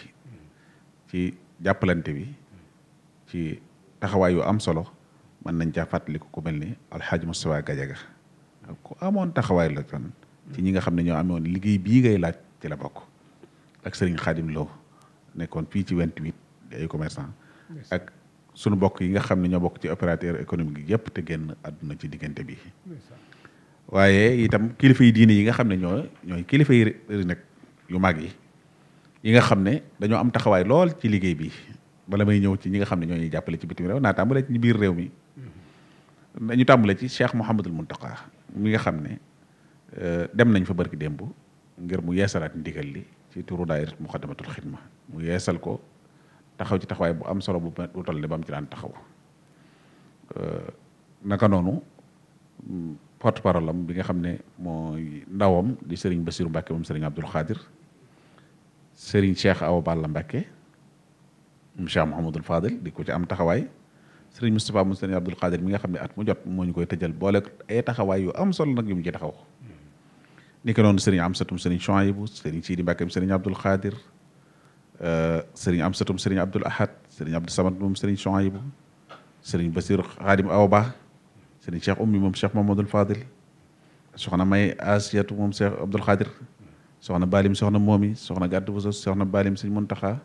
ci jàppalante bi ci taxawaay yu am solo mën nañ caa fàttaliku ku mel ni alxaaji Moustapha Gajaga ku amoon taxawaay la ci ñi nga xam ne ñoo amoon liggéey bii ngay laaj ci la bokk ak sëriñ Xaadim Lo nekkoon fii ci 28 ay commerçant ak sunu bokk yi nga xam ne ñoo bokk ci opérateur économique yi yëpp te génn àdduna ci diggante bi waaye itam kilifa yi diine yi nga xam ne ñoo ñooy kilifa yi nag yu mag yi yi nga xam ne dañoo am taxawaay lool ci liggéey bi bala may ñëw ci ñi nga xam ne ñoo ñuy jàppale ci bitim réew naa tàmbale ci biir réew mi ñu tàmbale ci Cheikh Mouhamadul Mountakha mi nga xam ne euh, dem nañ fa barki démb ngir mu yeesalaat ndigal li ci turu daayirat Muxaddamatul Xidma mu yeesal ko taxaw ci taxawaay bu am solo bu bu toll ne ba mu ci euh, noonu mm, porte parole am bi nga xam ne mooy ndawam di Serigne Bassirou Mbacke moom Serigne Abdoul Khadir Serigne Cheikh Awa Balla Mbacke moom Cheikh Mouhamadul Fadil di ko ci am taxawaay Serigne Moustapha moom Serigne Abdoul Khadir mi nga xam ne at mu jot moo ñu koy tëjal boole ay taxawaay yu am solo nag yu mu ci taxaw. ni ko noonu Serigne Amsatum Serigne Chouaïbou Serigne Sidi Mbacke Serigne Abdoul Khadir. Euh, sëriñ am satum sëriñ Abdul Ahad sëriñ Abdou Samad moom seriñ Chouaïbou sëriñ Basir Xaadim Awba sëriñ Cheikh Ummi moom Cheikh Mamadul Fadil soxna May Asiyatu moom Cheikh Abdul Xaadir soxna Balim soxna soxna Gàdd soxna Balim sëriñ Muntaxa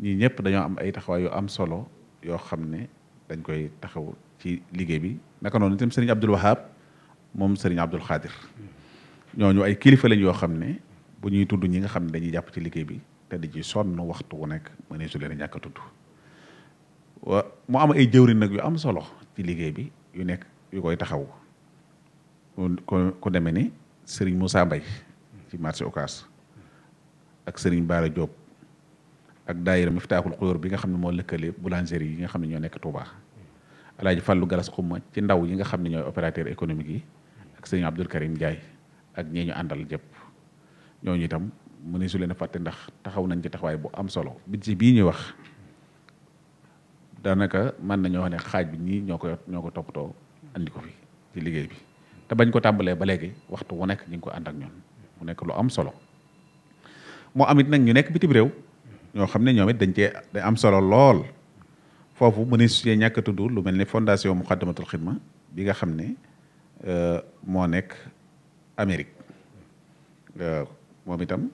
ñii ñëpp dañoo am ay taxawaay yu am solo yoo xam ne dañ koy taxaw ci liggéey bi naka noonu itam sëriñ Abdul moom sëriñ Abdul Xaadir ñooñu ay kilifa lañ yoo xam ne bu ñuy tudd ñi nga xam ne dañuy jàpp ci liggéey bi. te di ci sonn waxtu wu nekk mënee su leen ñàkk a tudd wa mu am ay jëwrin nag yu am solo ci liggéey bi yu nekk yu koy taxaw ku ku demee ni Serigne Moussa Mbaye ci marché Ocass ak sëriñ Bara Diop ak daayira Miftaaxul Xuyóor bi nga xam ne moo lëkkale boulangerie yi nga xam ne ñoo nekk Touba Alaaji Fàllu Galas Xumma ci ndaw yi nga xam ne ñooy opérateur économique yi ak Serigne Abdoul Karim Ndiaye ak ñii ñu àndal jëpp ñooñu itam mu ne su leen fàtte ndax taxaw nañ ci taxawaay bu am solo budget bii ñuy wax daanaka mën nañoo wax ne xaaj bi ñii ñoo ko ñoo ko toppatoo andi ko fi ci liggéey bi te bañ ko tàmbalee ba léegi waxtu wu nekk ñu ngi ko ànd ak ñoom mu nekk lu am solo moo am it nag ñu nekk bitim réew ñoo xam ne ñoom it dañ cee day am solo lool foofu mu ne su cee ñàkk a tudd lu mel ne fondation Muqaddamatul Xidma bi nga xam ne euh, moo nekk Amérique euh, moom itam.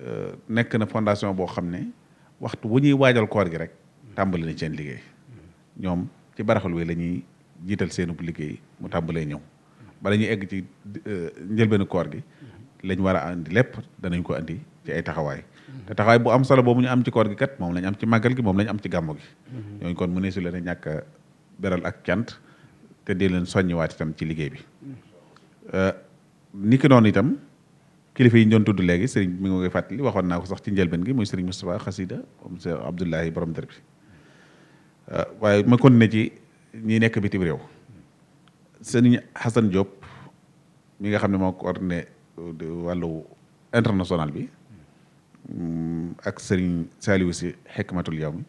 Euh, nekk na fondation boo xam ne waxtu wu ñuy waajal koor gi rek tàmbali nañ seen liggéey ñoom ci baraxal we la ñuy jiital seenub liggéey mu tàmbalee ñëw bala ñuy egg ci euh, njëlbeenu koor gi lañ war a andi lépp danañ ko andi ci ay taxawaay te taxawaay bu am solo boobu ñu am ci koor gi kat moom lañ am ci màggal gi moom lañ am ci gàmmu gi ñooñu kon mu ne si leen a ñàkk beral ak cant te di leen soññiwaat itam ci liggéey bi euh, niki noonu itam kilifa yi ñu doon tudd léegi sëriñ mi ngi koy fàttali waxoon naa ko sax ci njëlbeen gi muy sëriñ Moustapha Xasida monsieur Abdoulahi borom dër euh, waaye ma continué ci ñi nekk bitim réew sëriñ Xasan Diop mi nga xam ne moo coordonné euh, wàllu international bi mm, ak sëriñ Saliou si Hikmatul Yawmi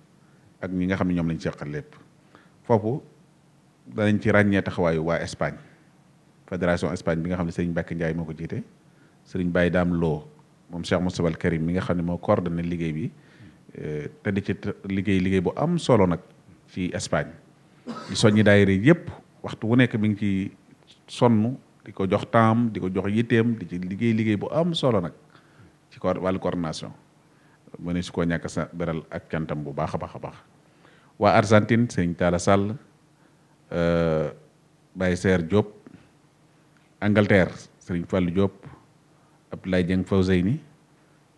ak ñi nga xam ne ñoom lañ ci seqal lépp foofu danañ ci ràññee taxawaayu waa Espagne fédération Espagne bi nga xam ne sëriñ Mbacke njaay moo ko jiite. sëriñ Baye Daam loo moom Cheikh Moustapha Al Karim mi nga xam ne moo coordonné liggéey bi eh, te di ci liggéey liggéey bu am solo nag ci Espagne di soññi daayira yëpp waxtu wu nekk mi ngi ci sonn di ko jox temps di ko jox yitteem di ci liggéey liggéey bu am solo nag ci ko wàllu coordination mu ne su koo ñàkk sa beral ak cantam bu baax a baax a baax waa Argentine sëriñ Talla Sall eh, Baye Seer Diop Angleterre sëriñ Fallou Diop Abdoulaye Dieng Fawzeyni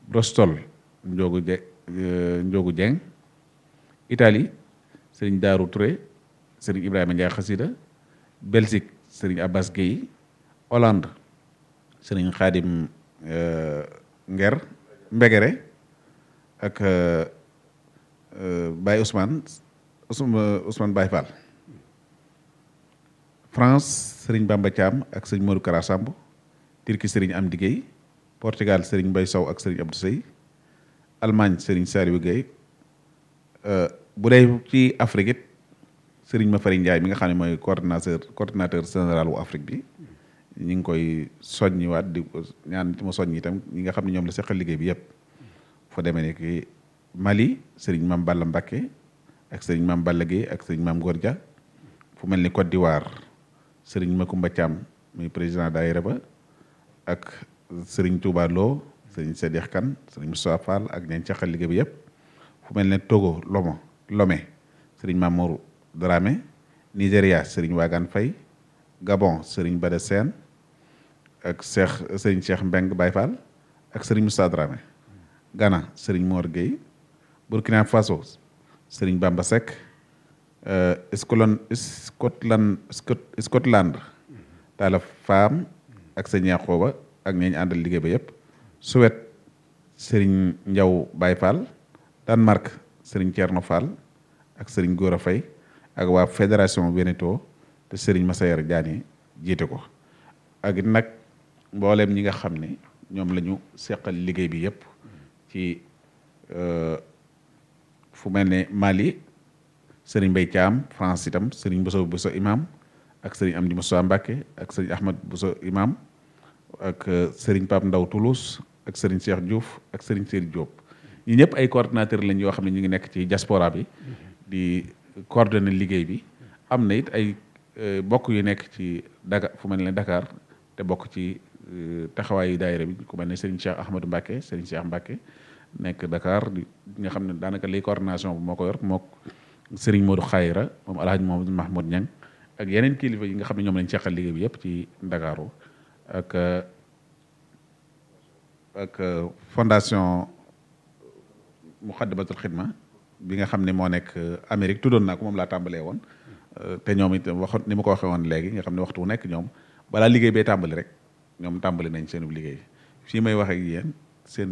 Brostol Ndiogu Je Ndiogu Dieng euh, Daaru Touré sëriñ Ibrahima Ndiaye Xasida Belgique sëriñ Abbas Guèye Hollande sëriñ Xaadim euh, Nger Mbegere ak euh, Baye Ousmane Ousmane Baye Fall France sëriñ Bamba ak sëriñ Modou Kara Samb Turquie sëriñ Amdi Portugal Serigne Mbaye Sow ak Serigne Abdou Sey Allemagne Serigne Saliou Gueye euh, bu dee ci Afrique it sëriñ ma Mafari Ndiaye mi nga xam ne mooy coordinateur coordinateur général wu Afrique bi ñi ngi koy soññiwaat di ko ñaan ci ma soññ itam ñi nga xam ne ñoom la seqal liggéey bi yëpp fa deme ne ki Mali sëriñ Mame Balla Mbacké ak Serigne Mame Balla Gueye ak Serigne Mame Gordia fu mel ni Côte d'Ivoire sëriñ Makumba Thiam muy président daayira ba ak sëriñ Touba loo sëriñ Sadiq Kane sëriñ Moustapha Fall ak ñeen caxal liggéey bi yëpp fu mel ne Togo Lomo Lomé sëriñ Mamour Dramé Nigéria sëriñ Wagan Faye Gabon sëriñ Bada Sène ak Cheikh sëriñ Cheikh Mbeng Baye Fall ak sëriñ Moussa Dramé Ghana sëriñ Mor Gueye Burkina Faso sëriñ Bamba Seck euh, Scotland Scotland Faam ak sëñ Yaxooba ak ñooñu àndal liggéey ba yëpp suwet sëriñ Njaw Baay Fall Danemark sëriñ Thierno Fall ak sëriñ Gora Faye ak waa fédération Veneto te sëriñ Masayar Diané jiite ko ak it nag mbooleem ñi nga xam ne ñoom lañu ñu seqal liggéey bi yëpp ci euh, fu mel ne Mali sëriñ Mbaye Thiam France itam sëriñ Bousso Bousso imam ak sëriñ Amdi Moussa Mbacke ak sëriñ Ahmad Bousso imam ak euh, Serigne Pape Ndaw Toulouse ak Serigne Cheikh Diouf ak sëriñ Seri Diop ñi ñëpp ay coordonnateur lañ yoo xam ne ñu ngi nekk ci diaspora bi di coordonner liggéey bi am na it ay euh, bokk yu nekk ci Dakar fu mel ne Dakar te bokk ci euh, taxawaayu daayira bi ku mel ne Serigne Cheikh Ahmadou Mbacke Serigne Cheikh Mbacke nekk Dakar di nga xam ne daanaka lay coordination bu moo ko yor mook Serigne Modou Khayra moom El Hadj Mamadou Mahmoud Niang ak yeneen kilifa yi nga xam ne ñoom lañ seqal liggéey bi yëpp ci Ndakaaru ak ak fondation Muxaddamatul Xidma bi nga xam ne moo nekk Amérique tuddoon naa ko moom laa tàmbalee woon te ñoom itam waxoon ni ma ko waxee woon léegi nga xam ne waxtu wu nekk ñoom balaa liggéey bee tàmbali rek ñoom tàmbali nañ seen liggéey fii may wax ak seen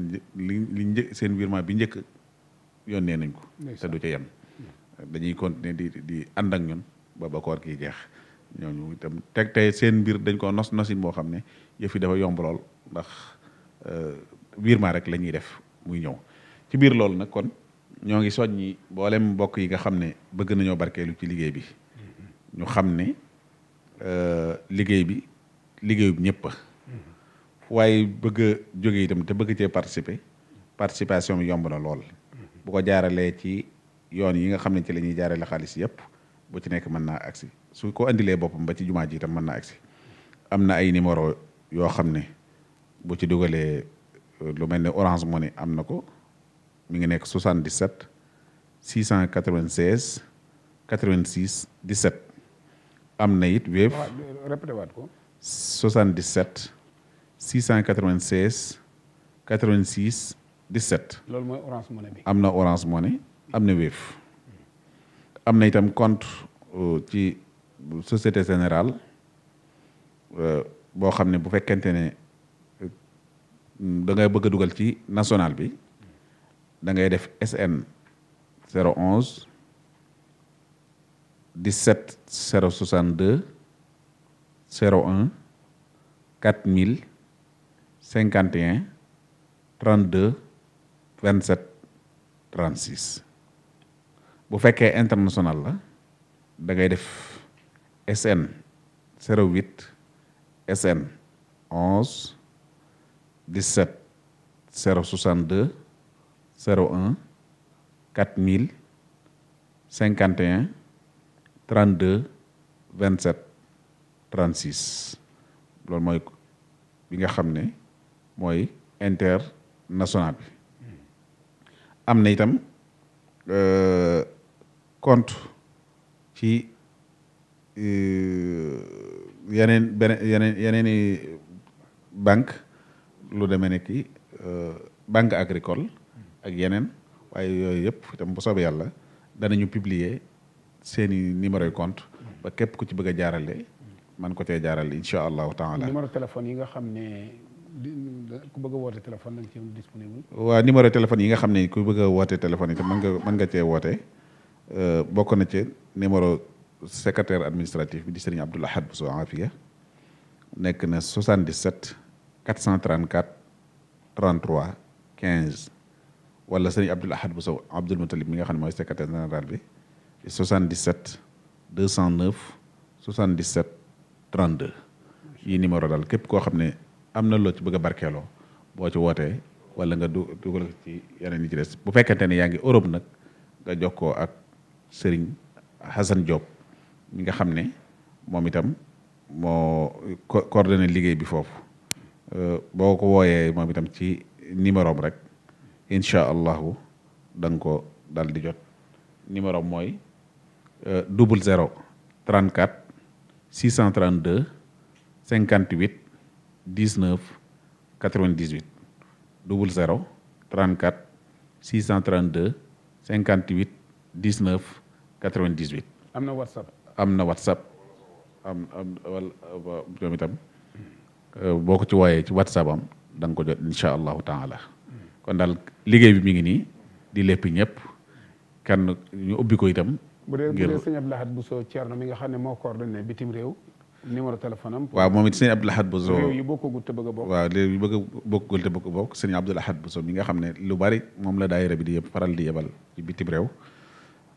li li një seen virement bi njëkk yónnee nañ ko. te du ca dañuy continuer di di ànd ak ñun ba ba koor gi jeex. ñooñu itam teg tey seen mbir dañ koo nos nosin boo xam ne yëf yi dafa yomb lool ndax euh, ma rek lañuy def muy ñëw ci biir loolu nag kon ñoo ngi soññi mboolem mbokk yi nga xam ne bëgg nañoo barkeelu ci liggéey bi mm-hmm. ñu xam ne euh, liggéey bi liggéey bi ñëpp mm-hmm. waaye bëgg a jóge itam te bëgg cee participer participation bi yomb na lool mm-hmm. bu ko jaaralee ci yoon yi nga xam ne ci la ñuy jaarale xaalis yëpp boo ci nekk mën naa agsi su ko indilee boppam ba ci jumaa ji itam mën naa aksi am na ay numéro yoo xam ne boo ci dugalee euh, lu mel ne Orange Money am na ko mi ngi nekk 77 696 86 17 am na it Wave. waat ko. 77 696 86 17. loolu mooy Orange Money bi. am na Orange Money am na Wave. am na itam compte euh, ci société générale euh, boo xam ne bu fekkente ne da ngay bëgg a dugal ci national bi da ngay def SN 011 cinquante 062 01 4000 51 32 27 36. bu fekkee international la da ngay def SN 08 SN 11 17 062 01 4000 51 32 27 36 loolu mooy bi nga xam ne mooy international bi am na itam. Euh, compte ci euh, yeneen beneen yeneen yeneen i banque lu demee ne ki euh, banque agricole ak yeneen waaye yooyu yëpp itam bu soobee yàlla danañu publier seen i numéro compte ba képp ku ci bëgg a jaarale man ko cee jaarale incha allahu taala numéro téléphone yi nga xam ne ku bëgg a woote téléphone da nga yi nga xam ne ku bëgg a woote mën nga mën nga cee woote. Euh, bokk na ci numéro secrétaire administratif bi di Serigne Abdou Lahad Bousso Afia nekk na 77 434 33 15 wala Serigne Abdou Lahad Bousso Abdoul Moutalib mi nga xam ne mooy secrétaire général bi di 77 209 77 32 yi numéro daal képp koo xam ne am na loo ci bëgg a barkeeloo boo ci wootee wala nga du dugal ci yeneen yi ci des bu fekkente ni yaa ngi Europe nag nga jokkoo ak. sëriñ Hassan Diop mi nga xam ne moom itam moo coordonné liggéey bi foofu euh, boo ko wooyee moom itam ci numéro rek incha allahu da nga ko dal di jot numéro am mooy euh, double zéro 34 632 58 19 98 double zéro 34 632 58. 19 98. am na WhatsApp. am na WhatsApp am am wala ñoom itam euh, boo ko ci wooyee ci WhatsApp am da nga ko jot incha allahu taala kon daal liggéey bi mi ngi nii di lépp ñëpp kenn ñu ubbi ko itam. bu dee bu dee sëñ Abdou Lahad Bousso Thierno mi nga xam ne moo coordonné bitim réew. numéro téléphone am. waaw moom it sëñ Abdou Lahad Bousso. réew yi bokkagul te bëgg a bokk. waaw réew yi bëgg a bokkagul te bëgg a bokk sëñ Abdou Lahad Bousso mi ne lu bari moom la daayira bi di yëpp faral di yebal ci bitim réew.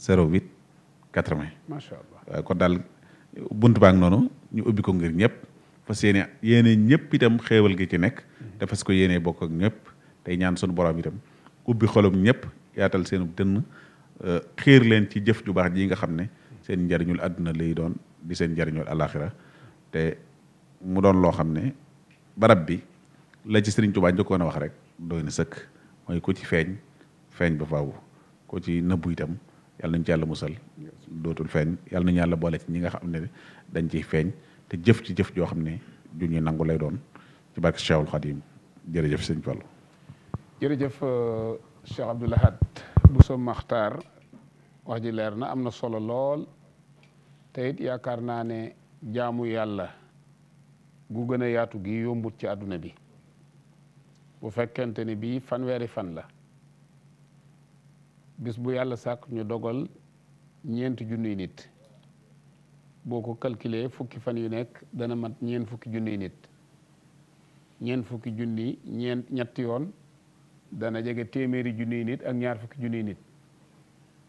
08 80. macha allah kon daal bunt baa ngi noonu ñu ubbi ko ngir ñëpp fas yéene yéene ñëpp itam xéewal gi ci nekk. te fas ko yéene bokk ak ñëpp tey ñaan sunu borom itam ubbi xolum ñëpp yaatal seen dënn euh, xiir leen ci jëf jubaax baax ji nga xam ne seen njariñul àdduna lay doon di seen njariñul alaxira te mu doon loo xam ne barab bi la ci Sëriñ Tuubaa njëkkoon a wax rek doy na sëkk mooy ko ci feeñ feeñ ba faw ko ci nëbbu itam. yàlla nañ ci yàlla musal dootul feeñ yàlla nañu yàlla boole ci ñi nga xam ne dañ ciy feeñ te jëf ci jëf joo xam ne ju ñuy nangu lay doon ci barke Cheikhul Khadim jërëjëf sëñ Fallou. jërëjëf euh, Cheikh Abdoul Ahad Bousso Makhtar wax ji leer na am na solo lool te yaakaar naa ne jaamu yàlla gu gën yaatu gi yombut ci àdduna bi bu fekkente ni bii fanweeri fan la. bis bu yàlla sàkk ñu dogal ñeenti junniy nit boo ko calculer fukki fan yu nekk dana mat ñeent fukki junni nit ñeent fukki junni ñeent ñetti yoon dana jege téeméeri junniy nit ak ñaar fukki junni nit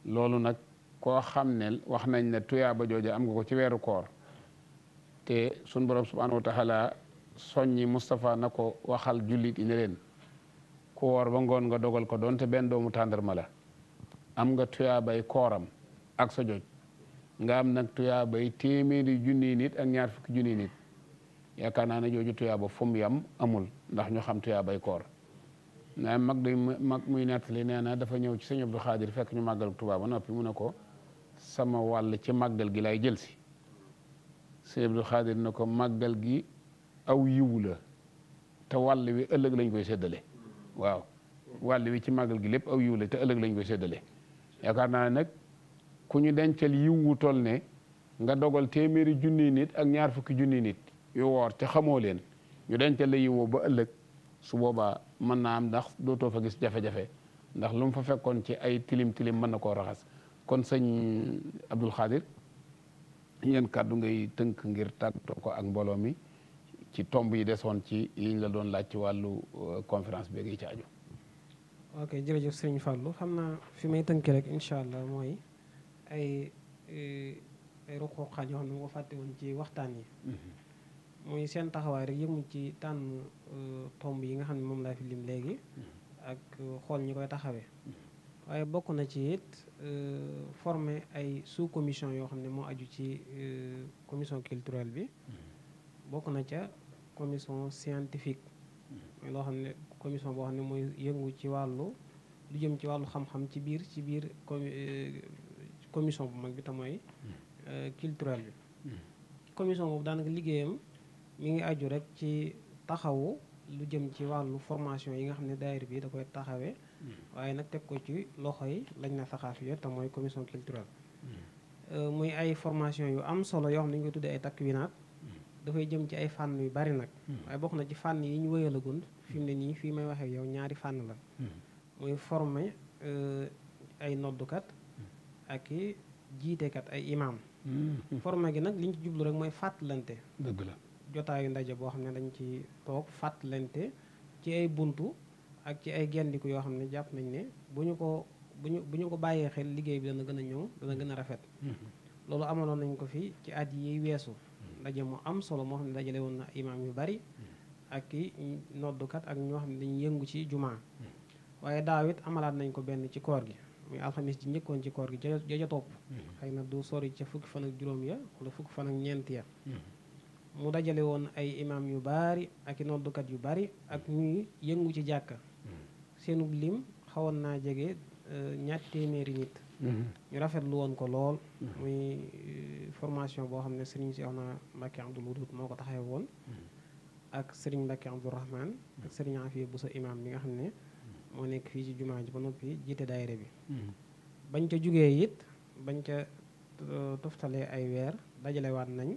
loolu nag koo xam ne wax nañ ne tuyaaba jooja am nga ko ci weeru koor te sun borom subhanahu wa taala soññi Moustapha na ko waxal jullit yi leen ku woor ba ngoon nga dogal ko doonte benn doomu tàndarma la am nga tuyaabay kooram ak sa joj nga am nag tuyaabay téeméeri junni nit ak ñaar fukki junni nit yaakaar naa ne jooju tuyaaba fu mu yam amul ndax ñu xam tuyaabay koor na mag day mag muy nettali nee na dafa ñëw ci sëñ Abdou Xaadir fekk ñu màggal Tuubaa ba noppi mu ne ko sama wàll ci màggal gi lay jël si sëñ Abdou Xaadir ne ko màggal gi aw yiw te wàll wi ëllëg lañ koy seddale waaw wàll wi ci màggal gi lépp aw yiw te ëllëg lañ koy séddale yaakaar naa nag ku ñu dencal yiw wu toll ne nga dogal téeméeri junniy nit ak ñaar fukki junniy nit yu woor te xamoo leen ñu dencal la yiw ba ëllëg su boobaa mën naa am ndax dootoo fa gis jafe-jafe ndax lu fa fekkoon ci ay tilim tilim mën na koo raxas kon sëñ Abdul Xaadir yéen kàddu ngay tënk ngir tàggatoo ko ak mbooloo mi ci tomb yi desoon ci yiñ la doon laaj ci wàllu euh, conférence bi ngi ci aju ok jërëjëf sëriñ Fallou xam naa fi may tënkee rek incha allah mooy ay e, ay ruqooqaan yoo xam ne ma ko fàtte woon ci waxtaan yi mm-hmm. muy seen taxawaay rek yëmu ci tànn e, tomb yi nga xam ne moom laa fi lim léegi mm-hmm. ak xool ñi koy taxawee mm-hmm. waaye bokk na ci it e, former ay sous commission yoo xam ne moo aju ci commission culturelle bi bokk na ca commission scientifique loo xam ne commission boo xam ne mooy yëngu ci wàllu lu jëm ci wàllu xam-xam ci biir ci biir euh, commission bu mag bi te mooy hmm. euh, culturel bi hmm. commission boobu daanaka liggéeyam mu ngi aju rek ci taxawu lu jëm ci wàllu formation yi nga xam ne daayir bi da koy taxawe hmm. waaye nag teg ko ci loxo yi lañ na saxaaf yo te mooy commission culturelle euh, muy ay formation yu am solo yoo xam ne ñu koy tuddee ay takwinaat dafay jëm ci ay fànn yu bari nag hmm. waaye bokk na ci fànn yi ñu wëyalagul hmm. fi mu ne nii fii may waxee yow ñaari fànn la hmm. muy former euh, ay noddukat ak jiitekat ay imaam former gi nag liñ ñu ci jublu rek mooy fàttalante dëgg la jotaayu ndaje boo xam ne dañ ci toog fàttalante ci ay buntu ak ci ay gendiku yoo xam ne jàpp nañ ne bu ñu ko bu ñu bu ñu ko bàyyee xel liggéey bi dana gën a ñëw dana gën a rafet loolu amaloon nañ ko fi ci at yi weesu ndaje mu am solo moo xam ne dajale woon na imaam yu bari ak i noddukat ak ñoo xam ne dañ yëngu ci jumaa waaye daaw it amalaat nañ ko benn ci koor gi muy alxamis ji njëkkoon ci koor gi ja a topp xëy na du sori ca fukki fan ak juróom ya wala fukki fan ak ñeent ya mu dajale woon ay imaam yu bari ak i noddukat yu bari ak ñuy yëngu ci jàkka mm. seenu lim xawoon naa jege euh, ñaar téeméeri nit ñu rafetlu woon ko lool. Mm-hmm. muy eh, formation boo xam ne Serigne Cheikhouna Mbacké Abdoul Wadoud moo ko taxawee woon. Mm-hmm. ak sëriñ Mbacké Abdoul Rahman mm-hmm. ak Serigne Afia Bousso imam bi nga xam ne moo nekk fii ci jumaa ji ba noppi jiite daayira bi. bañ ca jugee yit bañ ca eh, toftalee ay weer dajalewaat nañ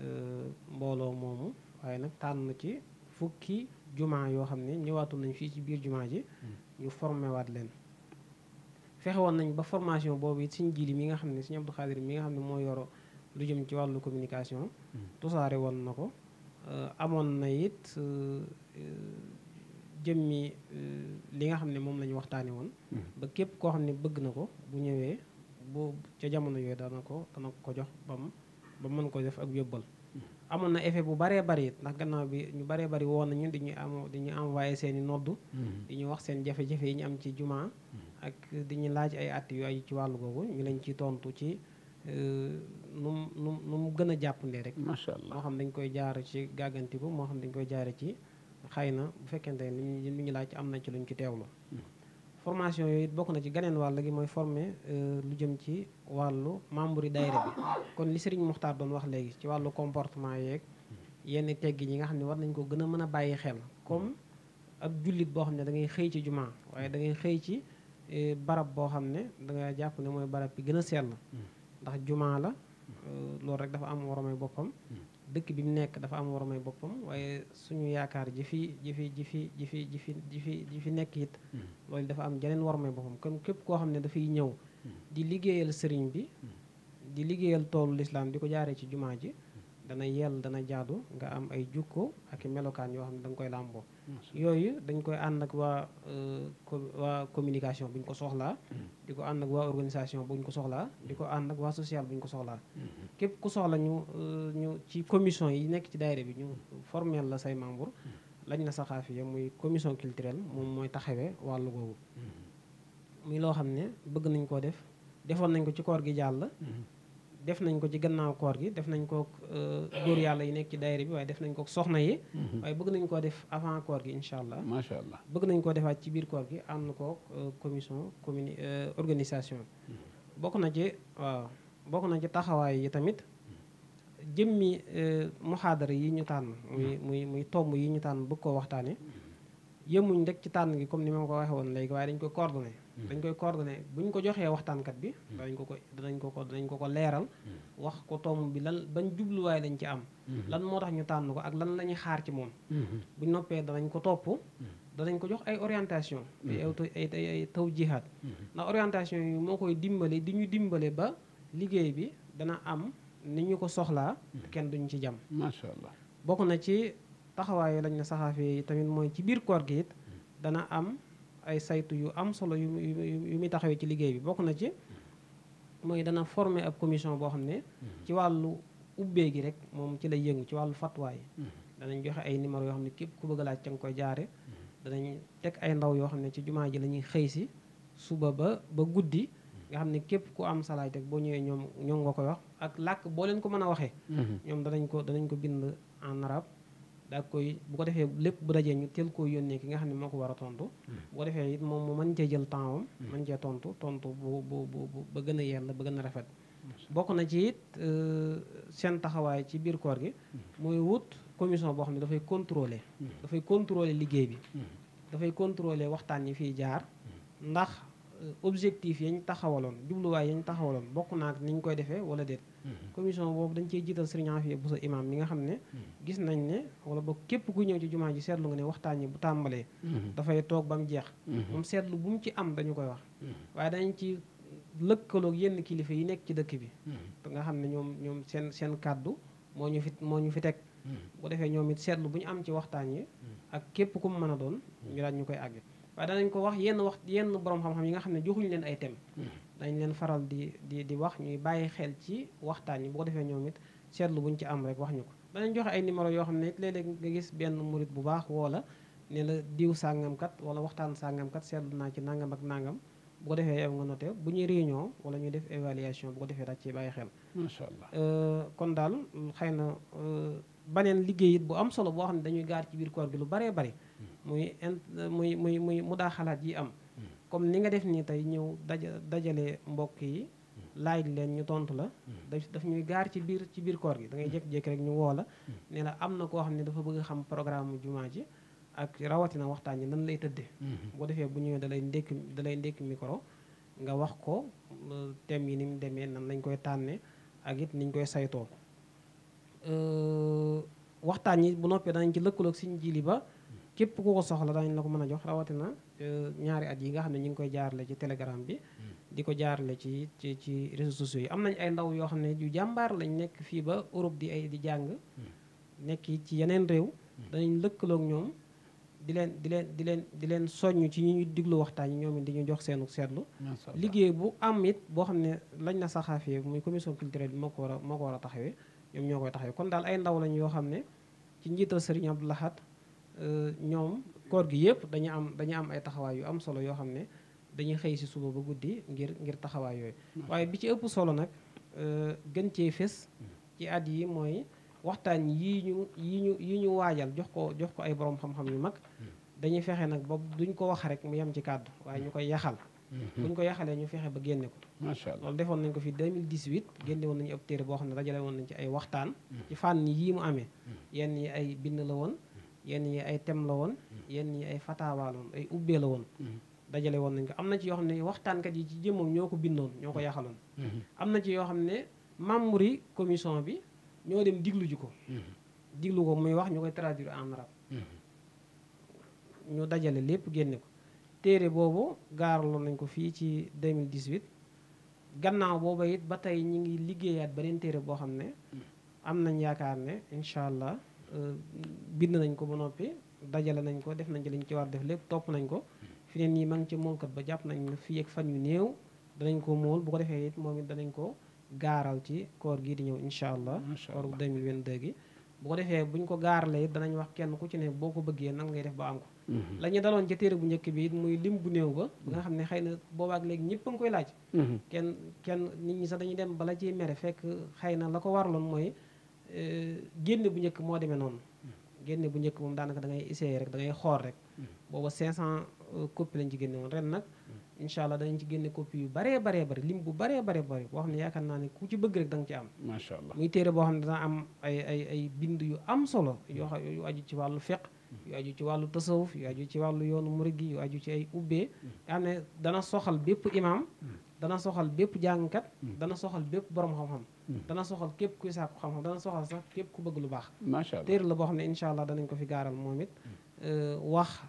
eh, mbooloo moomu waaye nag na ci fukki jumaa yoo xam ne ñëwaatu nañ fii ci biir jumaa ji. ñu formé leen. fexe woon nañ ba formation boobu it suñu jili mi nga xam ne su Abdou Khadir mi nga xam ne moo yoro lu jëm ci wàllu communication mm. tusaare woon na ko euh, amoon na it euh, jëmmi euh, li nga xam ne moom la ñu waxtaane woon mm. ba képp koo xam ne bëgg na ko bu ñëwee bu ca jamono yooyu dana ko dana ko jox bam ba mën ko def ak yóbbal mm. amoon na effet bu baree bari it ndax gannaaw bi ñu baree bari woon nañu dañuy am dañuy envoyé seen i di ñu wax seen jafe-jafe yi ñu am ci jumaa ak di ñu laaj ay at yu ay ci wàllu boobu ñu leen ci tontu ci euh, nu mu nu nu mu gën a jàppandee rek. macha allah moo xam dañ koy jaar ci gàgganti bu moo xam dañ koy jaare ci xëy na bu fekkente ni ñu ñu laaj am na ci luñ ci teewlu. Hmm. formation yooyu bokk na ci ganeen wàll gi mooy former euh, lu jëm ci wàllu membre yi daayira bi kon li Serigne Muxtaar doon wax léegi ci wàllu comportement yeeg yenn teggi ñi nga xam ne war nañ ko gën a mën a bàyyi xel comme ak jullit boo xam ne da ngay xëy ci jumaa waaye da xëy ci Eh, barab boo xam ne danga jàpp ne mooy barab bi gën a seen sell ndax jumaa la eh, loolu rek dafa am waromay boppam dëkk bi mu nekk dafa am waromay boppam waaye suñu yaakaar ji fi ji fi ji fi ji fi ji fi ji fi nekk it loolu dafa am jeneen waromay boppam kon képp koo xam ne dafay ñëw di liggéeyal sëriñ bi di liggéeyal toolu lislaam di ko jaaree ci jumaa ji dana yell dana jaadu nga am ay jukko ak melokaan yoo xam ne da nga koy làmboo yooyu dañ koy ànd ak waa euh, waa communication buñ ko soxlaa hmm. di ko ànd ak waa organisation buñ ko soxlaa di ko ànd waa social bu ñu ko soxlaa hmm. képp ku soxla ñu euh, ñu ci commission yi nekk ci daayira bi ñu formel la say membre hmm. lañ na saxaafiya muy commission culturelle moom mooy taxawe wàllu googu muy loo xam ne bëgg nañ koo def defoon nañ ko ci koor gi jàll def nañ ko ci gannaaw koor gi def nañ ko euh, góor yàlla yi nekk ci daayira bi waaye def nañ ko soxna yi mhm. waaye bëgg nañ koo def avant gi incha allah macha allah bëgg nañ koo defaat ci biir koor gi ànd kook euh, commission communi euh, organisation mhm. bokk na ci waaw bokk na ci taxawaay yi tamit jëmmi muxaadara yi ñu tànn muy mhm. muy muy tomb yi ñu tànn bëgg koo waxtaane yëmuñ rek ci tànn gi comme ni ma ko waxee woon léegi waaye dañ koy coordonné Mm. dañ koy coordonné bu ñu ko joxee waxtaankat bi mm. danañ ko ko danañ ko ko danañ ko ko leeral mm. wax ko tomb bi lan bañ jubluwaay lañ ci am mm-hmm. lan moo tax ñu tànn ko ak lan la ñuy xaar ci moom mm-hmm. bu noppee danañ ko topp danañ ko jox ay orientation mm-hmm. ay ay taw jihaat ndax orientation yi moo koy dimbale di ñu dimbale ba liggéey bi dana am ni ñu ko soxlaa kenn duñ ci jam macha allah bokk na ci taxawaayu lañ saxaaf yi tamit mooy ci biir koor gi it dana am ay saytu yu am solo yu yu muy taxawee ci liggéey bi bokk na ci mooy dana former ab commission boo xam ne hmm. ci wàllu ubbee gi rek moom ci lay yëng ci wàllu fatwaay hmm. danañ joxe ay numéro yoo xam ne képp ku bëgg a laaj ca nga koy jaare hmm. danañ teg ay ndaw yoo xam ne ci jumaa ji lañuy ñuy xëy si suba ba ba guddi nga xam ne képp ku am salaay teg boo ñëwee ñoom ñoom nga koy wax ak làkk boo leen ko mën a waxee ñoom danañ ko danañ ko bind en arabe daa koy bu ko defee lépp bu dajee ñu teel koo yónnee ki nga xam ne moo ko war a tontu. Hmm. bu ko defee it moom mu mën cee jël temps man hmm. mën cee tontu tontu bu bu bu ba gën a yell ba gën a rafet. bokk na ci it euh, seen taxawaay ci biir koor gi. Hmm. mooy wut commission boo xam ne dafay contrôler. dafay contrôler liggéey bi. dafay contrôler waxtaan yi fiy jaar. ndax euh, objectif yañ taxawaloon jubluwaay yañ taxawaloon bokk na ak ni ñu koy defee wala déet. commission boobu dañ cee jiital sëriñ Afia bu sa imam mi nga xam ne gis nañ ne wala boog képp ku ñëw ci jumaa ji seetlu nga ne waxtaan yi bu tàmbalee mhm. dafay toog ba mu jeex mhm. moom seetlu bu mu ci am dañu koy wax mhm. waaye dañ ci lëkkaloog yenn kilifa yi nekk ci dëkk bi nga xam ne ñoom ñoom seen seen kàddu moo ñu fi moo ñu fi teg bu defee ñoom it seetlu bu ñu am ci waxtaan yi ak képp ku mu mën a doon ñu ñu koy àgg waaye danañ ko wax yenn wax yenn borom xam-xam yi nga xam ne joxuñu leen ay thème dañ leen faral di di di wax ñuy bàyyi xel ci waxtaan yi bu ko defee ñoom it seetlu buñ ci am rek wax ñu ko danañ joxe ay numéro yoo xam ne it léeg-léeg nga gis benn murit bu baax woo la ne la diw sàngamkat wala waxtaan sàngamkat seetlu naa ci nangam ak nangam bu ko defee yow nga noté bu ñuy réunion wala ñuy def évaluation bu ko defee daal ci bàyyi xel macha allah euh, kon daal xëy na euh, baneen liggéey it bu am solo boo xam ne dañuy gaar ci biir koor bi lu baree bari hmm. muy muy muy muy mu daa xalaat yi am comme ni nga def nii tey ñëw daja dajale mbokk yi laaj leen ñu tontu la mm-hmm. daf ñuy gaar ci biir ci biir koor gi da ngay mm-hmm. jékki-jékki rek ñu woo la mm-hmm. ne la am na koo xam ne dafa bëgg xam programme jumaa ji ak rawatina waxtaan yi nan lay tëddee boo defee bu ñëwee da ndékki da ndékki micro nga wax ko euh, thème yi ni demee nan lañ koy tànnee ak it niñ koy saytoo euh, waxtaan yi bu noppee danañ ci lëkkaloog siñ jili ba képp ku ko soxla danañ la ko mën a jox rawatina ñaari at yi nga xam ne ñu ngi koy jaarale ci telegram bi mm. di ko jaarale ci ci ci réseaux sociaux yi am nañ ay ndaw yoo xam ne yu jàmbaar lañ nekk fii ba Europe di ay di jàng mm. nekk ci yeneen réew mm. danañ lëkkaloog ñoom di leen di leen di leen di leen soññ ci ñu diglu waxtaan yi ñoom it di ñu jox seenu seetlu liggéey bu am it boo xam ne lañ na saxaafee muy commission culturelle bi moo ko war moo ko war a taxawee ñoom ñoo koy taxawee kon daal ay ndaw lañ yoo xam ne ci njiital Serigne Abdou laxaat euh, ñoom koor gi yëpp dañu am dañu am ay taxawaay yu am solo yoo xam ne dañuy xëy si suba ba guddi ngir ngir taxawaay yooyu mm-hmm. waaye bi ci ëpp solo nag euh, gën cee fés mm-hmm. ci at yi mooy waxtaan yii ñu yi ñu yi ñu waajal jox ko jox ko ay borom xam-xam yu mag mm-hmm. dañu fexe nag ba duñ ko wax rek mu yem ci kàddu waaye ñu koy yaxal buñ ko yaxalee ñu fexe ba génne ko macha allah loolu defoon nañ ko fi 2018 génne woon nañu ab téere boo xam ne dajale woon nañ ci ay waxtaan ci fànn yii mu amee yenn yi ay bind la woon yenn yi ay tem la woon yenn yi ay fatawaa ay ubbee la woon mm-hmm. dajale woon nañ ko am na ci yoo xam ne waxtaankat yi ci jëmmam ñoo ko bindoon ñoo ko mm-hmm. yaxaloon mm-hmm. am na ci yoo xam ne membre yi commission bi ñoo dem diglu ji ko diglu ko muy wax ñu koy traduire en arabe ñu dajale lépp génne ko téere boobu gaaraloon nañ ko fii ci 2018 gannaaw booba it ba tey ñi ngi liggéeyaat beneen téere boo xam ne am nañ yaakaar ne incha allah Euh, bind nañ ko ba noppi dajale nañ ko def nañ ci liñ ci war def lépp topp nañ ko fi ne nii ma ci moolkat ba jàpp nañ ne fii ak fan yu néew danañ ko mool bu ko defee it moom it danañ ko gaaral ci koor gii di ñëw incha allah koor 2022 gi bu ko defee ko gaaralee danañ wax kenn ku ci ne boo ko bëggee nag ngay def ba am ko mm-hmm. la ñu daloon ci bu njëkk bi it muy lim bu néew ba ba nga xam ne xëy na boobaak léegi ñëpp a koy laaj mm-hmm. kenn kenn nit ñi sax dañuy dem bala ciy mere fekk xëy na la ko warloon mooy Euh, génne bu njëkk moo demee noonu génne bu njëkk moom daanaka da ngay essayer rek da ngay xool rek booba 500 euh, copie lañ ci génne woon ren nag incha allah danañ ci génne copie yu baree baree bari lim bu baree bare bari boo xam ne yaakaar naa ne ku ci bëgg rek da ci am macha allah muy téere boo xam ne dana am ay ay ay bind yu am solo yoo yu aju ci wàllu fiqh yu aju ci wàllu tasawuf yu aju ci wàllu yoonu murid gi yu aju ci ay ubbee nga xam ne dana soxal bépp imam mm. dana soxal bépp jàngkat mm. dana soxal bépp borom xam Mm. dana soxal képp kuy sàkku xam-xam dana soxal sax képp ku bëgg lu baax macha allah téere la boo xam ne incha allah danañ ko fi gaaral moom it mm. euh, wax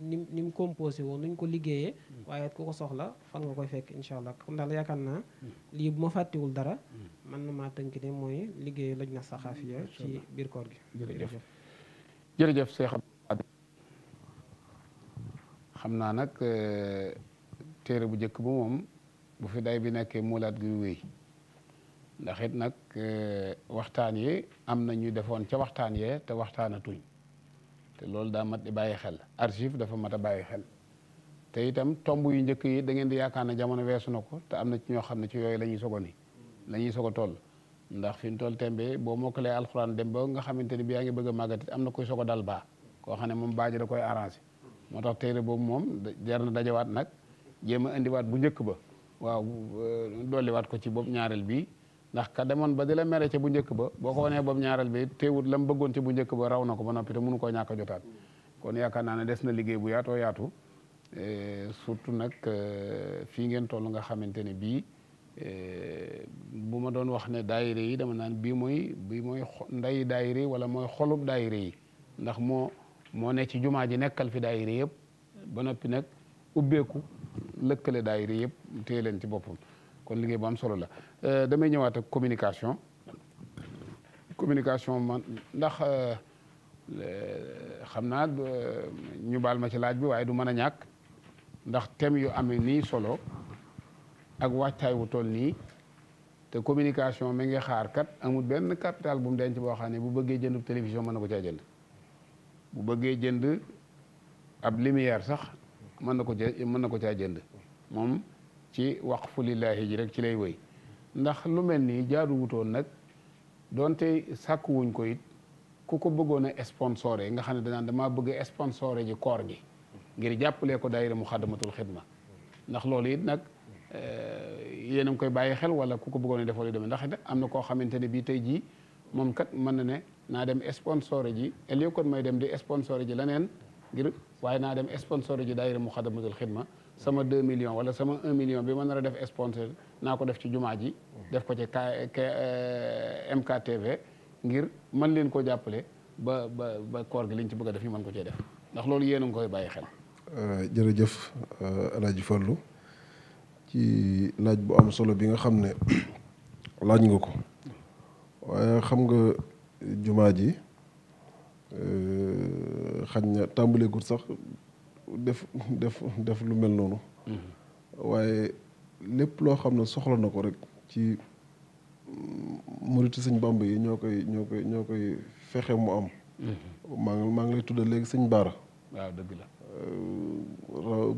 nim ni mu composé woon nuñ ko liggéeyee mm. waaye ku ko soxla fan nga koy fekk incha allah kon daal yaakaar naa lii bu ma fàttewul dara man na maa tënk mooy liggéey loj na saxaafiya ci biir koor gi jërëjëf jërëjëf Cheikh xam naa nag euh, téere bu njëkk bu moom bu fi day bi nekkee muulaat gi wéy ndax it nag euh, waxtaan yi am na ñu defoon ca waxtaan yee te waxtaanatuñ te loolu daa mat di bàyyi xel archive dafa mat a bàyyi xel te yitam tomb yu njëkk yi da ngeen di yaakaar ne jamono weesu na ko te am na ci ñoo xam ne ci yooyu la ñuy sogo ni la ñuy sogo toll ndax fi mu toll tembe boo mokkalee alxuraan dem ba nga xamante ni bi yaa ngi bëgg a màggatit am na koy sogo dal baa koo xam ne moom baaji da koy arrangé moo tax téere boobu moom jar na daje waat nag jéem a indiwaat bu njëkk ba waaw euh, dolliwaat ko ci boobu ñaareel bi ndax ka demoon ba di la mere ca bu njëkk ba boo ko wanee boobu ñaareel bi teewut la mu bëggoon ca bu njëkk ba raw na ko ba noppi te mënu koo ñàkk a jotaat kon yaakaar naa ne des na liggéey bu yaatoo yaatu e, surtout nag e, fii ngeen toll nga xamante ne bii e, bu ma doon wax ne daayira yi dama naan bii mooy bii mooy nday daayira yi wala mooy xolub daayira yi ndax moo moo ne ci jumaa ji nekkal fi daayira yëpp ba noppi nag ubbeeku lëkkale daayira yëpp téye leen ci boppam kon liggéey bu am solo la euh, damay ñëwaat communication communication man ndax euh, xam naa euh, ñu baal ma ci laaj bi waaye du mën a ñàkk ndax thème yu amee nii solo ak waajtaay wu tool nii te communication mi ngi xaar kat amul benn capital bu mu denc boo xam bu bëggee jënd télévision mën na ko caa jënd bu bëggee jënd ab lumière sax mën na ko caa mën na ko caa jënd moom ci waqfu lillaahi ji rek ci lay wéy ndax lu mel nii jaaduwutoon nag doonte sàkkuwuñ ko it ku ko bëggoon a sponsoré nga xam ne danaan damaa bëgg a sponsoré ji koor gi ngir jàppalee ko daayira muxaddamatul xidma ndax loolu it nag eh, yéen a ngi koy bàyyi xel wala ku ko bëggoon a defoo lu demee ndax it am na koo xamante ne bii tey jii moom kat mën na ne naa dem sponsoré ji et kon may dem di sponsoré ji leneen ngir waaye naa dem sponsor ji daayira Muxaddamatul Xidma sama 2 millions wala sama 1 million bi ma nar a def sponsor naa ko def ci jumaa ji def ko ci K eh, MKTV ngir mën leen koo jàppale ba ba ba koor gi liñ ci bëgg a def ñu mën ko cee def ndax loolu yéen a koy bàyyi xel euh, jërëjëf euh, El Hadj Fallou ci laaj bu am solo bi nga xam ne laaj nga ko waaye xam nga jumaa ji Euh, xañ na tàmbaleegul sax def def def lu mel noonu. Mm-hmm. waaye lépp loo xam ne soxla na ko rek ci muritu sëñ Bàmba yi ñoo koy ñoo koy ñoo koy fexe mu am. Mm-hmm. maa ngi maa ngi lay tuddee léegi sëñ Baara. waaw dëgg la. Euh,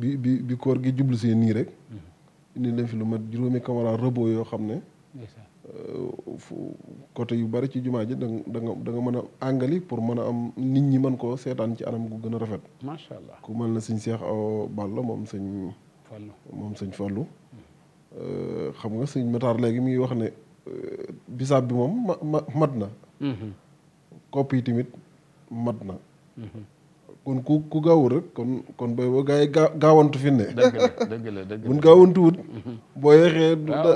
bi bi bi koor gi jublu si nii rek. Mm-hmm. indi leen fi lu mat juróomi kamara rëboo yoo xam ne. Euh, côté yu bari ci jumaa ji da nga da nga mën a àngali pour mën a am nit ñi mën koo seetaan ci anam gu gën a rafet. macha allah ku mën na sëñ Cheikh Awa Balla moom sëñ. Fallu moom sëñ Fallu. Hmm. Euh, xam nga sëñ Matar léegi mi ngi wax ne euh, bisaab bi moom ma mat na. Hmm. kopp yi tamit mat na. Hmm. kon ku ku gaawul rek kon kon booy boo gars yi gaa gaawantu fi ne. dëgg la dëgg la dëgg la mun gaawantu wut. boo yeexee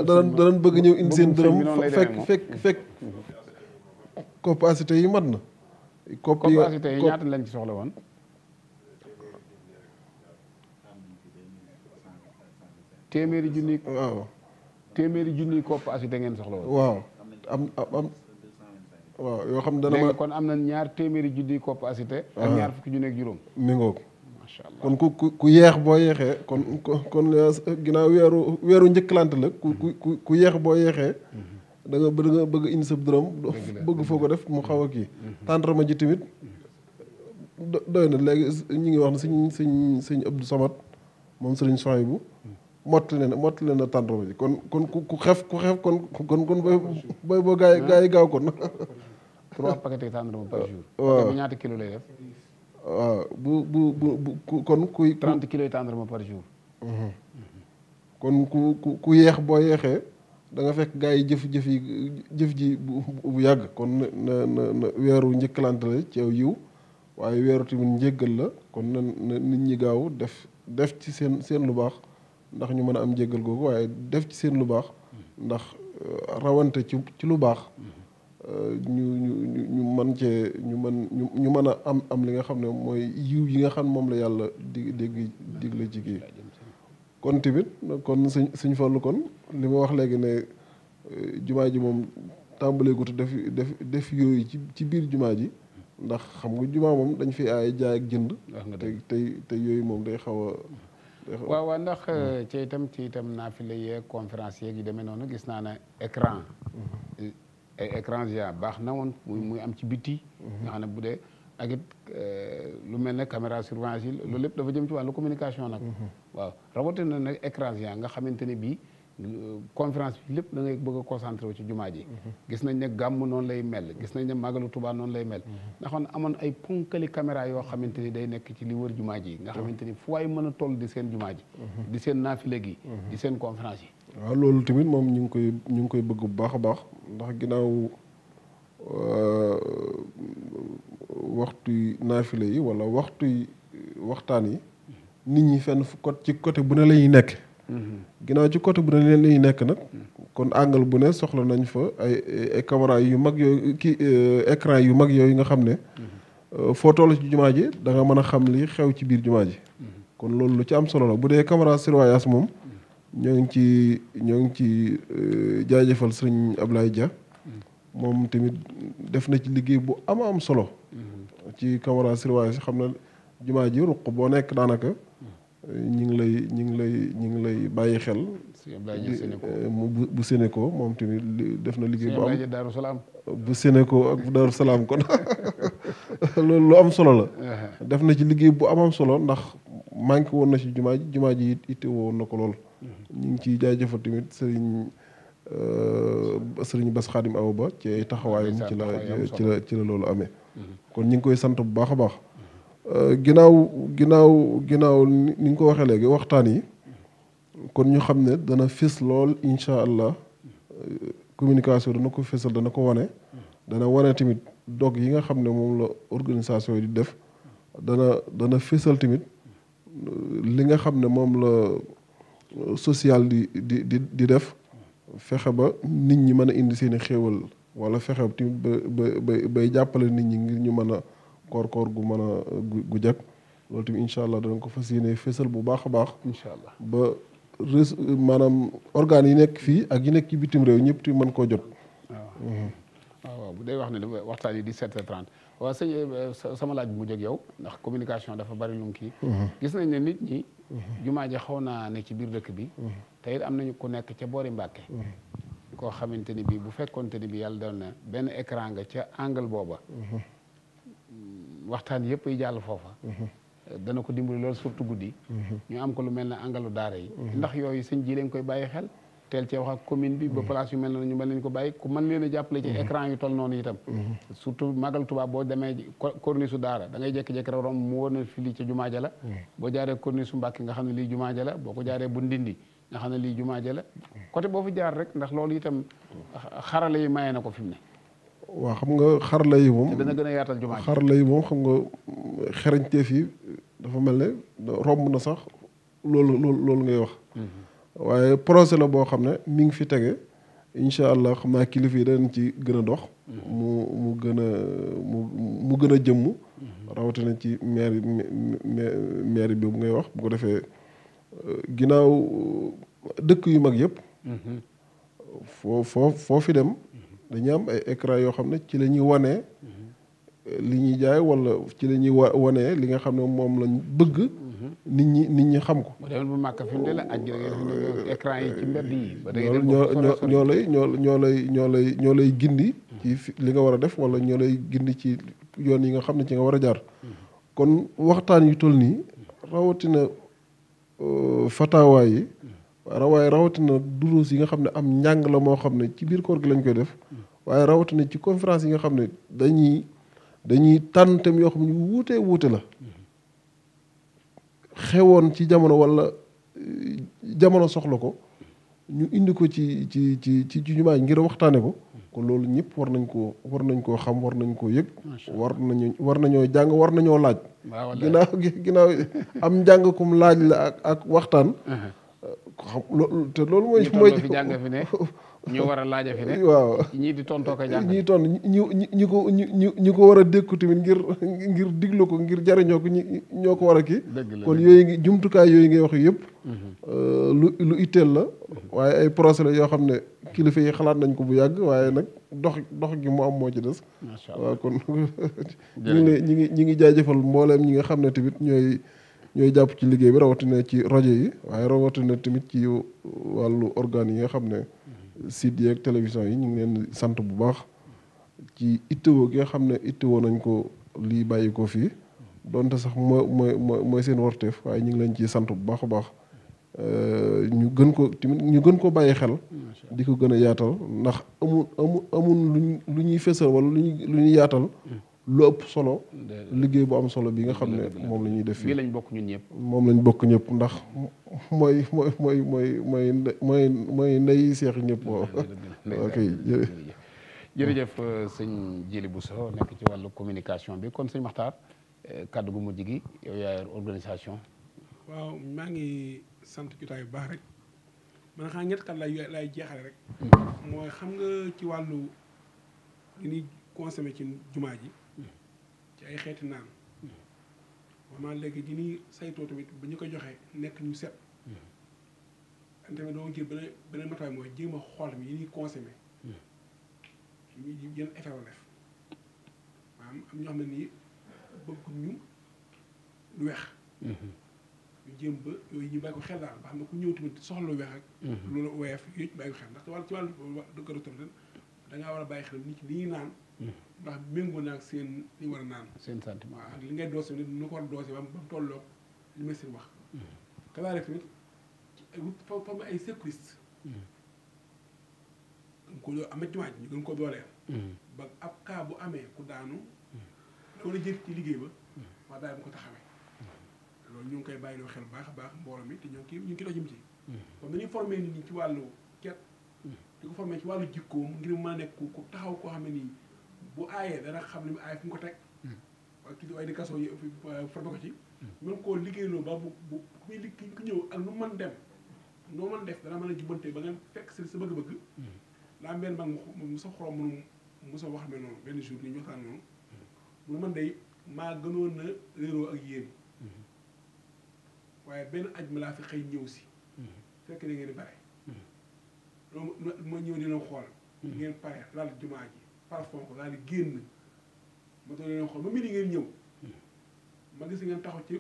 danañ danañ bëgg ñëw indi seen dërëm fekk fekk fekk. capacité yi mat na. capacité yi ñaata lañ ci soxla woon. téeméeri junni. waaw téeméeri junni capacité ngeen soxla woon. waaw am am. waaw yoo xam dana ma kon am na ñaar téeméeri junniy kopp acité ak ah. ñaar fukki junni ak juróom mi ngoog kon ku ku ku yeex boo yeexee kon kon ginnaaw weeru weeru njëkkalante la ku ku ku yeex boo yeexee mhm. da nga da nga bëgg indi sa dërëm bëgg foo ko def mu xaw a kii mhm. tàndarma ji tamit doy na léegi ñu ngi wax ne sëñ sëñ sëñ Abdou Samad moom sëriñ Sohaybu mhm. mottali na mottali na tàndarma ji kon kon ku ku xef ku xef kon kon kon bay boo gaa yi ah. gaa yi gaaw kon trois paquets tàndarma par jour. waaw paquet bi ñaata kilo lay def. waaw euh, bu bu bu kon kuy. trente kilos tàndarma par jour. Mhm. kon ku ku yeex boo yeexee da nga fekk gars yi jëf jëf yi ji bu yàgg kon na na ci aw yiw waaye weeru tamit njéggal la kon na nit ñi gaaw def def ci seen seen lu baax ndax ñu mën a am njéggal googu waaye def ci seen lu baax mhm. ndax euh, rawante ci ci lu baax mhm. Euh, ñu ñu ñu mën cee ñu mën ñu mën a am am li nga xam ne mooy yiw yi nga xam moom la yàlla di dégg digle ci kii kon tamit kon sëñ suñ Fallu kon li ma wax léegi ne euh, jumaa ji moom tàmbaleegut def def def yooyu ci ci biir jumaa ji ndax xam nga jumaa moom dañ fi ay jaay ak jënd te tey tey yooyu moom day xaw a waaw ndax hmm. euh, ci itam ci itam la yeeg conférence yee yi demee noonu gis naa ne écran hmm. ay écran baax na woon muy am ci biti mhm. nga xam ne bu dee ak it euh, lu mel ne caméra surveillance yi loolu lépp dafa jëm ci wàllu communication nag mhm. waaw rawatina nag écran géant nga xamante ne bii euh, conférence bi lépp da ngay bëgg a concentré wu ci jumaa ji mhm. gis nañ ne gàmm noonu lay mel gis nañ ne magalu Tuubaa noonu lay mel ndax man amoon ay ponkali caméra yoo xamante ni day nekk ci li wër jumaa ji nga xamante ni fu waay mën a toll di seen jumaa ji di seen naafile gi di seen conférence yi waaw loolu tamit moom ñu ngi koy ñu ngi koy bëgg bu baax a baax ndax ginnaaw euh, waxtu naafile yi wala waxtu yi waxtaan yi nit ñi fenn fu ci côté bu ne la ñuy nekk. Mm-hmm. ginnaaw ci côté bu ne la nekk nag. kon àngal bu ne soxla nañ fa ay caméra yu mag yooyu kii euh, écran yu mag yooyu nga xam ne. Mm-hmm. Euh, foo toll ci jumaa ji da mën a xam li xew ci biir jumaa ji. Mm-hmm. kon loolu lu ci am sololo bu dee caméra surveillance moom. ñoo ngi ci ñoo ngi ci euh, jaajëfal sëriñ Ablaye ja moom tamit def na ci liggéey bu am am solo ci Camara Sirwaye si xam na jumaa ji ruq boo nekk daanaka ñi ngi lay ñi ngi lay ñi ngi lay bàyyi xel euh, bu Sénégal moom tamit def na liggéey bu am bu Sénégal ak bu Darou Salaam kon loolu lu am solo la. Uh-huh. def na ci liggéey bu am solo ndax manqué woon na ci jumaa ji jumaa ji it woon na ko lool. Uh-huh. ñu ngi ciy jaajëfal tamit sëriñ uh, sëriñ Bass Khadim Awa Ba ci taxawaayam ci la ci la ci la loolu amee. Uh-huh. kon ñu ngi koy sant bu baax a baax. Uh, ginnaaw ginnaaw ginnaaw ni ñu ko waxee léegi waxtaan yi. kon ñu xam ne dana fis lool incha allah uh, communication dana ko fésal dana ko wane dana wane tamit dog yi nga xam ne moom la organisation yi di def dana dana fésal tamit euh, li nga xam ne moom la euh, social di di di di def fexe ba nit ñi mën a indi seen i xéewal wala fexe tamit ba ba ba bay jàppale nit ñi ngir ñu mën a koor koor gu mën a gu jag loolu tamit incha allah dana ko fas yéene fésal bu baax a baax. incha allah maanaam organes yi nekk fii ak yi nekk ci bitim réew ñëpp ti mën koo jot. Ah, waaw ah, waaw bu dee wax ne dafa waxtaan yi di set h 30 sa sama laaj bu mu jóg yow ndax communication dafa bari lu kii. Mhm. gis nañ ne nit ñi. Mhm. jumaa ji xaw naa ne ci biir dëkk bi. Mhm. te it am nañu ku nekk ca boori Mbàkke. koo xamante ni bii bu fekkonte ni bi yàlla doon na benn écran nga ca angle booba. waxtaan yëpp ay jàll foofa. dana ko dimbali loolu surtout guddi. Mhm. ñu am ko lu mel ne angalu daara yi. Mhm. ndax yooyu sëñ jii leen koy bàyyi xel. teel cee wax commune bi ba mhm. place yu mel noonu ñu mën leen ko bàyyi ku man leen a jàppale ci écran yu toll noonu tam surtout magal Touba boo demee corniche su daara da ngay jekki jékki rek romb mu wóor na fi lii ca jumaa ja la boo jaaree corniche su Mbàkke nga xam ne lii jumaa ja la boo ko jaaree bu ndindi nga xam ne lii jumaa ja la côté boo fi jaar rek ndax loolu itam xarala yi maye na ko fi mu ne waaw xam nga xarala yi moom dana gën a yaatal jumaa xarala yi moom xam nga xerañteef yi dafa mel ne romb na sax loolu ngay wax mhm. waaye projet la boo xam ne mi ngi fi tege incha allah xam naa kilifa yi danañ ci gën a dox mhm. mu mu gën a mu gën a jëmm mhm. rawatina ci maire maire bi mu ngay wax bu ko defee euh, ginnaaw dëkk yu mag yëpp foo foo foo fi dem dañuy am ay écran yoo xam ne ci lañuy ñuy mhm. li ñuy jaay wala ci lañuy ñuy wa wane li nga xam ne moom lañ bëgg. Mhm. nit ñi nit ñi xam ko. bu bu màkk fi mu ne la àjj euh, ñoo ñoo lay ñoo ñoo lay ñoo lay ñoo lay gindi. Mhm. ci li nga war a def wala ñoo lay gindi ci yoon yi nga xam ne ci nga war a jaar. kon waxtaan yu toll nii rawatina euh, fataawaay yi. waaye rawatina duruus yi nga xam ne am njàng la moo xam ne ci biir koor gi lañ koy def waaye rawatina ci conférence yi nga xam ne dañuy dañuy tànn yoo xam ne wuute wuute la xewoon ci jamono wala jamono soxla ko ñu indi ko ci ci ci ci jumaa ngir waxtaane ko kon loolu ñëpp war nañ koo war nañ koo xam war nañ koo yëg war nañu war nañoo jàng war nañoo laaj ginnaaw ginnaaw am njàng kum laaj la ak ak waxtaan xam loolu te loolu mooy. mooy fi jàng ne ñu war a laaj fi ne. waaw ñii di tontoo ko jàng. ñii ton ñi ñi ko ñi ñi ko war a dékku tamit ngir ngir diglu ko ngir jariñoo ko ñi ñoo ko war a kii. kon yooyu ngi jumtukaay yooyu ngay wax yëpp. Mhm. Euh, lu lu itteel la. waaye ay procès yoo xam ne kilifa yi xalaat nañ ko bu yàgg waaye nag dox dox gi mu am moo ci des. macha allah kon ñu ngi ñu ngi ñu ngi mbooleem ñi nga xam ne tamit ñooy. ñooy jàpp ci liggéey bi rawatina ci rajo yi waaye rawatina tamit ci wàllu organes yi nga xam ne site yi ak yi ñu ngi leen sant bu baax ci itteewoo gi nga xam ne itteewoo nañ ko lii bàyyi ko fii donte sax mooy mooy mooy seen warteef waaye ñu ngi leen ci sant bu baax a baax euh, ñu gën ko tamit ñu gën ko bàyyi xel di ko gën a yaatal ndax amul amul amul luñ lu ñuy fesal wala lu ñu lu ñuy yaatal hmm. lu ëpp solo liggéey bu am solo bi nga xam ne moom la def fii lañ bokk ñëpp moom lañ bokk ñëpp ndax mooy mooy mooy mooy mooy mooy mooy seex ñëpp jërëjëf euh, sëñ Jili Bousso nekk ci wàllu communication bi kon sëñ Maxtaar euh, kàddu gu mujj gi yow waaw maa ngi sant jotaay bu baax rek man xam lay lay rek hmm. mooy xam nga ci wàllu li ñuy consommé ci jumaa ji ay xeeti naan ma léegi ñi ñuy saytoo tamit ba ñu ko joxee nekk ñu set mm-hmm. an doo jël beneen beneen matuwaay mooy jéem xool mi yi ñuy consommé mm-hmm. yéen effet la def am ñoo xam ne nii bëgguñu lu weex mm-hmm. ñu jéem ba ñu bàyyi ko xel daal ba xam ne ku ñëw tamit soxla lu weex ak loolu weef yooyu bàyyi ko xel ndax wàll ci wàllu dëgg da ngaa war a bàyyi xel nit ñi naan ndax méngoo na ak seen li war a naan. seen sentiment ak li ngay doose nit ñu ko a doose ba mu tolloog li ministre wax. kazaare mm-hmm. tamit fa fa ay secouriste. Mm-hmm. gën am ci waaj ñu ko dooleel. Mm-hmm. ba ab cas bu amee ku daanu. loolu jël ci liggéey ba. wax daal bu ko taxawee. loolu ñu ngi koy bàyyi loo xel baax a baax mbooloo mi te ñoo ngi ñu ngi ciy jëm ci. comme dañuy formé nit ñi ci wàllu ket. di ko formé ci wàllu jikkoom ngir mën a nekk taxaw koo xam ne nii. bu aayee dana xam ne mu aay fu mu ko teg. Hmm. ak tuuti waaye di kaso yi farba ko ci. même koo liggéeyloo ba bu bu kuy li ñëw ak lu mën dem noo mën def dana man a jubbante ba ngeen fekk si sa bëgg-bëgg. daa am benn mag mu sa xorom mu mu sa wax benn jour ni ñu waxtaan hmm. man day maa gënoon na réeroo ak yéen. Hmm. waaye benn aj ma laa fi xëy ñëw si. fekk da ngeen di bare. ma ñëw dina xool. ngeen pare lal jumaa ji. parfum ko daal di génn ma doon leen xool ba midi ngeen ñëw hmm. ma gis ngeen taxaw ci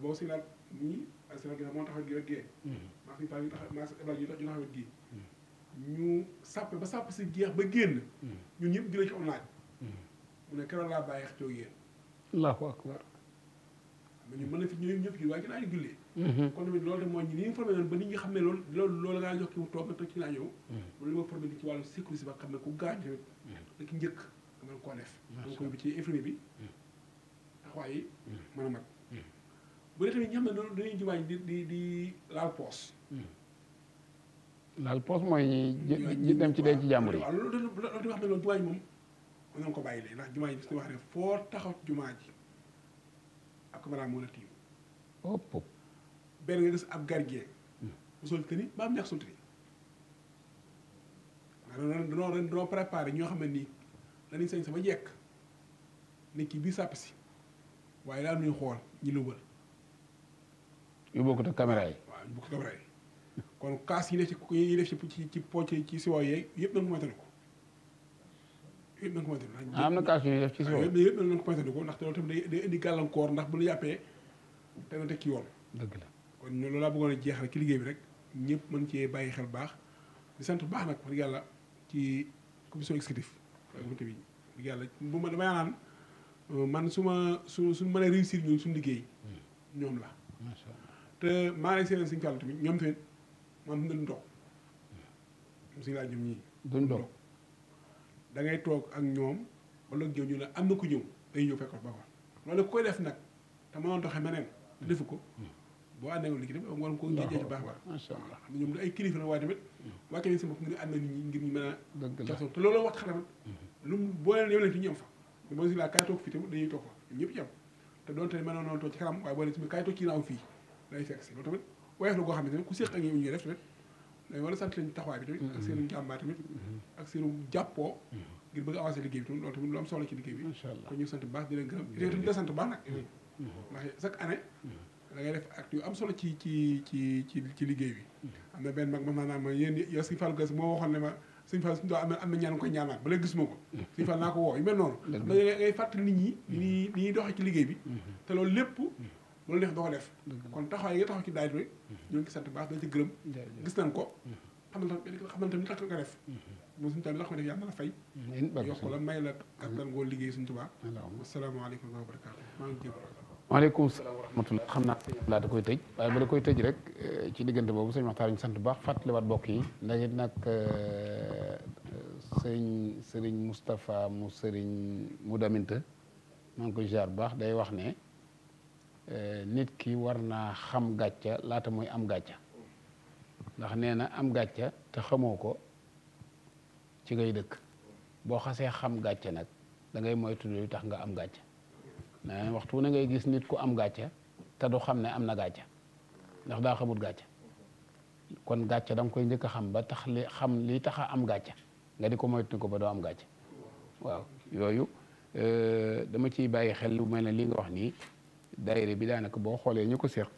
boo si nag nii ak moo taxaw gi rek gee hmm. maa si tax maa si ñu gi hmm. ñu sàpp ba sàpp si jeex ba génn ñu ñëpp di la ci onaaj laa bàyyi xëccoo yéen allahu akbar mais ñu mën na fi ñëw ñëpp gi waaye jullee kon loolu tamit ñu ni formé noonu ba nit ñi xam ne loolu loolu loolu ngaa jox ki mu te ci laa ñëw loolu ma formé di ci wàllu sécurité ba xam ne ku gaañ tamit la ci njëkk nga mën koo def. danga ko yóbbu ci infirmier bi hmm. taxawaay yi hmm. mën a mat. Hmm. bu dee tamit ñi xam ne dañuy jiwaañ di di di laal poos. laal poos mooy dem ci denc jàmbur yi. waaw loolu loolu dañoo xam ne loolu jiwaañ moom ko bàyyi léegi ndax jumaa ji bis ñu wax ne foo taxaw jumaa ji ak balaa moo la tiim. hop benn nga ab gardien. mu sol tenue ba am neex ren danoo ren danoo préparé ñoo xam ne nii dañuy sañ sama jekk nit ki bii sàpp si waaye daal ñuy xool ñi lubal yu bokkut ak waaw yu bokkut kon kaas yi def ci yi def ci ci pocc ci siwo yeeg yëpp nañ ko moytandi ko yëpp nañ ko moytandi ko ah, am na kaas yu def ci siwo ndax loolu tamit day indi gàllankoor ndax bu ñu yàppee te na tekki yoon la kon loolu laa bëggoon a jeexal ci liggéey bi rek ñëpp mën cee bàyyi xel baax di sant bu baax nag wax yàlla ci commission exécutive comité bu ma damay naan euh, man su ma su suñ mën a réussir ñun suñu liggéey hmm. ñoom la te maa ngi seen siñ fàll tamit ñoom tamit man dañu toog m hmm. siñu laaj ñoom ñii duñ toog da toog ak ñoom wala jëw ñu ne am na ku ñëw day ñëw fekkoon ba loolu ku koy def nag te mënoon doxe meneen defu ko hmm. boo àndee liggéey tamit war nga ko jëjee xam ñoom du ay kilifa la waaye tamit waa Kébémer si bopp ngir ànd nit ñi ngir mën a. dëgg te loolu wax xanaa la kaay toog fii tamit dañuy ñëpp yam te doonte mën na noonu toog ci kanam waaye boo si kaay toog fii lay fekk si loolu tamit woyof xam ne tamit ku séq ak a sant leen taxawaay bi tamit ak seen jàmbaar tamit ak seen jàppoo ngir bëgg avancer liggéey bi tamit loolu tamit lu am solo ci liggéey bi kon ñu sant bu baax di leen gërëm di leen sant bu baax nag mm-hmm. ndax chaque année dangay def acte yu am solo ci ci ci ci ci liggéey bi mm-hmm. am na benn mag mën naa naa ma yéen yow Sëñ Fall Gass moo waxoon ne ma Sëñ Fall suñu am am na ñaan koy ñaanaat ba léegi gisuma ko mm-hmm. naa ko woo yu mel noonu da ngay fàttali nit ñi mm-hmm. ni ni ñuy doxee ci liggéey bi te loolu lépp loolu neex doo ko def kon taxawaay nga taxaw ci daaj bi ñoo ngi sant baax dañ ci gërëm gis nañ ko xam na xam na tamit tax nga def mo suñu tamit la ko def yàlla na la fay yokk la may la kattan ngoo liggéey suñu tubaab asalaamaaleykum wa barakaatu maa ngi jéem waaleykum salaam wa rahmatulah xam naa sëñ da koy tëj waaye ba la koy tëj rek eh, ci diggante boobu sëñ Maxtaar ñu sant bu fàttali fàttaliwaat bokk yi ndax it nag eh, sëñ sëriñ Moustapha mu sëriñ mu daminta maa ngi ko ziar bu baax day wax ne eh, nit ki war naa xam gàcca laata muy am gàcca ndax nee na am gàcca te xamoo ko ci ngay dëkk boo xasee xam gàcca nag dangay moytu lu tax nga am gàcca mais eh, waxtu na ngay gis nit ku am gàcce te du xam ne am na gàcce ndax daa xamut gàcce kon gàcce da koy njëkk a xam ba tax li xam li tax a am gàcce nga di ko moytu ko ba doo am gàcce waaw yooyu eh, dama ciy bàyyi xel lu mel ne lii nga wax nii daayira bi daanaka boo xoolee ñu ko séq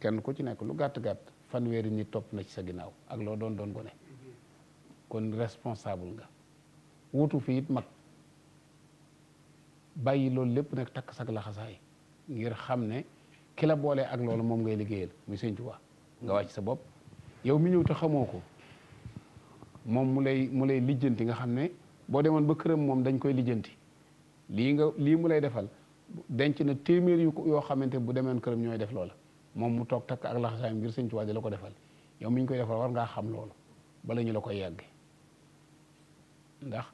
kenn ku ci nekk lu gàtt gàtt fanweeri nit topp na ci sa ginnaaw ak loo doon doon gone kon responsable nga wutu fi mag. bàyyi loolu lépp nag takk sag laxasaay ngir xam ne ki la boolee ak loolu moom ngay liggéeyal muy Sëñ Tuubaa nga wàcc sa bopp yow mi ñëw te xamoo ko moom mu lay mu lay lijjanti nga xam ne boo demoon ba këram moom dañ koy lijjanti lii nga lii mu lay defal denc na téeméer yu ko yoo xamante bu demoon këram ñooy def loola moom mu toog takk ak laxasaayam ngir Sëñ Tuubaa di la ko defal yow mi ñu koy defal war ngaa xam loolu bala ñu la koy yàgg ndax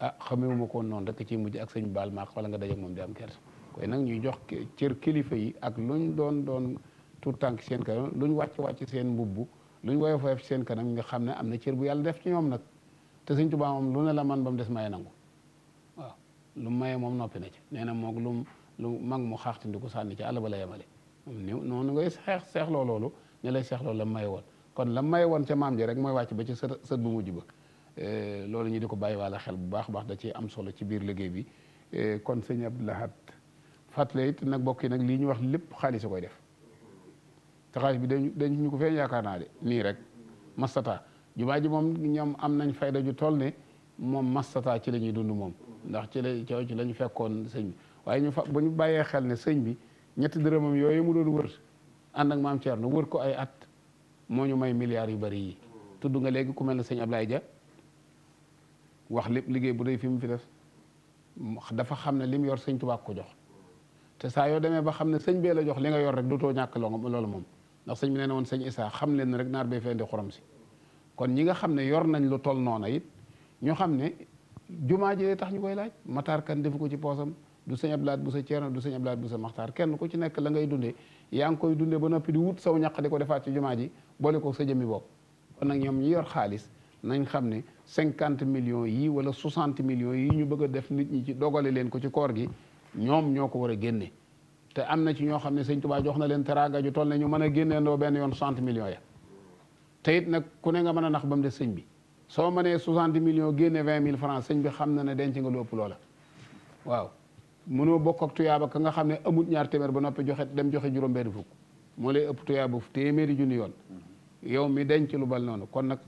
ah xamewuma ko noonu rek ciy mujj ak sëñ baal maax wala nga dajeeg moom di am kers koy nag ñuy jox cër kilifa yi ak luñ doon doon tout tànk seen kanam luñ wàcc wàcc seen mbubb luñ woyof woyof seen kanam nga xam ne am na cër bu yàlla def ci ñoom nag te sëñ Tuubaa moom lu ne la man ba mu des maye nangu waaw lu maye moom noppi na ci nee na moog lu lu mag mu xaaxtindi ko sànni ci àll ba la yemale ni noonu ngay xeex seexloo loolu ñu lay seexloo la may woon kon la may woon ca maam ji rek mooy wàcc ba ci sët bu mujj ba Euh, loolu ñu di ko bàyyi waale xel bu baax baax da ci am solo ci biir liggéey bi euh, kon sëñ Abdou Lahad fàttale it nag bokk yi nag lii ñu wax lépp xaalis koy def te bi dañ dañ ñu ko fee yaakaar naa de nii rek mastata jumaa ji moom ñoom am nañ fayda ju toll ne moom mastata ci la ñuy dund moom ndax ci la ci la ñu fekkoon sëñ waaye ñu fa bu ñu bàyyee xel ne sëñ bi ñetti dërëmam yooyu mu doon wër ànd ak maam ko ay at moo ñu may milliards yu bari yi léegi ku mel ne sëñ Ablaye Dia wax lépp liggéey bu dee fi mu fi def dafa xam ne li mu yor sëñ Tuubaa ko jox te saa yoo demee ba xam ne sëñ bee la jox li nga yor rek dootoo ñàkk loolu moom ndax sëñ bi nee na woon sëñ Isaa xam leen rek naar bee fi indi xorom kon ñi nga xam ne yor nañ lu toll noona it ñu xam ne jumaa ji tax ñu koy laaj Matar Kan defu ko ci poosam du sëñ laat bu sa Ceerno du sëñ Ablaat bu sa Maxtaar kenn ku ci nekk la ngay dunde yaa ngi koy dunde ba noppi di wut saw ñàq di ko defaat ci jumaa ji boole ko sa jëmmi bopp kon nag ñoom ñi yor xaalis nañ xam ne cinquante million yi wala soixante millions yi ñu bëgg def nit ñi ci dogale leen ko ci koor gi ñoom ñoo ko war a génne te am na ci ñoo xam ne sëñ Tuubaa jox na leen teraanga ju toll ne ñu mën a génneendoo benn yoon soixante millions ya te it nag ku ne nga mën a nax ba mu des sëñ bi soo mënee soixante millions génne vingt mille francs sëñ bi xam na ne denc nga lu ëpp loola waaw mënoo bokk ak tuyaaba ka nga xam ne amut ñaar téeméer ba noppi joxe dem joxe juróom-benn fukk moo lay ëpp tuyaaba fu téeméeri junni yoon mm-hmm. yow mi denc lu bal noonu kon nag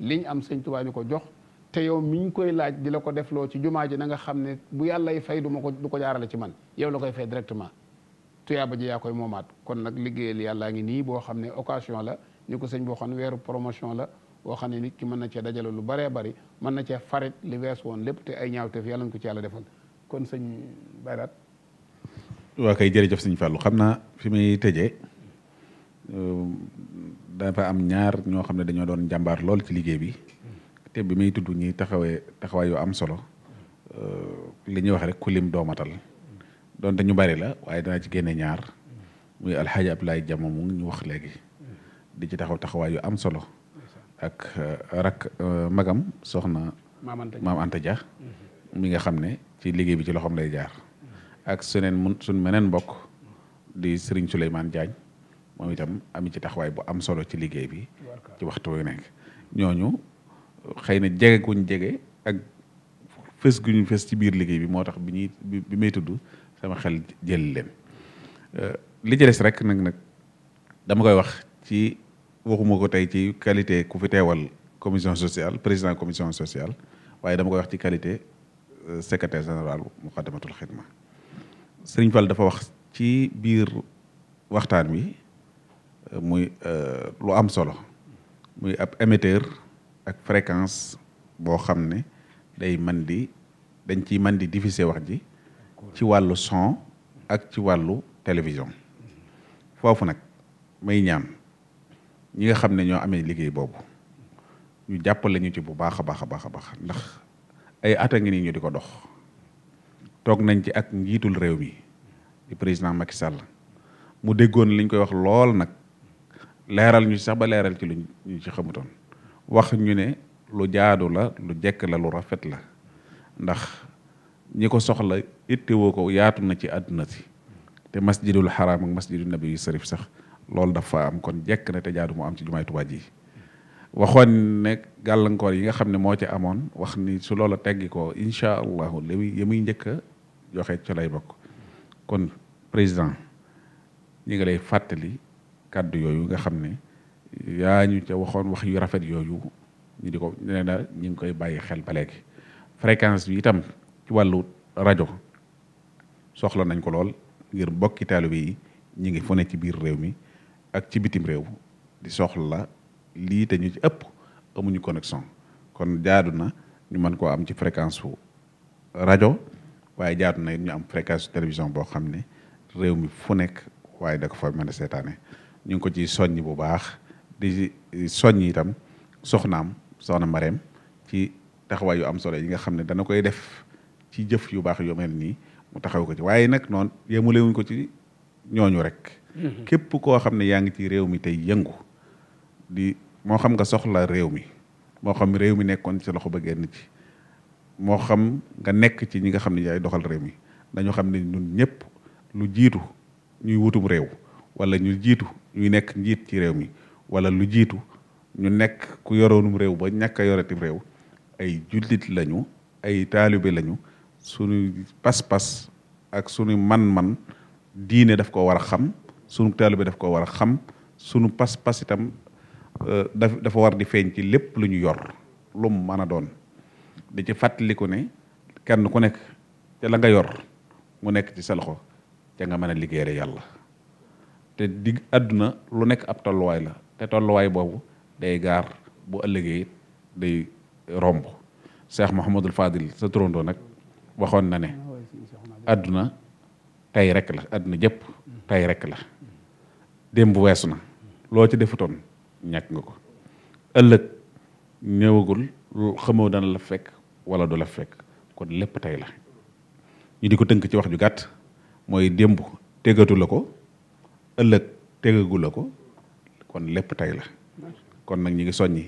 liñ am sëñ Tuubaa ñu ko jox te yow miñ koy laaj di la ko defloo ci jumaa ji na nga xam ne bu yàllay fay du ma ko du ko jaarale ci man yow la koy fay directement tuyaaba ji yaa koy moomaat kon nag liggéeyal yàllaa ngi nii boo xam ne occasion la ñu ko sëñ boo xam ne weeru promotion la boo xam ne nit ki mën na cee dajale lu baree bari mën na cee farit li wees woon lépp te ay ñaawteef yàlla ñu ko ci yàlla defal kon sëñ Bayraat waa kay jërëjëf sëñ Fallou xam naa fi may tëjee dafa am ñaar ñoo xam ne dañoo doon jàmbaar lool ci liggéey bi te bi may tudd ñi taxawee taxawaay yu am solo euh, li ñuy wax rek ku lim doomatal donte ñu bari la waaye danaa ci génne ñaar muy alxaaji Abdoulaye Jàmm mu ñu wax léegi di ci taxaw taxawaay yu am solo ak euh, rak euh, magam soxna maam Anta ja mi nga xam ne ci liggéey bi ci loxoom lay jaar ak suneen mun suñ meneen mbokk di Serigne Souleymane jaañ moom itam am ci taxawaay boo am solo ci liggéey bi ci waxtu wu nekk ñooñu xëy na jege guñ jege ak fës guñu fës ci biir liggéey bi moo tax bi ñuy bi may tudd sama xel jël leen euh, li ci des rek nag nag dama koy wax ci waxuma ko tey ci qualité ku fi teewal commission sociale président commission sociale waaye dama koy wax ci qualité euh, secrétaire général Muxaddamatul Xidma Sëriñ Fall dafa wax ci biir waxtaan wi muy euh, lu am solo muy ab émetteur ak fréquence boo xam ne day man di dañ ciy man di diffuser wax ji ci wàllu son ak ci wàllu télévision foofu nag may ñaan ñi nga xam ne ñoo amee liggéey boobu ñu jàppale lañu ci bu baax a baax a baax a baax ndax ay at ngi nii ñu di ko dox toog nañ ci ak njiitul réew mi di président Macky Sall mu déggoon li koy wax lool nag leeral ñu sax ba leeral ci luñ ñu ci xamutoon wax ñu ne lu jaadu la lu jekk la lu rafet la ndax ñi ko soxla ittewoo ko yaatu na ci àdduna si te masjidul xaraam ak masjidul nabi sarif sax lool dafa am kon jekk na te jaadu mu am ci jumaay Tuubaa ji waxoon ne gàllankoor yi nga xam ne moo ci amoon wax ni su loola teggi ko incha allahu li muy yi njëkk a joxe ci lay bokk kon président ñu ngi lay fàttali kàddu yooyu nga xam ne yaa ñu ca waxoon wax yu rafet yooyu ñu di ko nee na ñu ngi koy bàyyi xel ba léegi fréquence bi itam ci wàllu rajo soxla nañ ko lool ngir mbokki taalibe yi ñu ngi fone ci biir réew mi ak ci bitim réew di soxla lii te ñu ci ëpp amuñu connexion kon jaadu na ñu mën koo am ci fréquence fu rajo waaye jaadu na it ñu am fréquence télévision boo xam ne réew mi fu nekk waaye da ko fa mën a seetaane ñu ngi ko ci soññ bu baax di soññ itam soxnaam soxna Mareem ci taxawaay yu am solo yi nga xam ne dana koy def ci jëf yu baax yu mel nii mu taxaw ko ci waaye nag noonu yemulewuñ ko ci ñooñu rek. Mm-hmm. képp koo xam ne yaa ngi ci réew mi tey yëngu di moo xam nga soxla réew mi moo xam réew mi nekkoon ci loxo ba génn ci moo xam nga nekk ci ñi nga xam ne ay doxal réew mi dañoo xam ne ñun ñëpp lu jiitu ñuy wutum réew wala ñu jiitu ñuy nekk njiit ci réew mi wala lu jiitu ñu nekk ku yoroonum réew ba ñàkk a yoretim réew ay jullit lañu ay taalibe lañu suñu pas-pas ak suñu man-man diine daf ko war a xam sunu taalibe daf koo war a xam sunu pas-pas itam euh, daf dafa war di feeñ ci lépp lu ñu yor lu mu mën a doon di ci fàttaliku ne kenn ku nekk ca nga yor mu nekk ci sa loxo ca nga mën a liggéeyal yàlla. te di àdduna lu nekk ab tolluwaay la te tolluwaay boobu day gaar bu ëllëgee day romb Cheikh Mouhamadul Fadil sa turandoo nag waxoon na ne àdduna tey rek la àdduna jëpp tey rek la démb weesu na loo ci defutoon ñàkk nga ko ëllëg ñëwagul xamoo dana la fekk wala du la fekk kon lépp tey la ñu di ko tënk ci wax ju gàtt mooy démb tegatu la ko ëllëg tegagu la ko kon lépp tey la kon nag ñi ngi soññi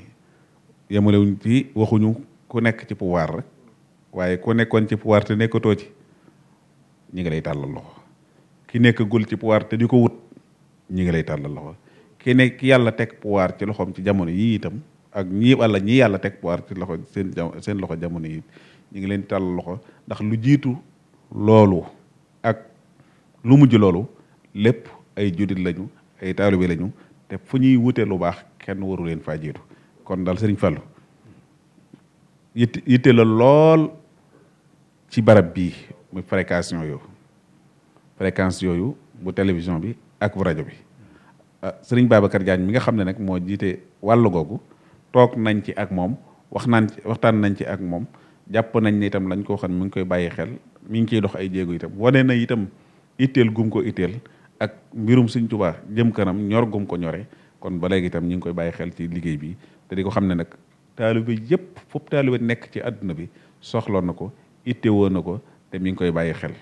yemalewuñ ci waxuñu ku nekk ci pouvoir rek waaye ku nekkoon ci pouvoir te nekkatoo ci ñi ngi lay tàllal loxo ki nekkagul ci pouvoir te di ko wut ñi ngi lay tàllal loxo ki ne yàlla teg pouvoir ci loxoom ci jamono yii itam ak ñi walla ñi yàlla teg puwaar ci loxo seen seen loxo jamono yi ñu ngi leen tàllal loxo ndax lu jiitu loolu ak lu mujj loolu lépp ay jullit lañu ay bi lañu te fu ñuy wutee lu baax kenn waru leen faa jiitu kon dal sëriñ Fallou yitte yitte lool ci barab bi muy fréquence yooyu fréquence yooyu bu télévision bi ak bu rajo bi ah, sëriñ Babacar Diagne mi nga xam ne nag moo jiite wàllu googu toog nañ ci ak moom wax naan waxtaan nañ ci ak moom jàpp nañ ne itam lañ koo xam mu ngi koy bàyyi xel mi ngi ciy dox ay jéego itam wane na itam itteel gum ko itteel ak mbirum Sëñ Tuubaa jëm kanam ñor gum ko ñore kon ba léegi itam ñu ngi koy bàyyi xel ci liggéey bi te di ko xam ne nag taalibe yëpp foofu taalibe nekk ci àdduna bi soxloon na ko ittewoo na ko te mi ngi koy bàyyi xel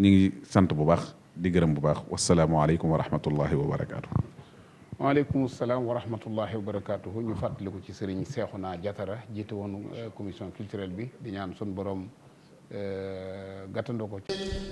ñu ngi sant bu baax di gërëm bu baax wasalaamualeykum wa rahmatullahi wa barakaatu. waaleykum salaam wa rahmatullahi wa barakaatu ñu fàttaliku ci sëriñ Seexuna Jatara jiite woon euh, commission culturelle bi di ñaan sun boroom Eh, gàttandoo ko ci